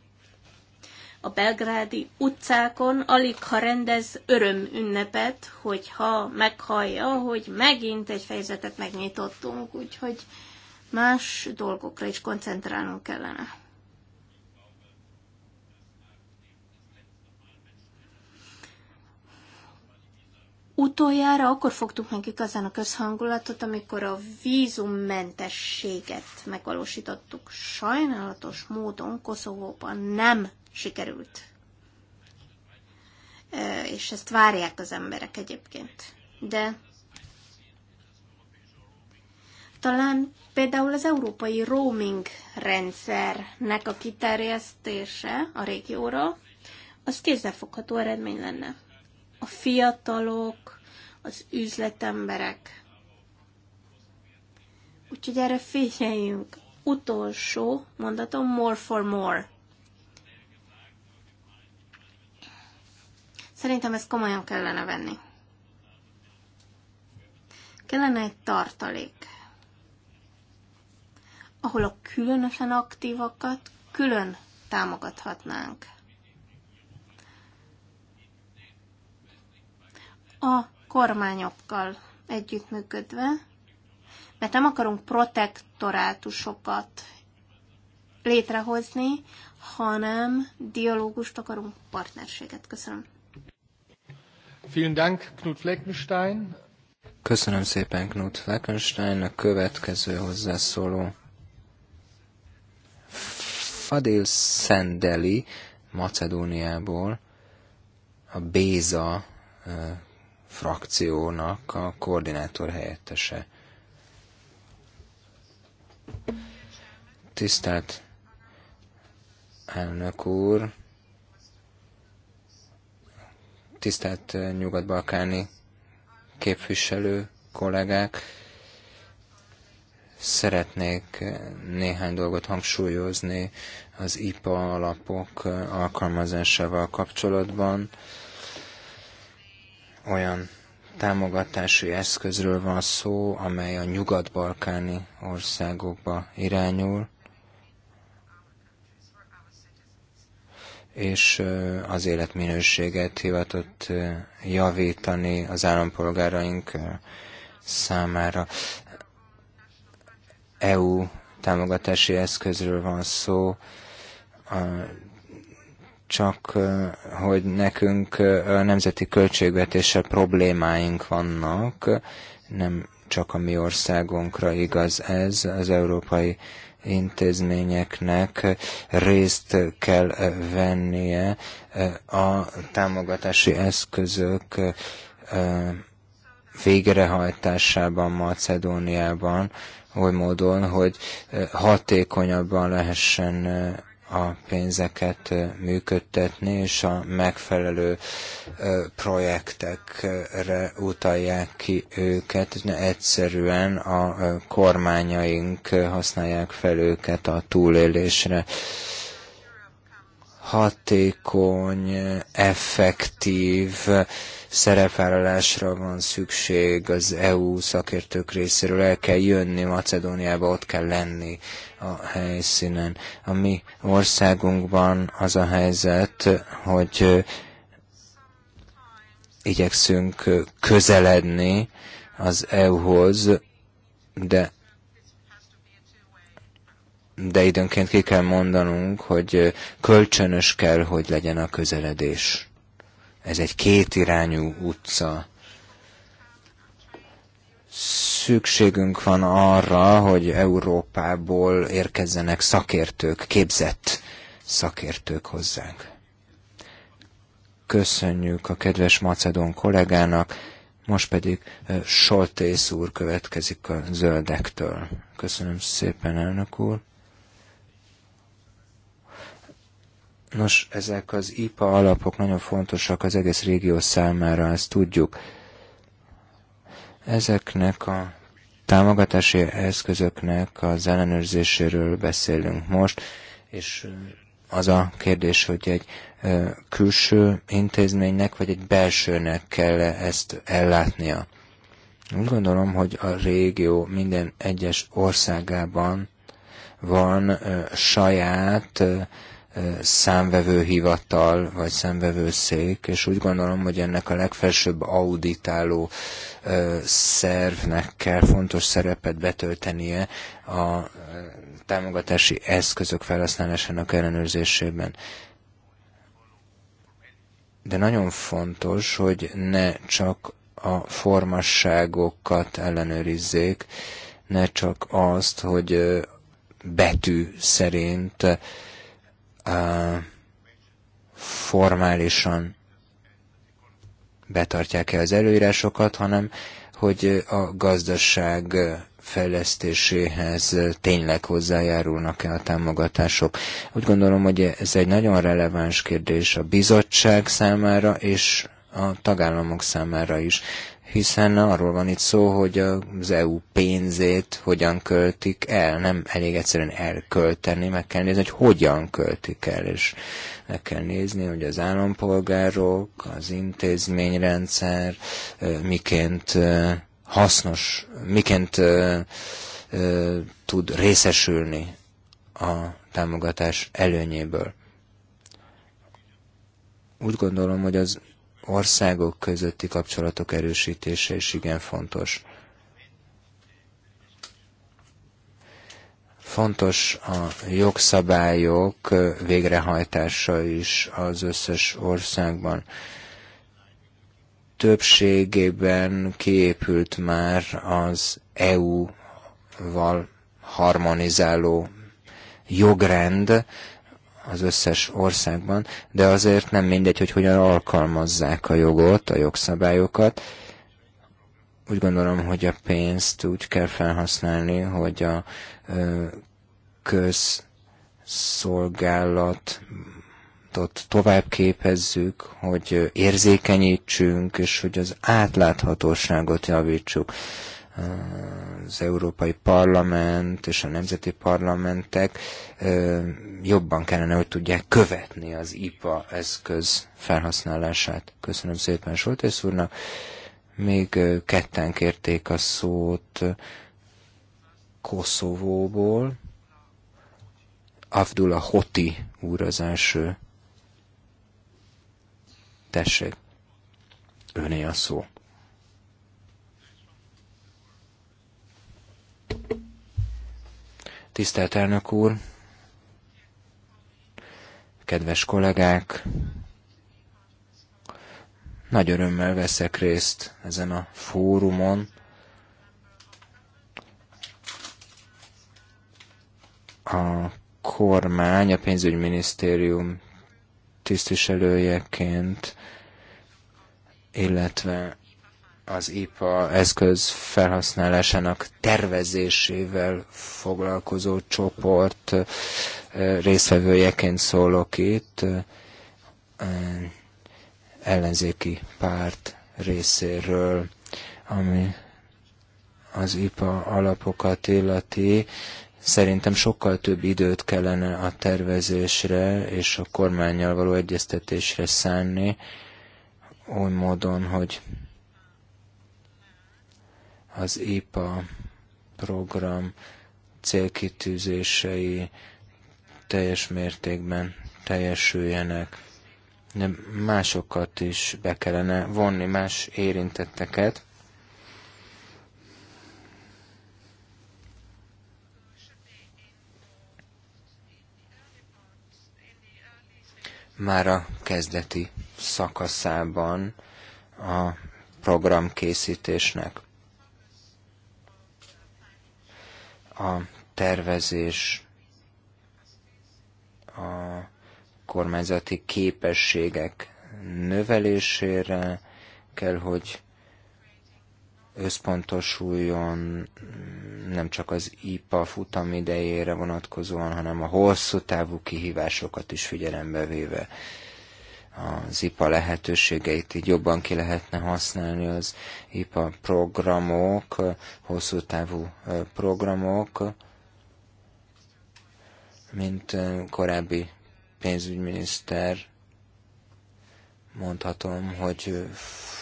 a belgrádi utcákon alig ha rendez ünnepet, hogyha meghallja, hogy megint egy fejezetet megnyitottunk, úgyhogy más dolgokra is koncentrálnunk kellene. Utoljára akkor fogtuk meg igazán a közhangulatot, amikor a vízummentességet megvalósítottuk. Sajnálatos módon Koszovóban nem sikerült. És ezt várják az emberek egyébként. De talán például az európai roaming rendszernek a kiterjesztése a régióra, az kézzelfogható eredmény lenne. A fiatalok, az üzletemberek. Úgyhogy erre figyeljünk. Utolsó mondatom, more for more. Szerintem ezt komolyan kellene venni. Kellene egy tartalék ahol a különösen aktívakat külön támogathatnánk. A kormányokkal együttműködve, mert nem akarunk protektorátusokat létrehozni, hanem dialógust akarunk, partnerséget. Köszönöm. Vielen Dank, Knut Fleckenstein. Köszönöm szépen Knut Fleckenstein, a következő hozzászóló. Fadil Szendeli Macedóniából a Béza frakciónak a koordinátor helyettese. Tisztelt elnök úr, tisztelt nyugat-balkáni képviselő kollégák, Szeretnék néhány dolgot hangsúlyozni az IPA alapok alkalmazásával kapcsolatban. Olyan támogatási eszközről van szó, amely a nyugat-balkáni országokba irányul, és az életminőséget hivatott javítani az állampolgáraink számára. EU támogatási eszközről van szó, csak hogy nekünk a nemzeti költségvetése problémáink vannak, nem csak a mi országunkra igaz ez, az európai intézményeknek részt kell vennie a támogatási eszközök végrehajtásában Macedóniában, oly módon, hogy hatékonyabban lehessen a pénzeket működtetni, és a megfelelő projektekre utalják ki őket. Egyszerűen a kormányaink használják fel őket a túlélésre hatékony, effektív szerepvállalásra van szükség az EU szakértők részéről. El kell jönni Macedóniába, ott kell lenni a helyszínen. A mi országunkban az a helyzet, hogy igyekszünk közeledni az EU-hoz, de de időnként ki kell mondanunk, hogy kölcsönös kell, hogy legyen a közeledés. Ez egy kétirányú utca. Szükségünk van arra, hogy Európából érkezzenek szakértők, képzett szakértők hozzánk. Köszönjük a kedves macedón kollégának, most pedig Soltész úr következik a zöldektől. Köszönöm szépen, elnök úr. Nos, ezek az IPA alapok nagyon fontosak az egész régió számára, ezt tudjuk. Ezeknek a támogatási eszközöknek az ellenőrzéséről beszélünk most, és az a kérdés, hogy egy külső intézménynek, vagy egy belsőnek kell -e ezt ellátnia. Úgy gondolom, hogy a régió minden egyes országában van saját hivatal, vagy szék, és úgy gondolom, hogy ennek a legfelsőbb auditáló szervnek kell fontos szerepet betöltenie a támogatási eszközök felhasználásának ellenőrzésében. De nagyon fontos, hogy ne csak a formasságokat ellenőrizzék, ne csak azt, hogy betű szerint formálisan betartják-e az előírásokat, hanem hogy a gazdaság fejlesztéséhez tényleg hozzájárulnak-e a támogatások. Úgy gondolom, hogy ez egy nagyon releváns kérdés a bizottság számára és a tagállamok számára is hiszen arról van itt szó, hogy az EU pénzét hogyan költik el, nem elég egyszerűen elkölteni, meg kell nézni, hogy hogyan költik el, és meg kell nézni, hogy az állampolgárok, az intézményrendszer miként hasznos, miként tud részesülni a támogatás előnyéből. Úgy gondolom, hogy az országok közötti kapcsolatok erősítése is igen fontos. Fontos a jogszabályok végrehajtása is az összes országban. Többségében kiépült már az EU-val harmonizáló jogrend, az összes országban, de azért nem mindegy, hogy hogyan alkalmazzák a jogot, a jogszabályokat. Úgy gondolom, hogy a pénzt úgy kell felhasználni, hogy a közszolgálatot tovább képezzük, hogy érzékenyítsünk, és hogy az átláthatóságot javítsuk az Európai Parlament és a nemzeti parlamentek jobban kellene, hogy tudják követni az IPA eszköz felhasználását. Köszönöm szépen Soltész úrnak. Még ketten kérték a szót Koszovóból. Avdula Hoti úr az első. Tessék, öné a szó. Tisztelt elnök úr, kedves kollégák, nagy örömmel veszek részt ezen a fórumon, a kormány, a pénzügyminisztérium tisztviselőjeként, illetve az IPA eszköz felhasználásának tervezésével foglalkozó csoport részvevőjeként szólok itt, ellenzéki párt részéről, ami az IPA alapokat illeti. Szerintem sokkal több időt kellene a tervezésre és a kormányjal való egyeztetésre szánni, oly módon, hogy az IPA program célkitűzései teljes mértékben teljesüljenek. De másokat is be kellene vonni, más érintetteket. Már a kezdeti szakaszában a programkészítésnek. a tervezés, a kormányzati képességek növelésére kell, hogy összpontosuljon nem csak az IPA futamidejére vonatkozóan, hanem a hosszú távú kihívásokat is figyelembe véve az IPA lehetőségeit így jobban ki lehetne használni, az IPA programok, hosszú távú programok, mint korábbi pénzügyminiszter mondhatom, hogy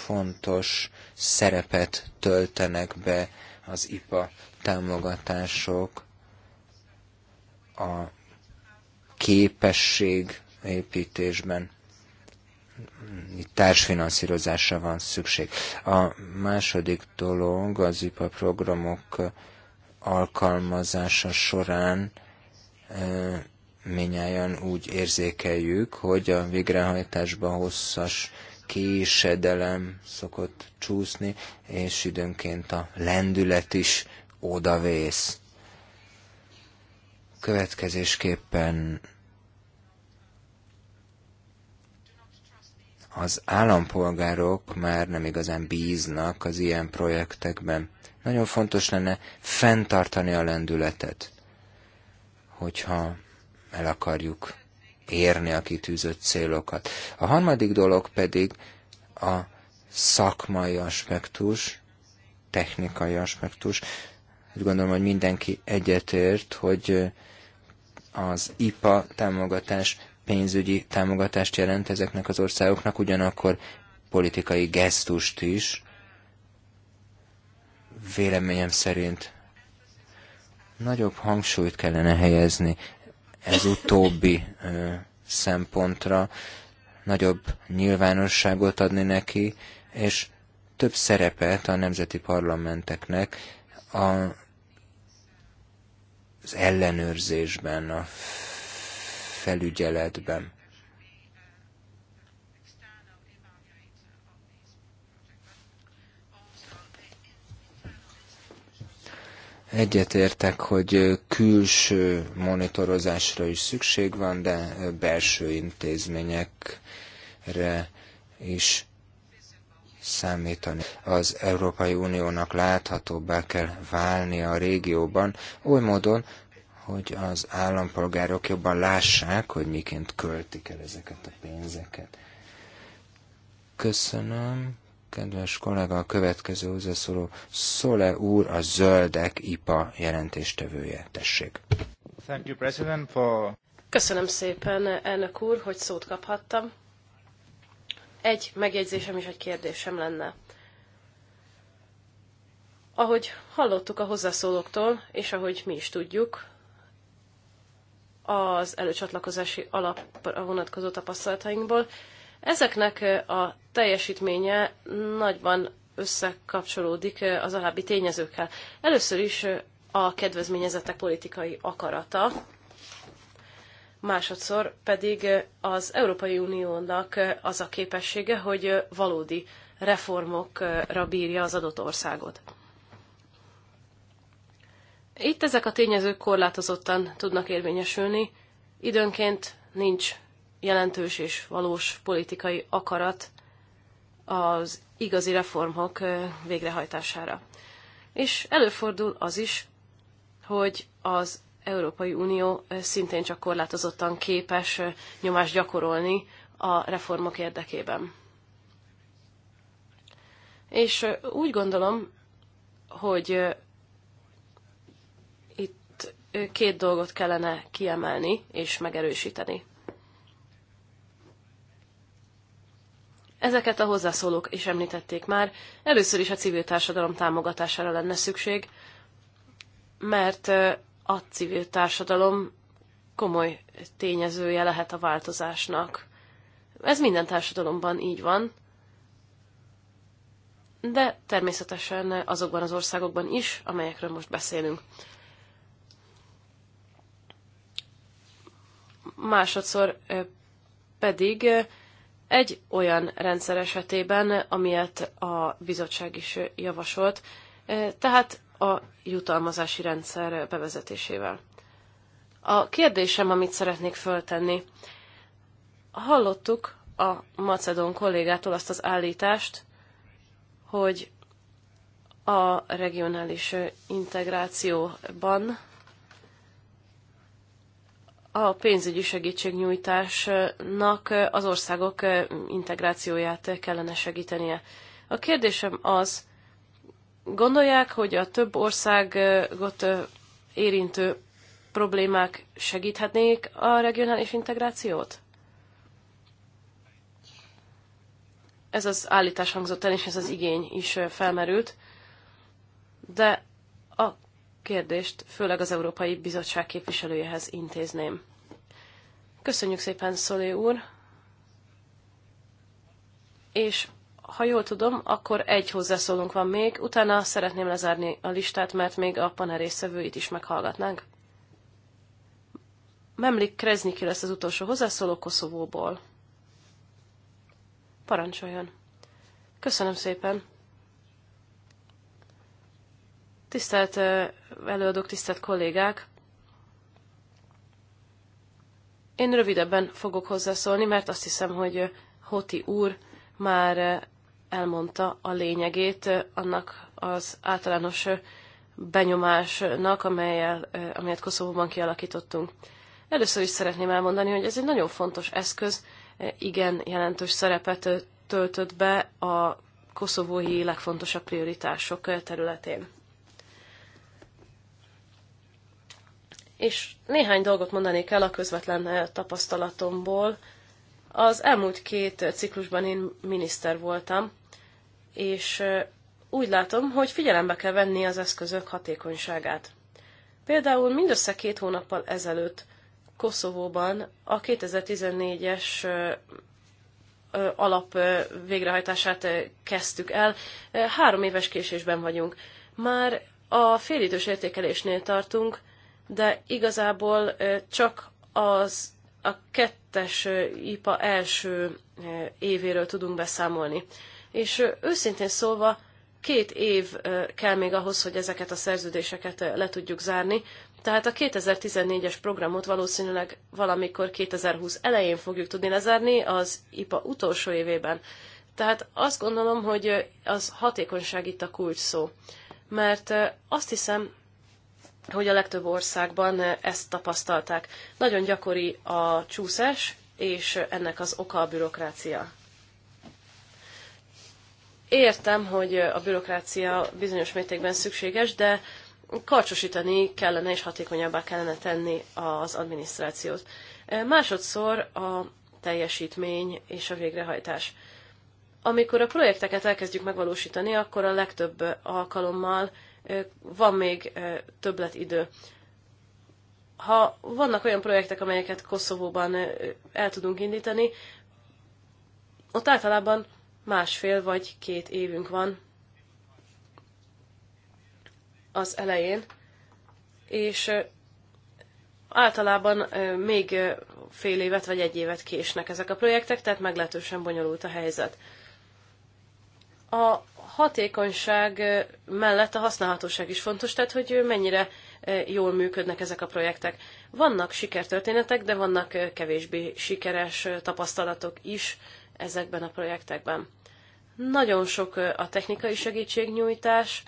fontos szerepet töltenek be az IPA támogatások a képesség építésben itt társfinanszírozásra van szükség. A második dolog az IPA programok alkalmazása során minnyáján úgy érzékeljük, hogy a végrehajtásba hosszas késedelem szokott csúszni, és időnként a lendület is odavész. Következésképpen az állampolgárok már nem igazán bíznak az ilyen projektekben. Nagyon fontos lenne fenntartani a lendületet, hogyha el akarjuk érni a kitűzött célokat. A harmadik dolog pedig a szakmai aspektus, technikai aspektus. Úgy gondolom, hogy mindenki egyetért, hogy az IPA támogatás pénzügyi támogatást jelent ezeknek az országoknak, ugyanakkor politikai gesztust is, véleményem szerint nagyobb hangsúlyt kellene helyezni ez utóbbi ö, szempontra, nagyobb nyilvánosságot adni neki, és több szerepet a nemzeti parlamenteknek a, az ellenőrzésben, a felügyeletben. Egyetértek, hogy külső monitorozásra is szükség van, de belső intézményekre is számítani. Az Európai Uniónak láthatóbbá kell válnia a régióban, oly módon, hogy az állampolgárok jobban lássák, hogy miként költik el ezeket a pénzeket. Köszönöm, kedves kollega, a következő hozzászóló Szole úr, a Zöldek IPA jelentéstevője. Tessék. Thank you, President, for... Köszönöm szépen, elnök úr, hogy szót kaphattam. Egy megjegyzésem és egy kérdésem lenne. Ahogy hallottuk a hozzászólóktól, és ahogy mi is tudjuk, az előcsatlakozási alapra vonatkozó tapasztalatainkból. Ezeknek a teljesítménye nagyban összekapcsolódik az alábbi tényezőkkel. Először is a kedvezményezettek politikai akarata, másodszor pedig az Európai Uniónak az a képessége, hogy valódi reformokra bírja az adott országot. Itt ezek a tényezők korlátozottan tudnak érvényesülni, időnként nincs jelentős és valós politikai akarat az igazi reformok végrehajtására. És előfordul az is, hogy az Európai Unió szintén csak korlátozottan képes nyomást gyakorolni a reformok érdekében. És úgy gondolom, hogy két dolgot kellene kiemelni és megerősíteni. Ezeket a hozzászólók is említették már. Először is a civil társadalom támogatására lenne szükség, mert a civil társadalom komoly tényezője lehet a változásnak. Ez minden társadalomban így van, de természetesen azokban az országokban is, amelyekről most beszélünk. másodszor pedig egy olyan rendszer esetében, amilyet a bizottság is javasolt, tehát a jutalmazási rendszer bevezetésével. A kérdésem, amit szeretnék föltenni. Hallottuk a macedón kollégától azt az állítást, hogy a regionális integrációban a pénzügyi segítségnyújtásnak az országok integrációját kellene segítenie. A kérdésem az, gondolják, hogy a több országot érintő problémák segíthetnék a regionális integrációt? Ez az állítás hangzott el, és ez az igény is felmerült. De a kérdést főleg az Európai Bizottság képviselőjehez intézném. Köszönjük szépen, Szolé úr! És ha jól tudom, akkor egy hozzászólunk van még, utána szeretném lezárni a listát, mert még a panel részvevőit is meghallgatnánk. Memlik Krezniki lesz az utolsó hozzászóló Koszovóból. Parancsoljon! Köszönöm szépen! Tisztelt előadók, tisztelt kollégák! Én rövidebben fogok hozzászólni, mert azt hiszem, hogy Hoti úr már elmondta a lényegét annak az általános benyomásnak, amelyel, amelyet Koszovóban kialakítottunk. Először is szeretném elmondani, hogy ez egy nagyon fontos eszköz, igen jelentős szerepet töltött be a koszovói legfontosabb prioritások területén. és néhány dolgot mondanék el a közvetlen eh, tapasztalatomból. Az elmúlt két ciklusban én miniszter voltam, és eh, úgy látom, hogy figyelembe kell venni az eszközök hatékonyságát. Például mindössze két hónappal ezelőtt Koszovóban a 2014-es eh, alap végrehajtását kezdtük el. Három éves késésben vagyunk. Már a félidős értékelésnél tartunk, de igazából csak az a kettes IPA első évéről tudunk beszámolni. És őszintén szólva, két év kell még ahhoz, hogy ezeket a szerződéseket le tudjuk zárni, tehát a 2014-es programot valószínűleg valamikor 2020 elején fogjuk tudni lezárni, az IPA utolsó évében. Tehát azt gondolom, hogy az hatékonyság itt a kulcs szó. Mert azt hiszem, hogy a legtöbb országban ezt tapasztalták. Nagyon gyakori a csúszás, és ennek az oka a bürokrácia. Értem, hogy a bürokrácia bizonyos mértékben szükséges, de karcsosítani kellene és hatékonyabbá kellene tenni az adminisztrációt. Másodszor a teljesítmény és a végrehajtás. Amikor a projekteket elkezdjük megvalósítani, akkor a legtöbb alkalommal van még többletidő. Ha vannak olyan projektek, amelyeket Koszovóban el tudunk indítani, ott általában másfél vagy két évünk van az elején, és általában még fél évet vagy egy évet késnek ezek a projektek, tehát meglehetősen bonyolult a helyzet. A hatékonyság mellett a használhatóság is fontos, tehát hogy mennyire jól működnek ezek a projektek. Vannak sikertörténetek, de vannak kevésbé sikeres tapasztalatok is ezekben a projektekben. Nagyon sok a technikai segítségnyújtás,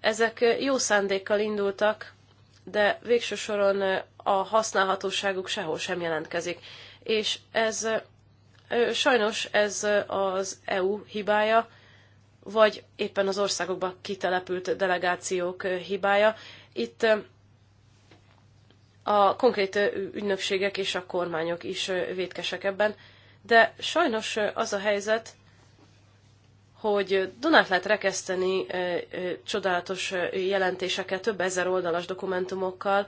ezek jó szándékkal indultak, de végső soron a használhatóságuk sehol sem jelentkezik. És ez sajnos ez az EU hibája, vagy éppen az országokba kitelepült delegációk hibája. Itt a konkrét ügynökségek és a kormányok is vétkesek ebben, de sajnos az a helyzet, hogy Dunát lehet rekeszteni csodálatos jelentésekkel, több ezer oldalas dokumentumokkal,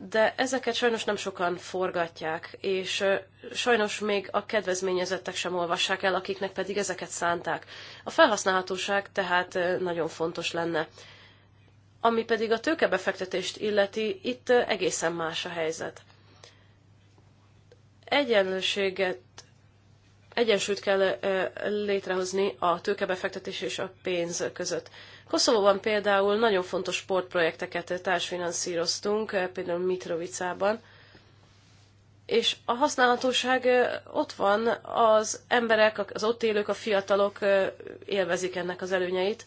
de ezeket sajnos nem sokan forgatják, és sajnos még a kedvezményezettek sem olvassák el, akiknek pedig ezeket szánták. A felhasználhatóság tehát nagyon fontos lenne. Ami pedig a tőkebefektetést illeti, itt egészen más a helyzet. Egyenlőséget, egyensúlyt kell létrehozni a tőkebefektetés és a pénz között. Koszovóban például nagyon fontos sportprojekteket társfinanszíroztunk, eh, például Mitrovicában, és a használhatóság eh, ott van, az emberek, az ott élők, a fiatalok eh, élvezik ennek az előnyeit,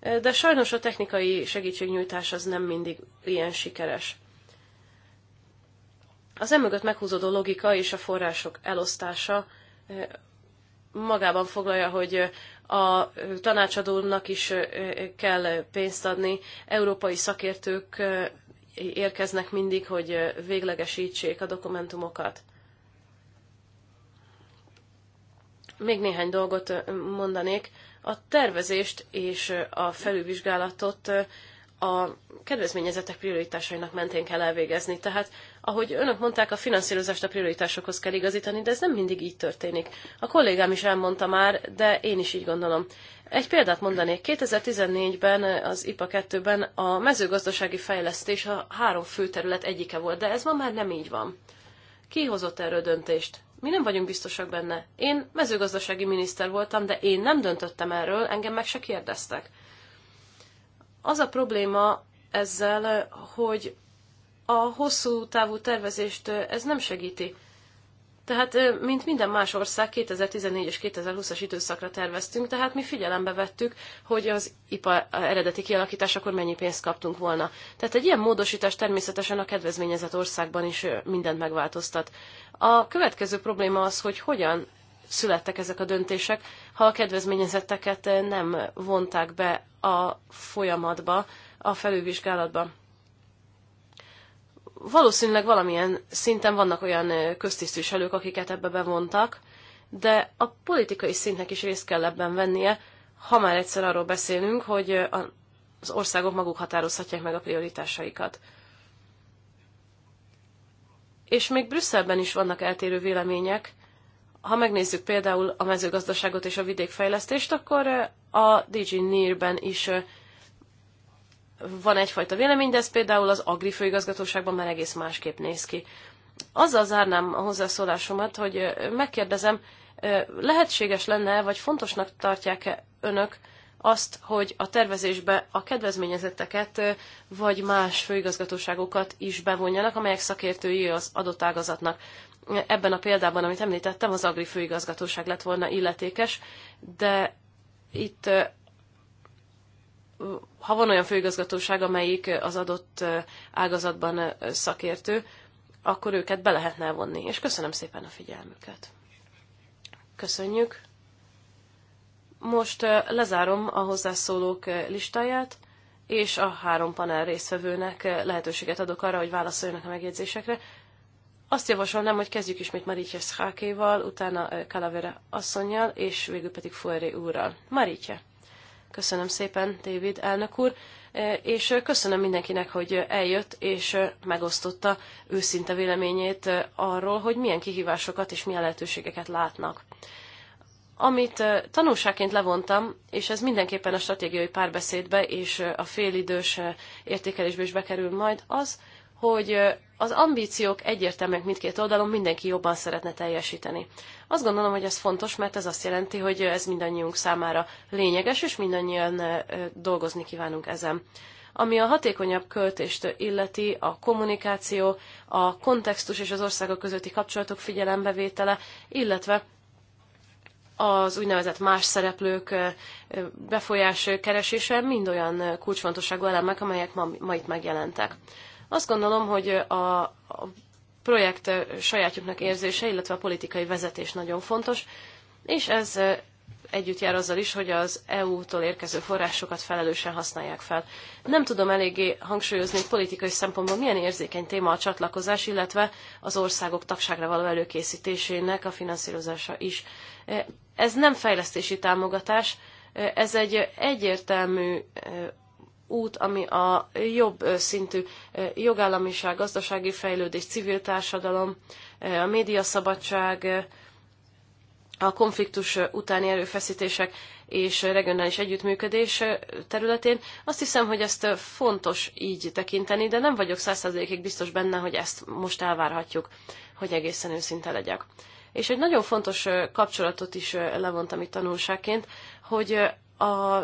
de sajnos a technikai segítségnyújtás az nem mindig ilyen sikeres. Az emögött meghúzódó logika és a források elosztása magában foglalja, hogy a tanácsadónak is kell pénzt adni, európai szakértők érkeznek mindig, hogy véglegesítsék a dokumentumokat. Még néhány dolgot mondanék. A tervezést és a felülvizsgálatot a kedvezményezetek prioritásainak mentén kell elvégezni. Tehát, ahogy önök mondták, a finanszírozást a prioritásokhoz kell igazítani, de ez nem mindig így történik. A kollégám is elmondta már, de én is így gondolom. Egy példát mondanék. 2014-ben az IPA 2-ben a mezőgazdasági fejlesztés a három fő terület egyike volt, de ez ma már nem így van. Ki hozott erről döntést? Mi nem vagyunk biztosak benne. Én mezőgazdasági miniszter voltam, de én nem döntöttem erről, engem meg se kérdeztek. Az a probléma ezzel, hogy a hosszú távú tervezést ez nem segíti. Tehát, mint minden más ország, 2014 és 2020-as időszakra terveztünk, tehát mi figyelembe vettük, hogy az IPA eredeti akkor mennyi pénzt kaptunk volna. Tehát egy ilyen módosítás természetesen a kedvezményezett országban is mindent megváltoztat. A következő probléma az, hogy hogyan születtek ezek a döntések, ha a kedvezményezetteket eh, nem vonták be a folyamatba, a felülvizsgálatba. Valószínűleg valamilyen szinten vannak olyan eh, köztisztviselők, akiket ebbe bevontak, de a politikai szintnek is részt kell ebben vennie, ha már egyszer arról beszélünk, hogy eh, az országok maguk határozhatják meg a prioritásaikat. És még Brüsszelben is vannak eltérő vélemények, ha megnézzük például a mezőgazdaságot és a vidékfejlesztést, akkor a DG NIR-ben is van egyfajta vélemény, de ez például az Agri főigazgatóságban már egész másképp néz ki. Azzal zárnám a hozzászólásomat, hogy megkérdezem, lehetséges lenne, vagy fontosnak tartják-e önök azt, hogy a tervezésbe a kedvezményezetteket vagy más főigazgatóságokat is bevonjanak, amelyek szakértői az adott ágazatnak ebben a példában, amit említettem, az Agri főigazgatóság lett volna illetékes, de itt ha van olyan főigazgatóság, amelyik az adott ágazatban szakértő, akkor őket be lehetne vonni. És köszönöm szépen a figyelmüket. Köszönjük. Most lezárom a hozzászólók listáját, és a három panel résztvevőnek lehetőséget adok arra, hogy válaszoljanak a megjegyzésekre. Azt javasolnám, hogy kezdjük ismét Maritja Szhákéval, utána Calavera asszonyjal, és végül pedig Fueré úrral. Maritja! Köszönöm szépen, David elnök úr, és köszönöm mindenkinek, hogy eljött és megosztotta őszinte véleményét arról, hogy milyen kihívásokat és milyen lehetőségeket látnak. Amit tanulságként levontam, és ez mindenképpen a stratégiai párbeszédbe és a félidős értékelésbe is bekerül majd, az, hogy az ambíciók egyértelműek mindkét oldalon, mindenki jobban szeretne teljesíteni. Azt gondolom, hogy ez fontos, mert ez azt jelenti, hogy ez mindannyiunk számára lényeges, és mindannyian dolgozni kívánunk ezen. Ami a hatékonyabb költést illeti, a kommunikáció, a kontextus és az országok közötti kapcsolatok figyelembevétele, illetve az úgynevezett más szereplők befolyás keresése mind olyan kulcsfontosságú elemek, amelyek ma, ma itt megjelentek. Azt gondolom, hogy a, a projekt sajátjuknak érzése, illetve a politikai vezetés nagyon fontos, és ez együtt jár azzal is, hogy az EU-tól érkező forrásokat felelősen használják fel. Nem tudom eléggé hangsúlyozni, hogy politikai szempontból milyen érzékeny téma a csatlakozás, illetve az országok tagságra való előkészítésének a finanszírozása is. Ez nem fejlesztési támogatás, ez egy egyértelmű út, ami a jobb szintű jogállamiság, gazdasági fejlődés, civil társadalom, a médiaszabadság, a konfliktus utáni erőfeszítések és regionális együttműködés területén. Azt hiszem, hogy ezt fontos így tekinteni, de nem vagyok százszerzékig biztos benne, hogy ezt most elvárhatjuk, hogy egészen őszinte legyek. És egy nagyon fontos kapcsolatot is levontam itt tanulságként, hogy a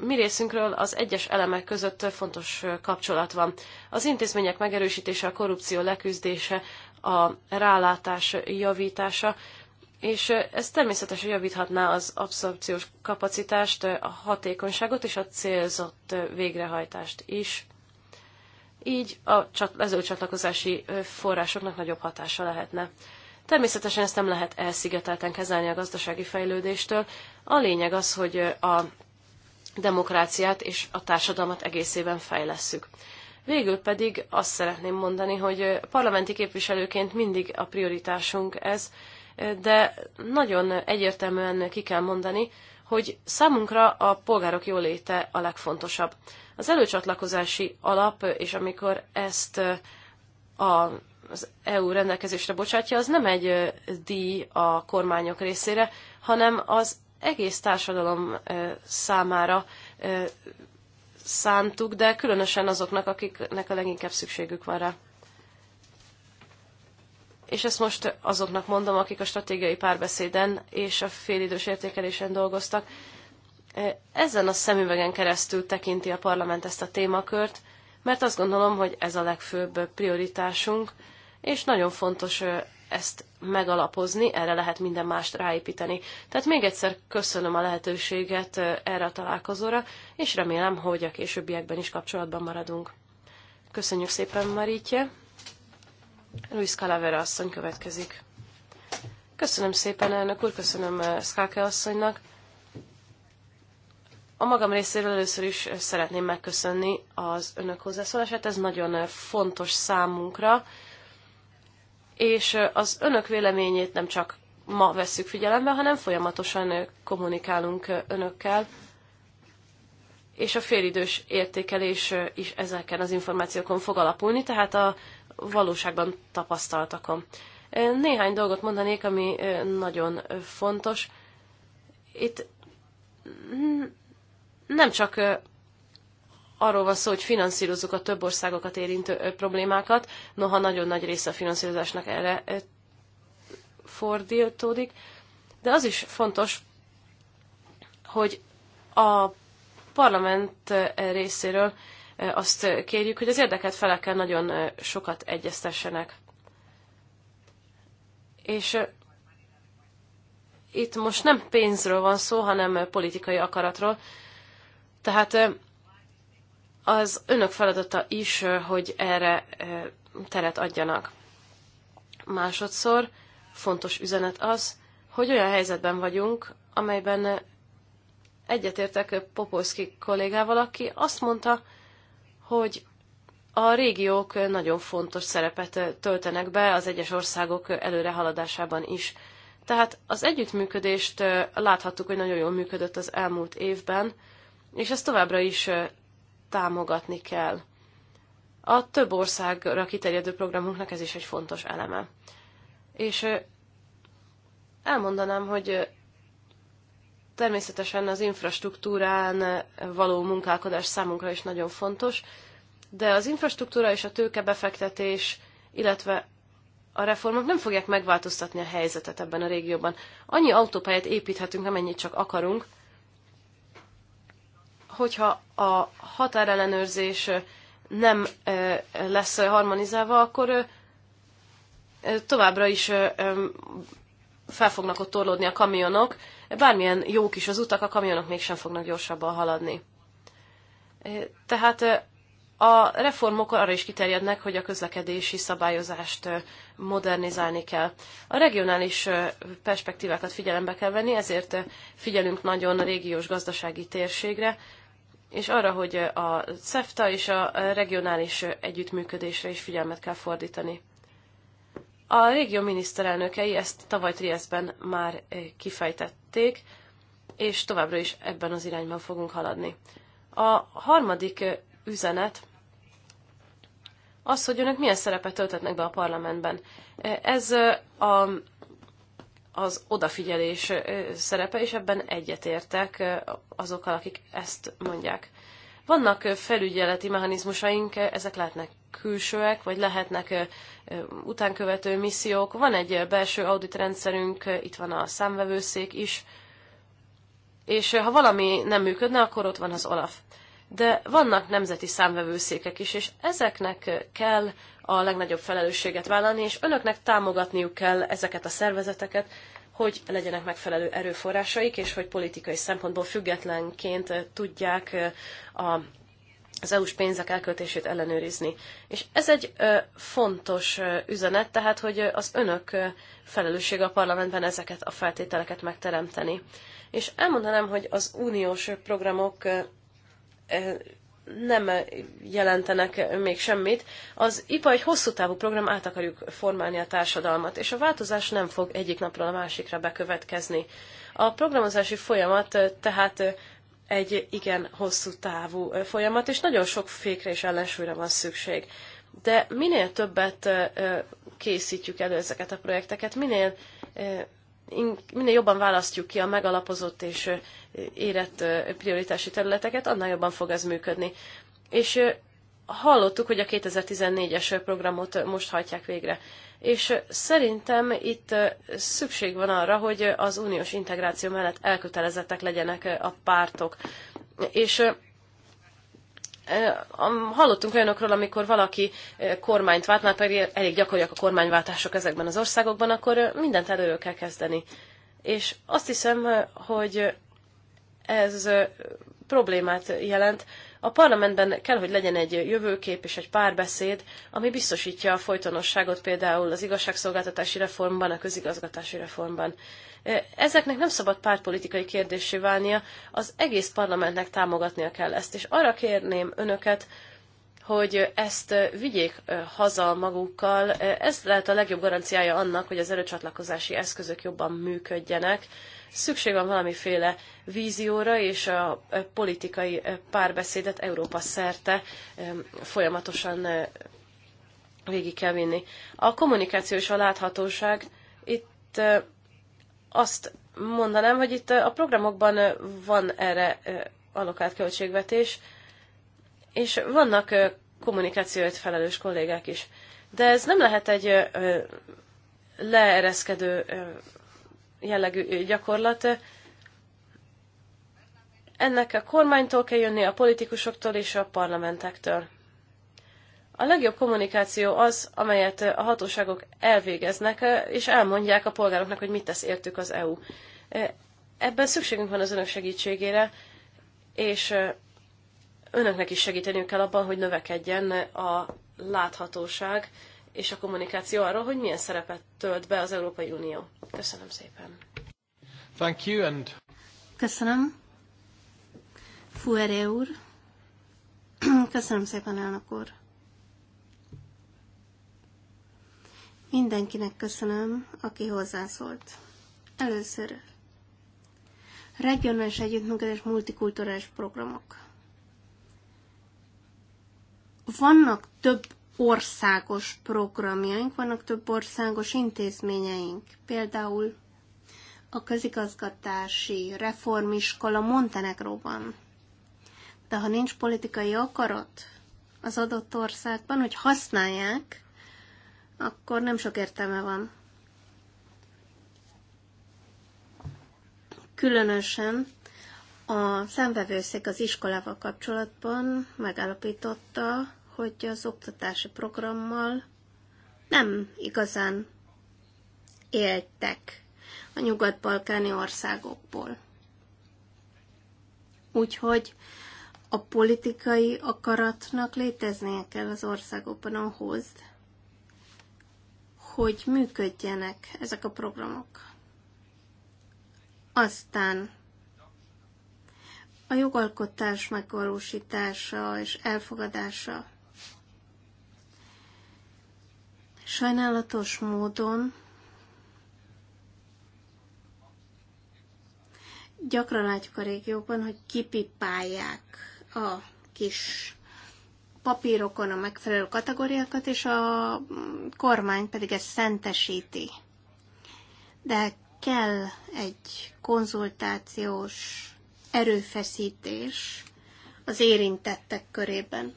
mi részünkről az egyes elemek között fontos kapcsolat van. Az intézmények megerősítése, a korrupció leküzdése, a rálátás javítása, és ez természetesen javíthatná az abszorpciós kapacitást, a hatékonyságot és a célzott végrehajtást is. Így a lezőcsatlakozási forrásoknak nagyobb hatása lehetne. Természetesen ezt nem lehet elszigetelten kezelni a gazdasági fejlődéstől. A lényeg az, hogy a demokráciát és a társadalmat egészében fejlesszük. Végül pedig azt szeretném mondani, hogy parlamenti képviselőként mindig a prioritásunk ez, de nagyon egyértelműen ki kell mondani, hogy számunkra a polgárok jóléte a legfontosabb. Az előcsatlakozási alap, és amikor ezt a, az EU rendelkezésre bocsátja, az nem egy díj a kormányok részére, hanem az egész társadalom számára szántuk, de különösen azoknak, akiknek a leginkább szükségük van rá. És ezt most azoknak mondom, akik a stratégiai párbeszéden és a félidős értékelésen dolgoztak. Ezen a szemüvegen keresztül tekinti a parlament ezt a témakört, mert azt gondolom, hogy ez a legfőbb prioritásunk, és nagyon fontos ezt megalapozni, erre lehet minden mást ráépíteni. Tehát még egyszer köszönöm a lehetőséget erre a találkozóra, és remélem, hogy a későbbiekben is kapcsolatban maradunk. Köszönjük szépen, Marítje. Luis Calavera asszony következik. Köszönöm szépen, elnök úr, köszönöm Skáke asszonynak. A magam részéről először is szeretném megköszönni az önök hozzászólását, ez nagyon fontos számunkra, és az önök véleményét nem csak ma vesszük figyelembe, hanem folyamatosan kommunikálunk önökkel, és a félidős értékelés is ezeken az információkon fog alapulni, tehát a valóságban tapasztaltakon. Néhány dolgot mondanék, ami nagyon fontos. Itt nem csak arról van szó, hogy finanszírozzuk a több országokat érintő problémákat, noha nagyon nagy része a finanszírozásnak erre fordítódik, de az is fontos, hogy a parlament részéről azt kérjük, hogy az érdekelt felekkel nagyon sokat egyeztessenek. És itt most nem pénzről van szó, hanem politikai akaratról. Tehát az önök feladata is, hogy erre teret adjanak. Másodszor fontos üzenet az, hogy olyan helyzetben vagyunk, amelyben egyetértek Popolszki kollégával, aki azt mondta, hogy a régiók nagyon fontos szerepet töltenek be az egyes országok előrehaladásában is. Tehát az együttműködést láthattuk, hogy nagyon jól működött az elmúlt évben, és ez továbbra is támogatni kell. A több országra kiterjedő programunknak ez is egy fontos eleme. És elmondanám, hogy természetesen az infrastruktúrán való munkálkodás számunkra is nagyon fontos, de az infrastruktúra és a tőkebefektetés, illetve a reformok nem fogják megváltoztatni a helyzetet ebben a régióban. Annyi autópályát építhetünk, amennyit csak akarunk, hogyha a határellenőrzés nem lesz harmonizálva, akkor továbbra is fel fognak ott torlódni a kamionok. Bármilyen jók is az utak, a kamionok mégsem fognak gyorsabban haladni. Tehát a reformok arra is kiterjednek, hogy a közlekedési szabályozást modernizálni kell. A regionális perspektívákat figyelembe kell venni, ezért figyelünk nagyon a régiós gazdasági térségre, és arra, hogy a CEFTA és a regionális együttműködésre is figyelmet kell fordítani. A régió miniszterelnökei ezt tavaly Trieszben már eh, kifejtették, és továbbra is ebben az irányban fogunk haladni. A harmadik eh, üzenet az, hogy önök milyen szerepet töltetnek be a parlamentben. Eh, ez a az odafigyelés szerepe, és ebben egyetértek azokkal, akik ezt mondják. Vannak felügyeleti mechanizmusaink, ezek lehetnek külsőek, vagy lehetnek utánkövető missziók. Van egy belső auditrendszerünk, itt van a számvevőszék is, és ha valami nem működne, akkor ott van az OLAF. De vannak nemzeti számvevőszékek is, és ezeknek kell a legnagyobb felelősséget vállalni, és önöknek támogatniuk kell ezeket a szervezeteket, hogy legyenek megfelelő erőforrásaik, és hogy politikai szempontból függetlenként eh, tudják eh, a, az EU-s pénzek elköltését ellenőrizni. És ez egy eh, fontos üzenet, tehát hogy az önök felelőssége a parlamentben ezeket a feltételeket megteremteni. És elmondanám, hogy az uniós programok nem jelentenek még semmit. Az IPA egy hosszú távú program, át akarjuk formálni a társadalmat, és a változás nem fog egyik napról a másikra bekövetkezni. A programozási folyamat tehát egy igen hosszú távú folyamat, és nagyon sok fékre és ellensúlyra van szükség. De minél többet készítjük elő ezeket a projekteket, minél minél jobban választjuk ki a megalapozott és érett prioritási területeket, annál jobban fog ez működni. És hallottuk, hogy a 2014-es programot most hajtják végre. És szerintem itt szükség van arra, hogy az uniós integráció mellett elkötelezettek legyenek a pártok. És Hallottunk olyanokról, amikor valaki kormányt vált, már pedig elég gyakoriak a kormányváltások ezekben az országokban, akkor mindent előről kell kezdeni. És azt hiszem, hogy ez problémát jelent. A parlamentben kell, hogy legyen egy jövőkép és egy párbeszéd, ami biztosítja a folytonosságot például az igazságszolgáltatási reformban, a közigazgatási reformban. Ezeknek nem szabad pártpolitikai kérdésé válnia, az egész parlamentnek támogatnia kell ezt. És arra kérném önöket, hogy ezt vigyék haza magukkal. Ez lehet a legjobb garanciája annak, hogy az előcsatlakozási eszközök jobban működjenek. Szükség van valamiféle vízióra, és a politikai párbeszédet Európa szerte folyamatosan végig kell vinni. A kommunikáció és a láthatóság itt azt mondanám, hogy itt eh, a programokban eh, van erre eh, alokált költségvetés, és vannak kommunikációért felelős kollégák is. De ez nem lehet egy leereszkedő jellegű gyakorlat. Ennek a kormánytól kell jönni, a politikusoktól és a parlamentektől. A legjobb kommunikáció az, amelyet a hatóságok elvégeznek, és elmondják a polgároknak, hogy mit tesz értük az EU. Ebben szükségünk van az önök segítségére, és önöknek is segíteniük kell abban, hogy növekedjen a láthatóság és a kommunikáció arról, hogy milyen szerepet tölt be az Európai Unió. Köszönöm szépen. Thank you and... Köszönöm. Fuere úr. Köszönöm szépen, elnök úr. Mindenkinek köszönöm, aki hozzászólt. Először regionális együttműködés multikulturális programok. Vannak több országos programjaink, vannak több országos intézményeink. Például a közigazgatási reformiskola Montenegróban. De ha nincs politikai akarat az adott országban, hogy használják, akkor nem sok értelme van. Különösen a szemvevőszék az iskolával kapcsolatban megállapította, hogy az oktatási programmal nem igazán éltek a nyugat-balkáni országokból. Úgyhogy a politikai akaratnak léteznie kell az országokban ahhoz, hogy működjenek ezek a programok. Aztán a jogalkotás megvalósítása és elfogadása. Sajnálatos módon gyakran látjuk a régióban, hogy kipipálják a kis papírokon a megfelelő kategóriákat, és a kormány pedig ezt szentesíti. De kell egy konzultációs erőfeszítés az érintettek körében.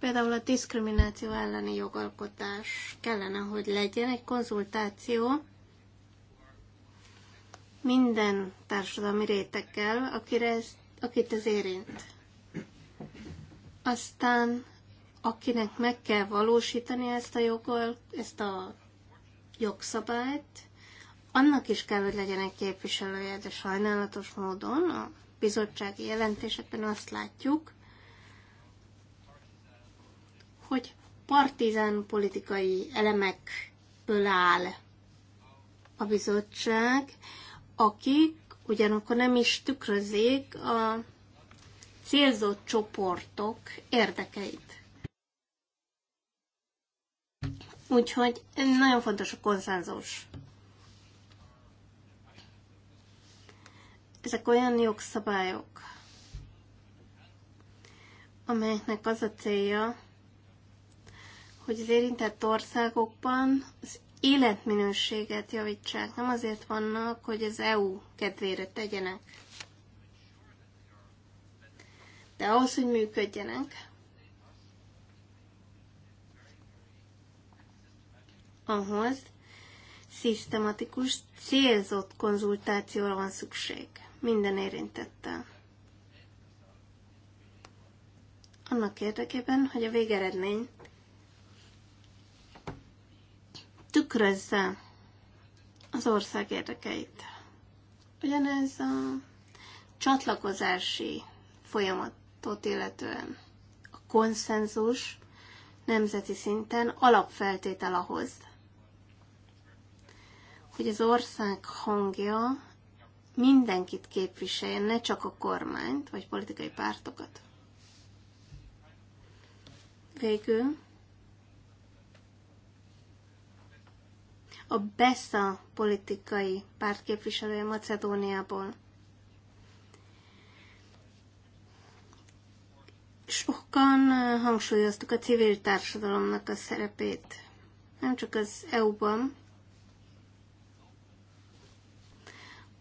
Például a diszkrimináció elleni jogalkotás kellene, hogy legyen egy konzultáció minden társadalmi réteggel, akire ez, akit ez érint. Aztán akinek meg kell valósítani ezt a, jogol, ezt a jogszabályt, annak is kell, hogy legyen egy képviselője, de sajnálatos módon a bizottsági jelentésekben azt látjuk, hogy partizán politikai elemekből áll a bizottság, akik ugyanakkor nem is tükrözik a célzott csoportok érdekeit. Úgyhogy nagyon fontos a konszenzus. Ezek olyan jogszabályok, amelyeknek az a célja, hogy az érintett országokban az életminőséget javítsák. Nem azért vannak, hogy az EU kedvére tegyenek. De ahhoz, hogy működjenek, ahhoz szisztematikus, célzott konzultációra van szükség minden érintettel. Annak érdekében, hogy a végeredmény tükrözze az ország érdekeit. Ugyanez a csatlakozási folyamat javaslatot illetően. A konszenzus nemzeti szinten alapfeltétel ahhoz, hogy az ország hangja mindenkit képviseljen, ne csak a kormányt vagy politikai pártokat. Végül a BESZA politikai pártképviselője Macedóniából sokan hangsúlyoztuk a civil társadalomnak a szerepét. Nem csak az EU-ban,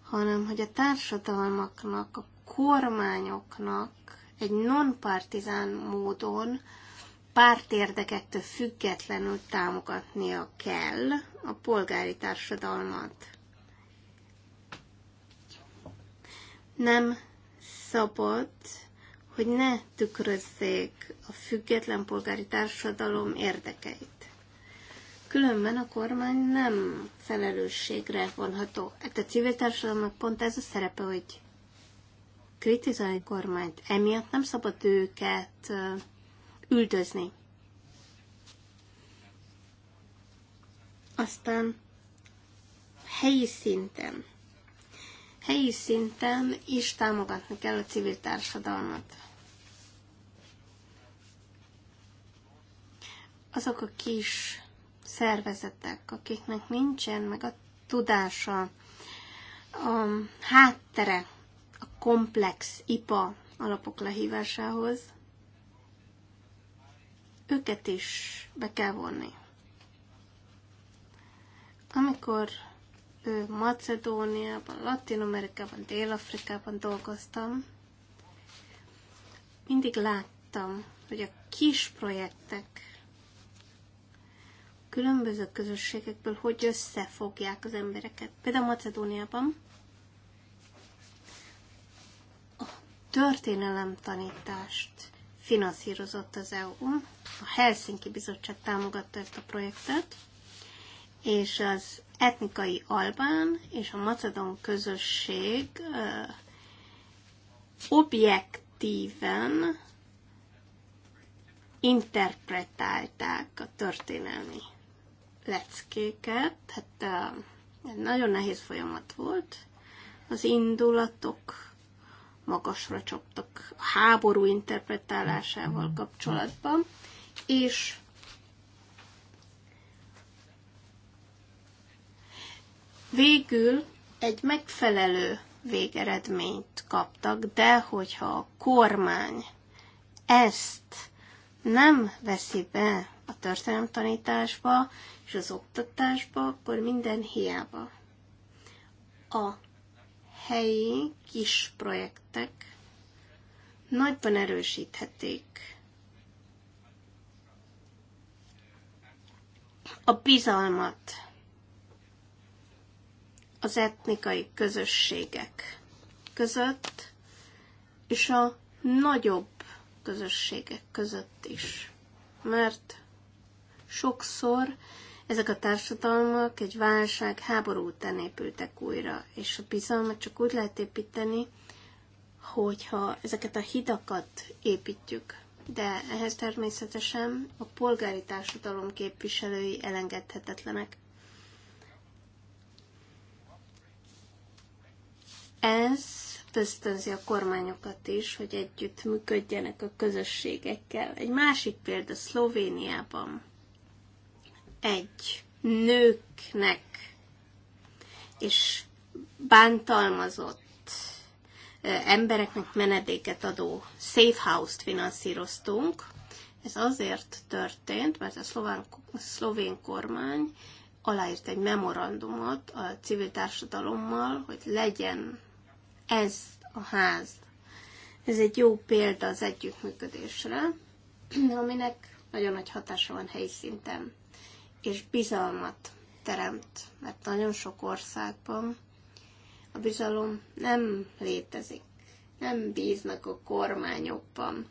hanem hogy a társadalmaknak, a kormányoknak egy nonpartizán módon pártérdekektől függetlenül támogatnia kell a polgári társadalmat. Nem szabad hogy ne tükrözzék a független polgári társadalom érdekeit. Különben a kormány nem felelősségre vonható. Hát a civil társadalomnak pont ez a szerepe, hogy kritizálni a kormányt. Emiatt nem szabad őket üldözni. Aztán helyi szinten helyi szinten is támogatni kell a civil társadalmat. Azok a kis szervezetek, akiknek nincsen meg a tudása, a háttere a komplex IPA alapok lehívásához, őket is be kell vonni. Amikor Macedóniában, Latin Amerikában, Dél-Afrikában dolgoztam, mindig láttam, hogy a kis projektek különböző közösségekből hogy összefogják az embereket. Például Macedóniában a történelem tanítást finanszírozott az EU, a Helsinki Bizottság támogatta ezt a projektet, és az etnikai albán és a macedon közösség objektíven interpretálták a történelmi leckéket, tehát ez nagyon nehéz folyamat volt. Az indulatok magasra csaptak a háború interpretálásával kapcsolatban, és Végül egy megfelelő végeredményt kaptak, de hogyha a kormány ezt nem veszi be a tanításba és az oktatásba, akkor minden hiába. A helyi kis projektek nagyban erősíthetik a bizalmat az etnikai közösségek között, és a nagyobb közösségek között is. Mert sokszor ezek a társadalmak egy válság, háború után épültek újra, és a bizalmat csak úgy lehet építeni, hogyha ezeket a hidakat építjük. De ehhez természetesen a polgári társadalom képviselői elengedhetetlenek. Ez ösztönzi a kormányokat is, hogy együtt működjenek a közösségekkel. Egy másik példa Szlovéniában. Egy nőknek és bántalmazott embereknek menedéket adó safe house-t finanszíroztunk. Ez azért történt, mert a szlován, szlovén kormány aláírt egy memorandumot a civil társadalommal, hogy legyen ez a ház. Ez egy jó példa az együttműködésre, aminek nagyon nagy hatása van helyi szinten, és bizalmat teremt, mert nagyon sok országban a bizalom nem létezik, nem bíznak a kormányokban,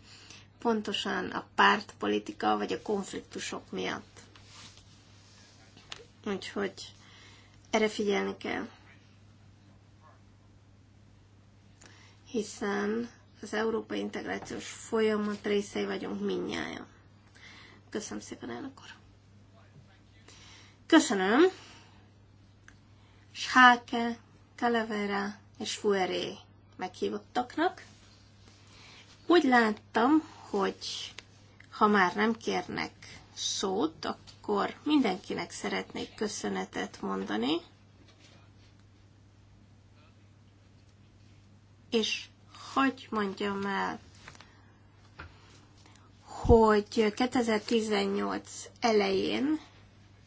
pontosan a pártpolitika vagy a konfliktusok miatt. Úgyhogy erre figyelni kell. hiszen az európai integrációs folyamat részei vagyunk minnyája. Köszönöm szépen, elnök úr. Köszönöm. Sáke, Calavera és Fueré meghívottaknak. Úgy láttam, hogy ha már nem kérnek szót, akkor mindenkinek szeretnék köszönetet mondani, és hogy mondjam el, hogy 2018 elején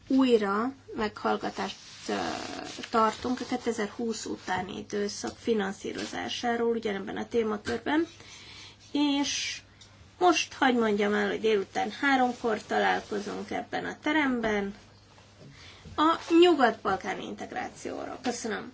újra meghallgatást tartunk a 2020 utáni időszak finanszírozásáról, ugyanebben a témakörben, és most hagyd mondjam el, hogy délután háromkor találkozunk ebben a teremben a nyugat-balkáni integrációra. Köszönöm!